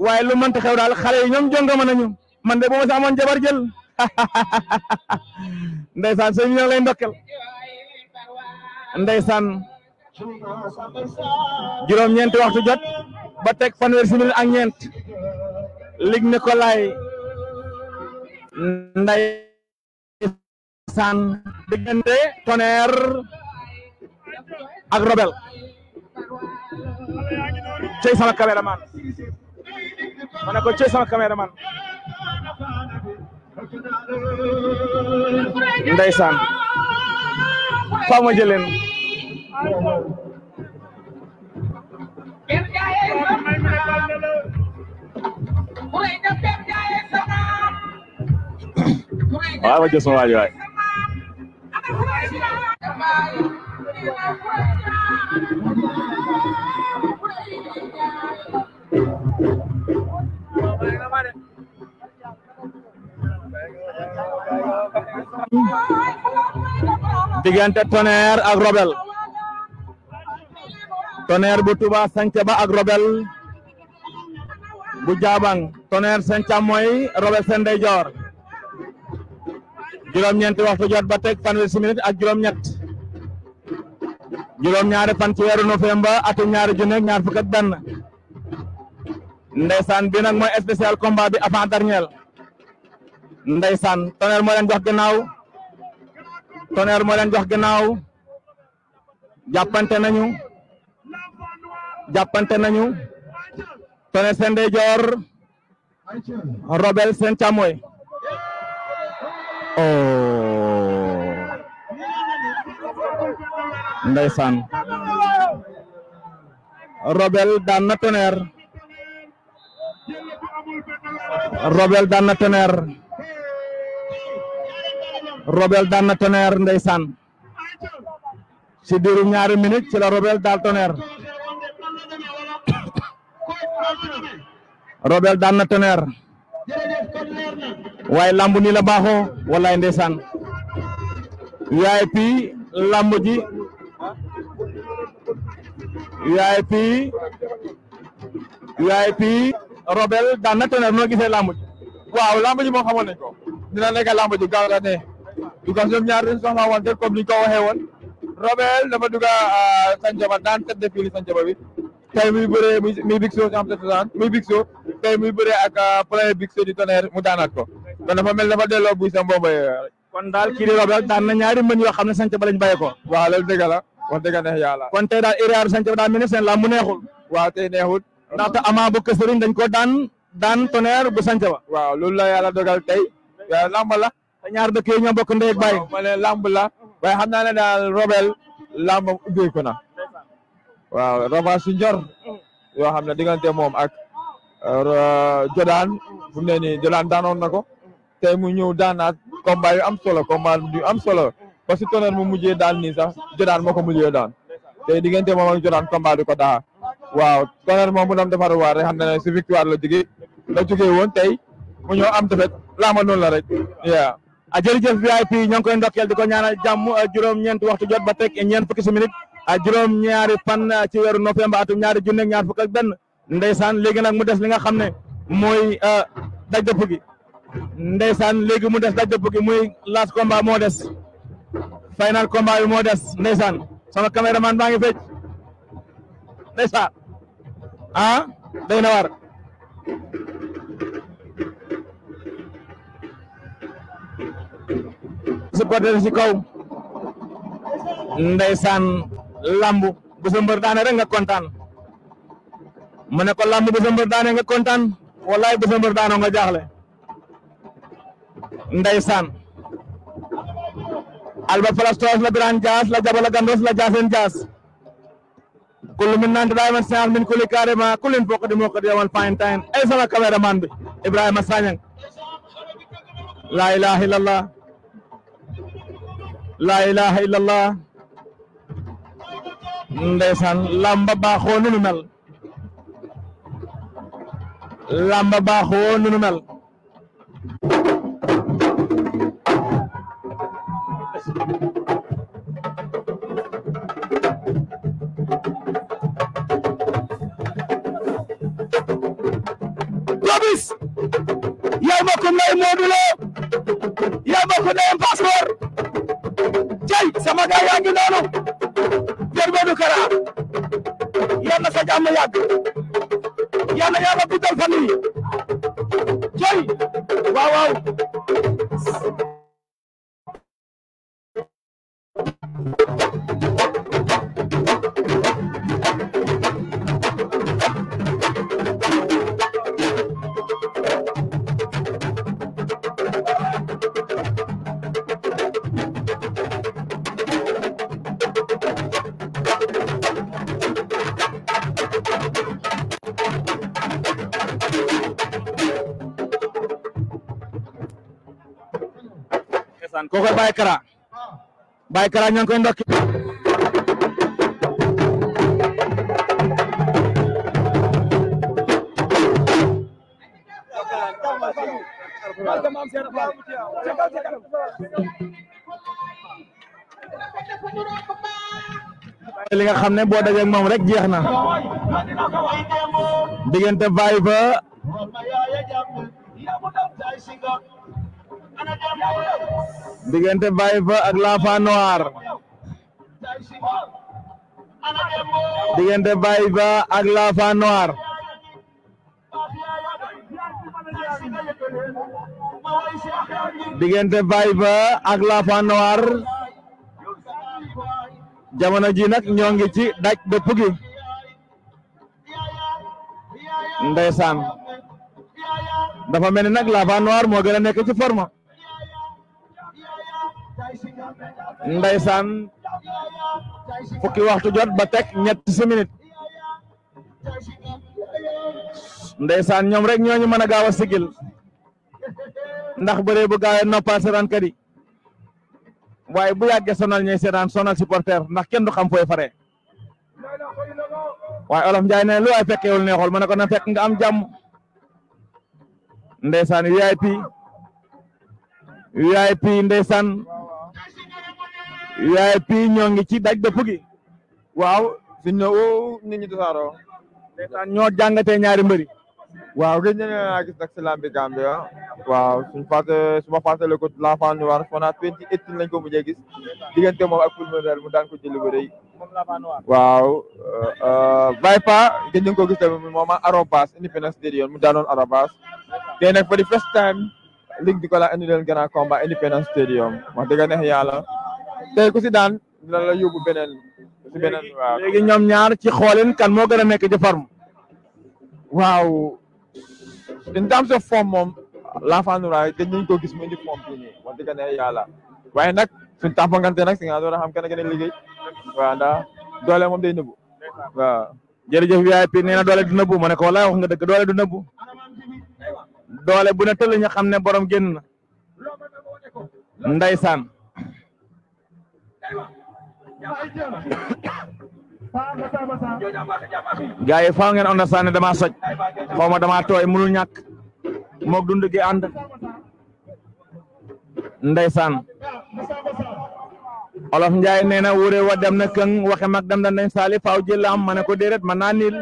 waaye lu mënti xew daal yi jongama nañu man de bu samon jabar jël ndaysan sey ñu jat, lay ndokkel ndaysan juroom ñent waxtu jot ba tek fanwer simili ak ñent lig lay ndaysan digënde toner ak Robel cey sama cameraman ma ko cey sama cameraman ndeysaan faa ma jëleen waaw ma jës ma waaj waay digante toner ak Robel toner bu tuba sanca ba ak Robel bu jabang Jaabang Tonnerre seen càmmooy Robel seen ndeyjoor juróom-ñeenti waxtu jot ba tek teg fanweeri minute ak juróom ñet juróom-ñaari fan ci wéru novembre atum ñaari junni ñaar fukk ak benn ndeysaan bi nak moy special combat bi avant dernier ndaysan toner mo len jox ginnaaw Tonnerre moo leen jox gannaaw jàppante nañu jàppante nañu Tonnerre seen ndeyjoor Robel seen càmmooy oh ndeysaan Robel daan na Robel daan na Robel daan na Tonnerre ndeysaan ci ñaari minute ci la Robel daal Tonnerre Robel daan na Tonnerre waaye lamb nii la baaxoo wallaay ndeysaan yaay lamb ji yaay pii yaay pii Robel daan na Tonnerre noo gisee lamb ji waaw lamb ji moo xamoon nañ dina nekk lamb ji gaaw la ne dugal ñoom ñaar dañ soxla wante comme ni ko waxee woon Robel dafa duga euh, Sanjaba daan tête de file Sanjaba bi tey muy bëree muy Big Show champion Sénégal muy Big Show tey muy bëree ak euh, player Big Show di Tonnerre mu daanaat ko kon dafa mel dafa delloo buy sa mbomba euh. kon daal kii di Robel daan na ñaari mbën yoo xam ne Sanjaba lañ bàyyi ko waaw loolu dëgg la wax dëgg neex yàlla kon tey daal iraaru Sanjaba daal mel ni seen laa mu neexul waaw tey neexul ndaxte Ama bu Kësëriñ dañ ko ñaar dëkk yi ñoo bokk baay ma ne lamb la waaye xam naa ne daal robel lambam ubbeeku na waaw rova su xam ne diggante moom ak uh, jodaan fu mu jodaan daanoon na ko tey mu ñëw daanaat combat yu am solo combat yu am solo parce que tonnerre mu mujjee daan nii sax jodaan moo ko mujjee daan tey diggante moom ak jodaan combat du ko daa waaw tonnerre moom mu dam defaru waar xam ne si victoire la jóge woon tey mu ñëw am tafet laama rek yaa jërëjëf VIP ñoo ngi koy ndokkeel di ko ñaanal jàmm juróom-ñeenti waxtu jot ba teg ñeent fukki simili juróom-ñaari fan ci weeru novembre atum ñaari junne ak ñaar fukk ak benn ndeysaan léegi nag mu des li nga xam ne mooy daj gi ndeysaan léegi mu des daj muy last combat modas final combat yu nesan des ndeysaan sama caméraman baa ngi fecc ndeysaan ah day supporter ci kaw ndeysaan lamb bu sa mbër daane kontan. nga kontaan mu ne ko lamb bu sa mbër daane nga kontaan wallaay bu falas mbër alba la biran jas la jabala gandos la jaasen jaas kullu min nante daiman sinal min kulli karima kullin fokadi di yawan fayin tayin ay sama cameraman bi ibrahima sañang la ilaha illallah laa ilaha illallah ndeysaan lamba baaxoo nunu mel lamba baaxoo nunu mel lobis yow ma ko nay Modou Lo yow ma ko nay passeport kay sama gars yaa ngi noonu Dièrbédou Kara yal na sa jàmm yàgg na yàlla guddal fan yi coy waaw Baye Kara Baye Kara ñoo ngi koy ndokki li nga xam ne boo dajee ak moom rek jeex na diggante Viber digënte Baye Fa ak fa noir digënte Baye Fa ak fa noir digënte Baye Fa ak fa noir jamono ji nak ñongi ci daj dëpp gi ndaysan dafa melni nak la fa noir mo gëna ci forme ndaysan fukki waxtu jot ba ñet ci minute ndaysan ñom rek ñooñu mën a gaaw sigil ndax bëree bu no noppal ran kadi way bu yagge sonal ñooy sétan sonal supporter ndax kenn du xam foy fare way olof Njaay ne lu ay fekkewul wol neexol mané ko na fekk nga am jàmm ndaysan VIP VIP ndaysan VIP ñoo ngi ci daj dëpp gi waaw suñ ne woo ñu ñi ñoo jàngatee ñaari mbëri waaw gëj na naa gis nag si lambi Gambia waaw suñ fàtte su ma fàttale ko l'enfant noir fona twenty eighteen lañ ko mujjee gis diggante moom ak pulmonel mu daan ko jëli bu rëy waaw Vipa gëj nañ ko gis tamit moom a Arobas Independence Stadium mu daanoon Arobas tey nag for the first time ligue bi ko la indi leen grand Independence Stadium wax dëgg neex yàlla tey ku si daan dina la yóbbu beneen si beneen waaw léegi ñoom ñaar ci xoolin kan moo gën a nekk ci forme waaw in terms of forme moom laafaanuraay gëj nañ ko gis mu indi forme bii nii wax dëgg ne yàlla waaye nag suñ tàmpangante nag si nga doon xam kenn gën a liggéey waaw ndax doole moom day nëbbu waaw jërëjëf VIP nee na doole du nëbbu ma ne ko walaay wax nga dëgg doole du nëbbu doole bu ne tëll ñu xam borom génn na ndeysaan gaay faaw ngeen understand ne dama soj xawma dama toy mënul ñak moog dund gi and ndaysan olof njaay neena na wure wa dem na keng waxe mag dem dañ saali faaw jël am ma ne ko déedéet man na nil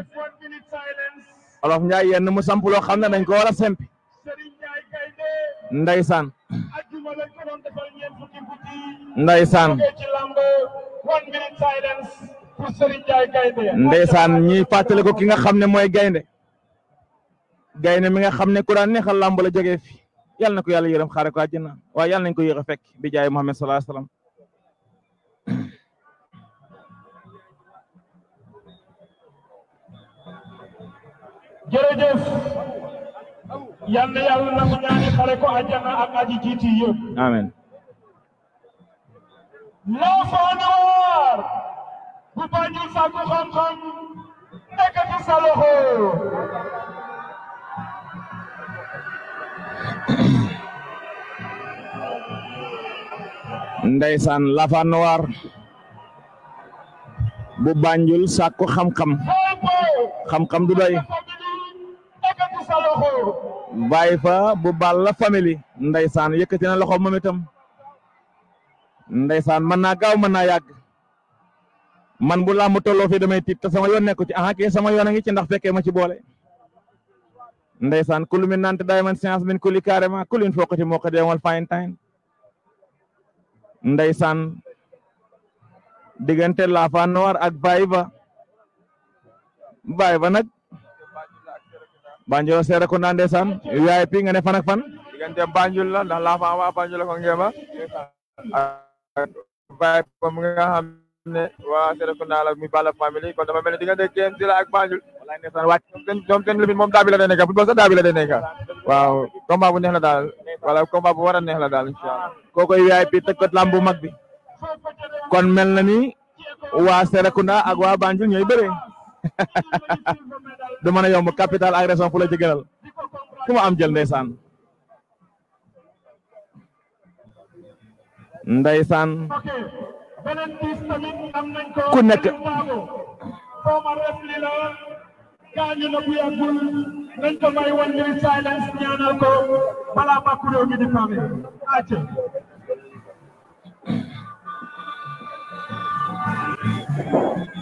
olof njaay yenn mu samp lo xam dañ ko wara sempi ndeysaan ndeysaan ñi fàttali ko ki nga xam ne mooy gaynde gaynde mi nga xam ne ku daan neexal làmb la jógee fi yàlla na ko yàlla yërëm xaare ko àjjana waaye yàlla nañ ko yéex a fekk bi jaay Muhammad yàlla yàlla nangu ñaani xale ko àjjana ak aji jiiti yëpp amen laa faanaar bu bàññul sàkku xam-xam nekkati sa loxo ndeysaan lafa noir bu Banjul sàkku xam-xam xam-xam du doy bàyyi fa bu Balla famille ndeysaan yëkkati na loxo moom itam ndeysaan mën naa gaaw mën naa yàgg man bu làmb tolloo fii damay tiit te sama yoon nekku ci aha sama yoon a ngi ci ndax fekkee ma ci boole ndeysaan kulu min nante day man science min kuli carrément kulin fokkati moo ko deewal fine time ndeysaan diggante laafa noir ak baay ba baay ba nag Banjul seere ko naan ndeysaan VIP nga ne fan ak fan diggante la ndax laa fa la ko ngeema VIP mu nga xam ne waa Serekunda la mi Balla family kon dama mel la ak Banjul walaay ndeysaan wàcc ñoom seen lifin moom daabi la day nekka football sax daabi la day nekka bu neex la daal wala combat bu war a neex la daal incha allah kookoy VIP teg ko lamb bu bi kon mel na ni waa Serekunda ak waa Banjul ñooy bëree du mën yomb capital agression fu la ci gënal kuma am jël ndaysan ndaysan ku nekk Thank you.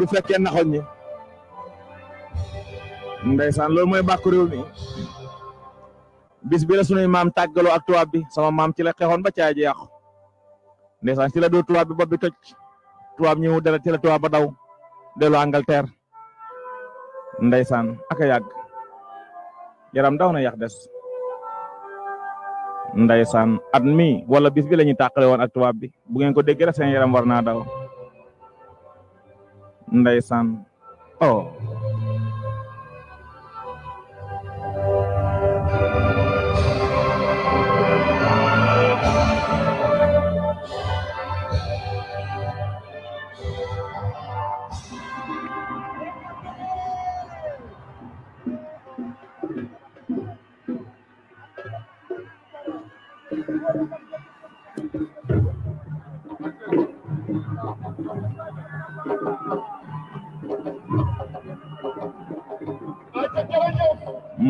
bu fekke naxoñ ñi ndaysan loolu moy bakku rew mi bis bi la sunu tagalo ak tuwab bi sama mam ci la xexon ba caay ji ndaysan ci la do tuwab bi bopp bi toj tubaab ñëw dara ci la tuwab ba daw Angleterre ndaysan ak yaram daw na yàq des ndaysan at mi wala bis bi lañu takale won ak tuwab bi bu ngeen ko degg rek seen yaram warna daw ndeysaan oh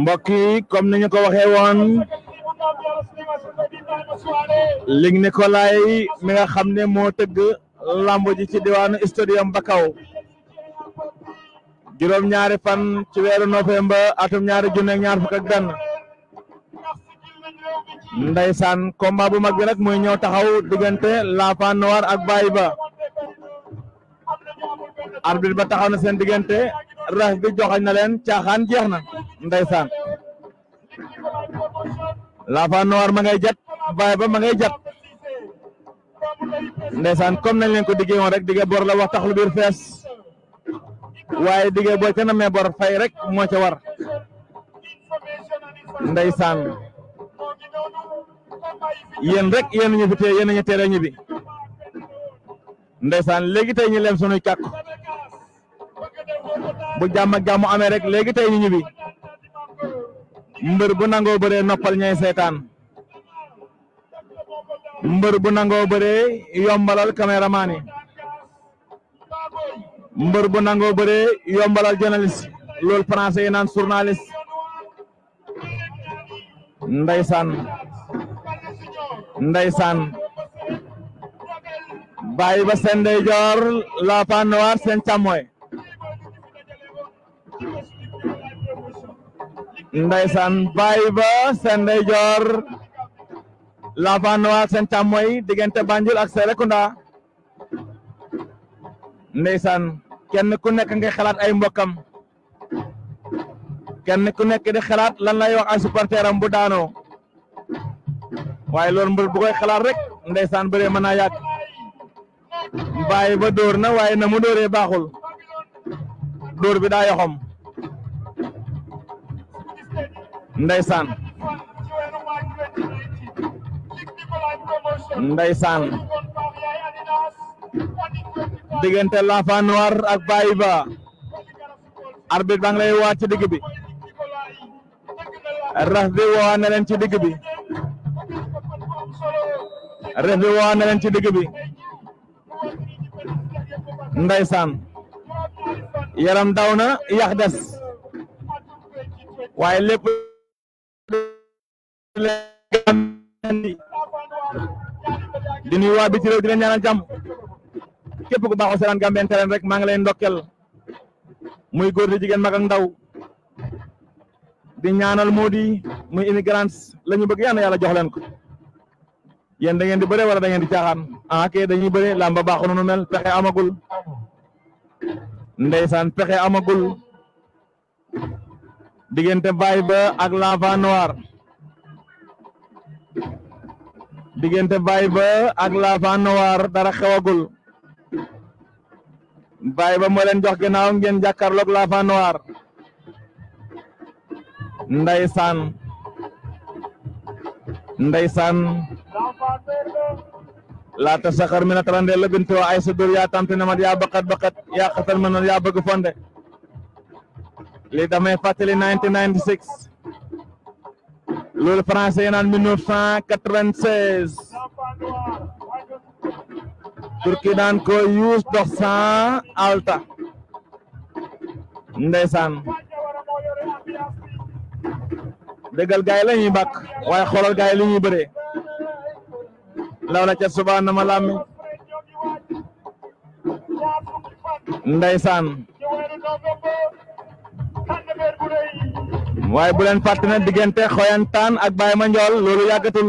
mbokki comme niñu ko waxé won ling Nicolai mi nga xamné mo teug tëgg lamb ji ci diwanu stadium Bakaw jurom ñaari fan ci wéru novembre atum ñaari june ñaar fuk ak ben ndaysan combat bu mag bi nak moy ñëw taxaw digënté la Lafa Noir ak Baye Ba arbitre ba taxaw na sen digënté rah bi joxañ na len tiaxan jeexna ndaysan la fa noor ma ngay jat baay ba ma ngay jat ndaysan comme nañ len ko digge won rek digge bor la wax taxlu bir fess waye digge boo ca namee bor fay rek mo ci war ndaysan yen rek yen ñu fi te yen ñu teere ñibbi ndaysan léegi tay ñu lem sunuy kakk bu jàmm ak jàmm amé rek légui tay ñu ñibi mbeur bu nango bëree noppal ñay sétan mbeur bu nango bëree yombalal caméraman yi mbër bu nango bëree yombalal journaliste lool français yi nan journaliste ndaysan ndaysan ba jor la noir Ndeysaan baay ba seen ndeyjoor Lavanois ak seen càmmooy diggante Banjul ak Serekunda Ndeysaan kenn ku nekka nga xalaat ay mbokkam kenn ku nekk di xalaat lan lay wax ay supporteram bu daanoo waaye loolu mbër bu koy xalaat rek Ndeysaan bëree mën naa yàgg baay ba dóor na waaye na mu dóoree baaxul dóor bi yoxom ndaysan ndeysaan la Lafa Noir ak bayiba arbitre bang lay wacc digg bi ref wo na len ci digg bi ref wo na len ci digg bi ndaysan yaram dawna na yax des di nuyu waa biti réew di leen ñaanal jàmm képp ku baaxoo seetaan Gambian Talents rek maa ngi leen ndokkel muy góor di jigéen mag ak ndaw di ñaanal moo di muy immigrants la ñu bëgg yàlla yàlla jox leen ko yéen da ngeen di bëre wala da ngeen di ah dañuy bëre mel pexe amagul ndeysaan pexe amagul diggante baay ba ak lava noir diggante Baye Ba ak la Fane Noir dara xewagul Baye Ba moo leen jox ginnaawam ngeen jàkkaarloog la Fane Noir ndeysaan ndeysaan laata saxar mi na tarande la bintu ay sa dur yaa tamte ne mat yaa baqat baqat yaa xatal ma noon yaa bëgg fonde li damay fàttali 1996 loolu français yi naan 1996 turki daan ko yuus dox san alta ndeysaan dëggal gaay la ñuy bàkk waaye xoolal gaay li ñuy bëree law la suba na ma làmmi ndeysaan waaye bu leen fàtte ne diggante xoyantaan ak Baye Mandiol loolu yàggatul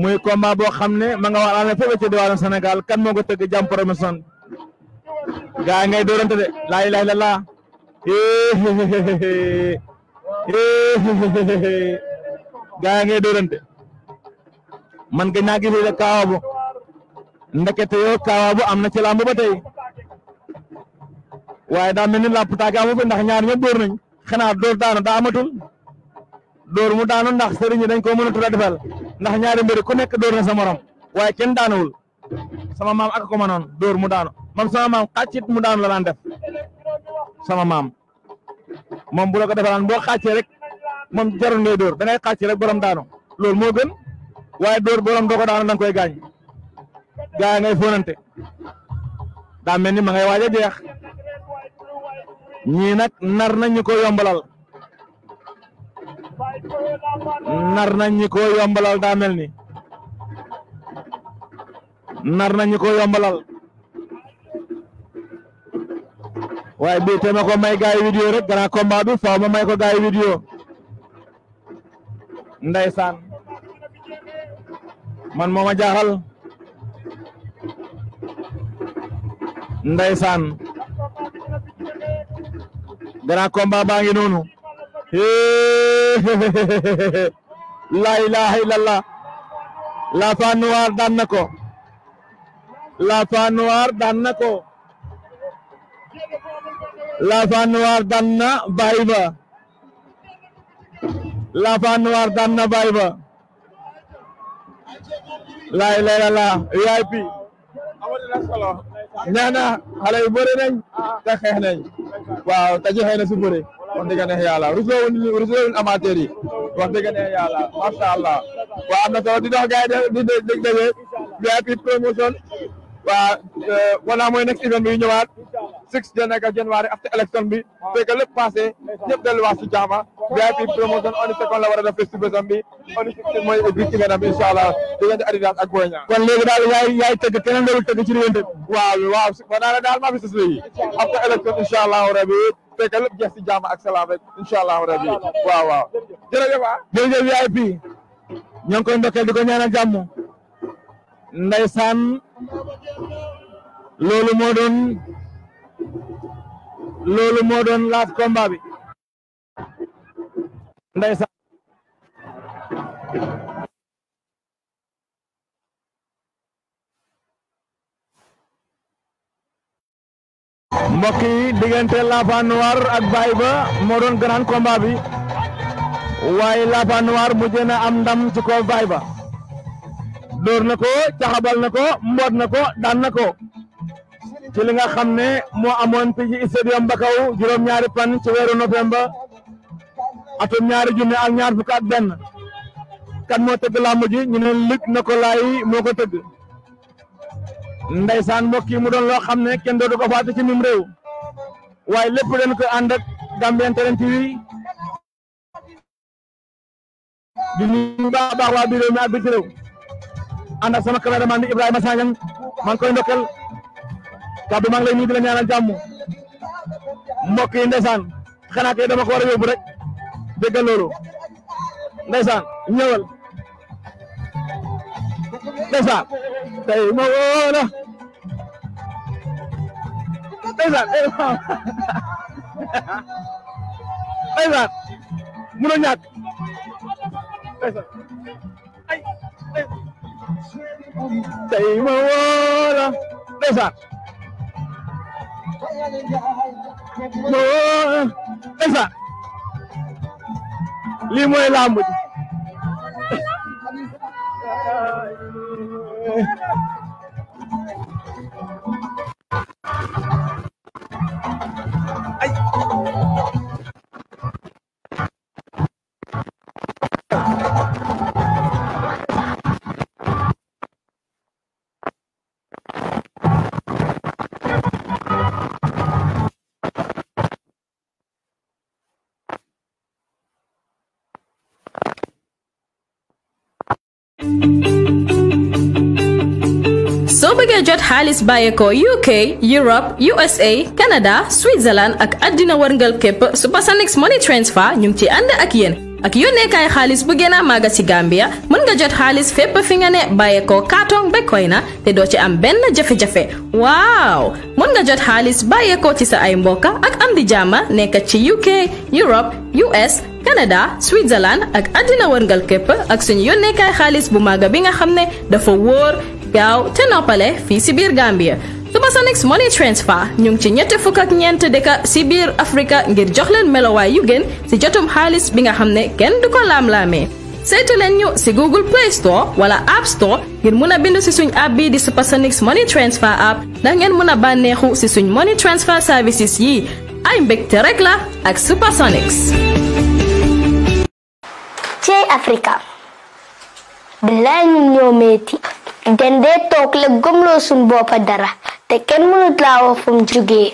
muy combat boo xam ne ma nga waxal ne fépp ci Sénégal kan moo ko tëgg jàmm promotion gaa ngay dóorante de laa ilaaha illallaah gaa ngay dóorante man gëj naa gisee kaawa bu ndekete yoo am na ci ba tey. waaye daa mel ni làpp taag amu fi ndax ñaar ñëpp dóor nañ xanaa dóor daanu daa amatul mu daanu ndax sëriñ dañ koo mënatul a defal ndax ñaari mbëri ku nekk dóor na sa morom waaye kenn daanuwul sama maam ak ko ma noon dóor mu daanu moom sama maam xàccit mu daanu la daan def sama maam moom bu la ko defalaan boo xàccee rek moom jarul ngay dóor da ngay rek borom daano loolu moo gën waaye dóor borom doo ko daanu da koy gaañ gaa ngay fóonante mel ni ma ñii nag nar nañ ko yombalal nar nañ ñu ko yombalal daa mel ni nar nañ ko yombalal waaye bii te ma ko may gaay vidéo rek grand combat bi faaw ma may ko gaay vidéo ndeysaan man moo ma jaaxal ndeysaan grand combat baa ngi noonu la ilaha illallah fa noir daan ko la fa noir daan na ko fa noir daan na baay fa noir daan na baay ba la ilaha illallah neex na xale yu bëri nañ te xeex nañ waaw te joxe na su bëri wax dëgg neex yàlla rusloo wuñ rusloo wuñ amateur yi wax dëgg yàlla macha allah waaw am na solo di dox gars yi di di dégg VIP promotion waaw wala euh, mooy next event bi ñëwaat. six day nekk January after election bi ah. fekk lépp passé ñëpp delluwaat si jaama VIP promotion on second la war a def festival bi on six mooy big event am incha allah diggante Adidas ak Boy Niang kon léegi daal yaay yaay tëgg keneen loolu tëgg ci diggante waaw waaw ma naa daal maa fi sis after election incha allah fekk lépp jeex si jaama ak salaam rek incha waaw waaw jërëjëf ah jërëjëf VIP ñoo ngi koy ndokkeel di ko ñaanal jàmm ndeysaan loolu moo doon laaj combat bi ndeysaan mbokk yi diggante Lapa Noir ak Baye Ba moo doon grand combat bi waaye Lapa Noir mujj na am ndam ci ko Baye Ba dóor na ko caxabal ko mboot ko daan ko ci li nga xamné mo moo amoon ci stadium Bakaw juróom-ñaari fan ci wéru november atu ñaari jooni ak ñaar fuk ak ben kan mo tëgg lamb ji ñu ne Luc Nicolaï moo ko tëgg ndaysan mbokki mu doon lo xamné ne do dootu ko faati ci mim rew way lepp dañ ko and ak Gambian Talents TV di ñu ba ba wa bi rew ma bi rew bitim ak sama caméraman bi Ibrahima Sanjang man koy ndokal kaddu maa ngi la ñaanal jàmm mbokk yi ndeysaan xanaa kay dama ko war a yóbbu rek dégg nga loolu ndeysaan ñëwal ndeysaan tey ma woo la ndeysaan ndeysaan mënoo ñàkk ndeysaan ay ndeysaan lii mooy làmb ji Thank you. jot xaalis bàyyeekoo UK Europe USA Canada Switzerland ak àddina wërngal képp Supersonix Money Transfer ñu ngi ci ànd ak yéen ak yónneekaay xaalis bu gën a màgg ci Gambia mën nga jot xaalis fépp fi nga ne bàyyeekoo kaatong ba koy na te doo ci am benn jafe-jafe waaw mën nga jot xaalis bàyyeekoo ci sa ay mbokka ak am di jàmma nekk ci UK Europe US Canada Switzerland ak àddina wërngal képp ak suñu yónneekaay xaalis bu màgg bi nga xam ne dafa wóor gaaw te noppale fi si biir Gambia Supersonics Money Transfer ñu ci ñetti fuk ak ñent deka si biir Afrika ngir jox leen melowaay yu gën ci jotum xaalis bi nga xamne kenn du ko laam saytu leen ñu si Google Play Store wala App Store ngir mëna bind ci si suñ app bi di Supersonics Money Transfer app ndax ngeen mëna bànneexu si suñ money transfer services yi ay mbégte rek la ak Supersonics. ci Afrika. billaay ñun ñoo meeti. den toog la gëmloo suñ boppa dara te kenn mënut laa wax fu mu jógee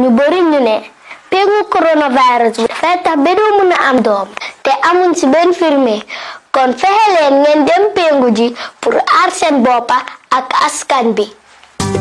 ñu bëri ñu ne péngu coronavirus bi dafay tax am doom te amuñ ci benn firme kon fexe leen dem péngu ji pour aar seen boppa ak askan bi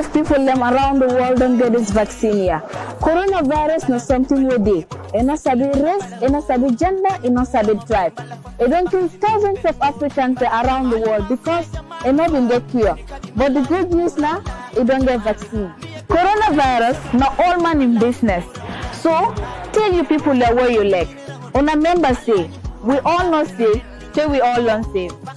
of people them around the world don't get this vaccine here. Coronavirus not something we did. It not sabi race, it not sabi gender, it not sabi tribe. It don't kill thousands of Africans around the world because it not been get cure. But the good news now, it don't get vaccine. Coronavirus not all man in business. So tell you people that where you like. On a member say, we all know say, till we all learn safe.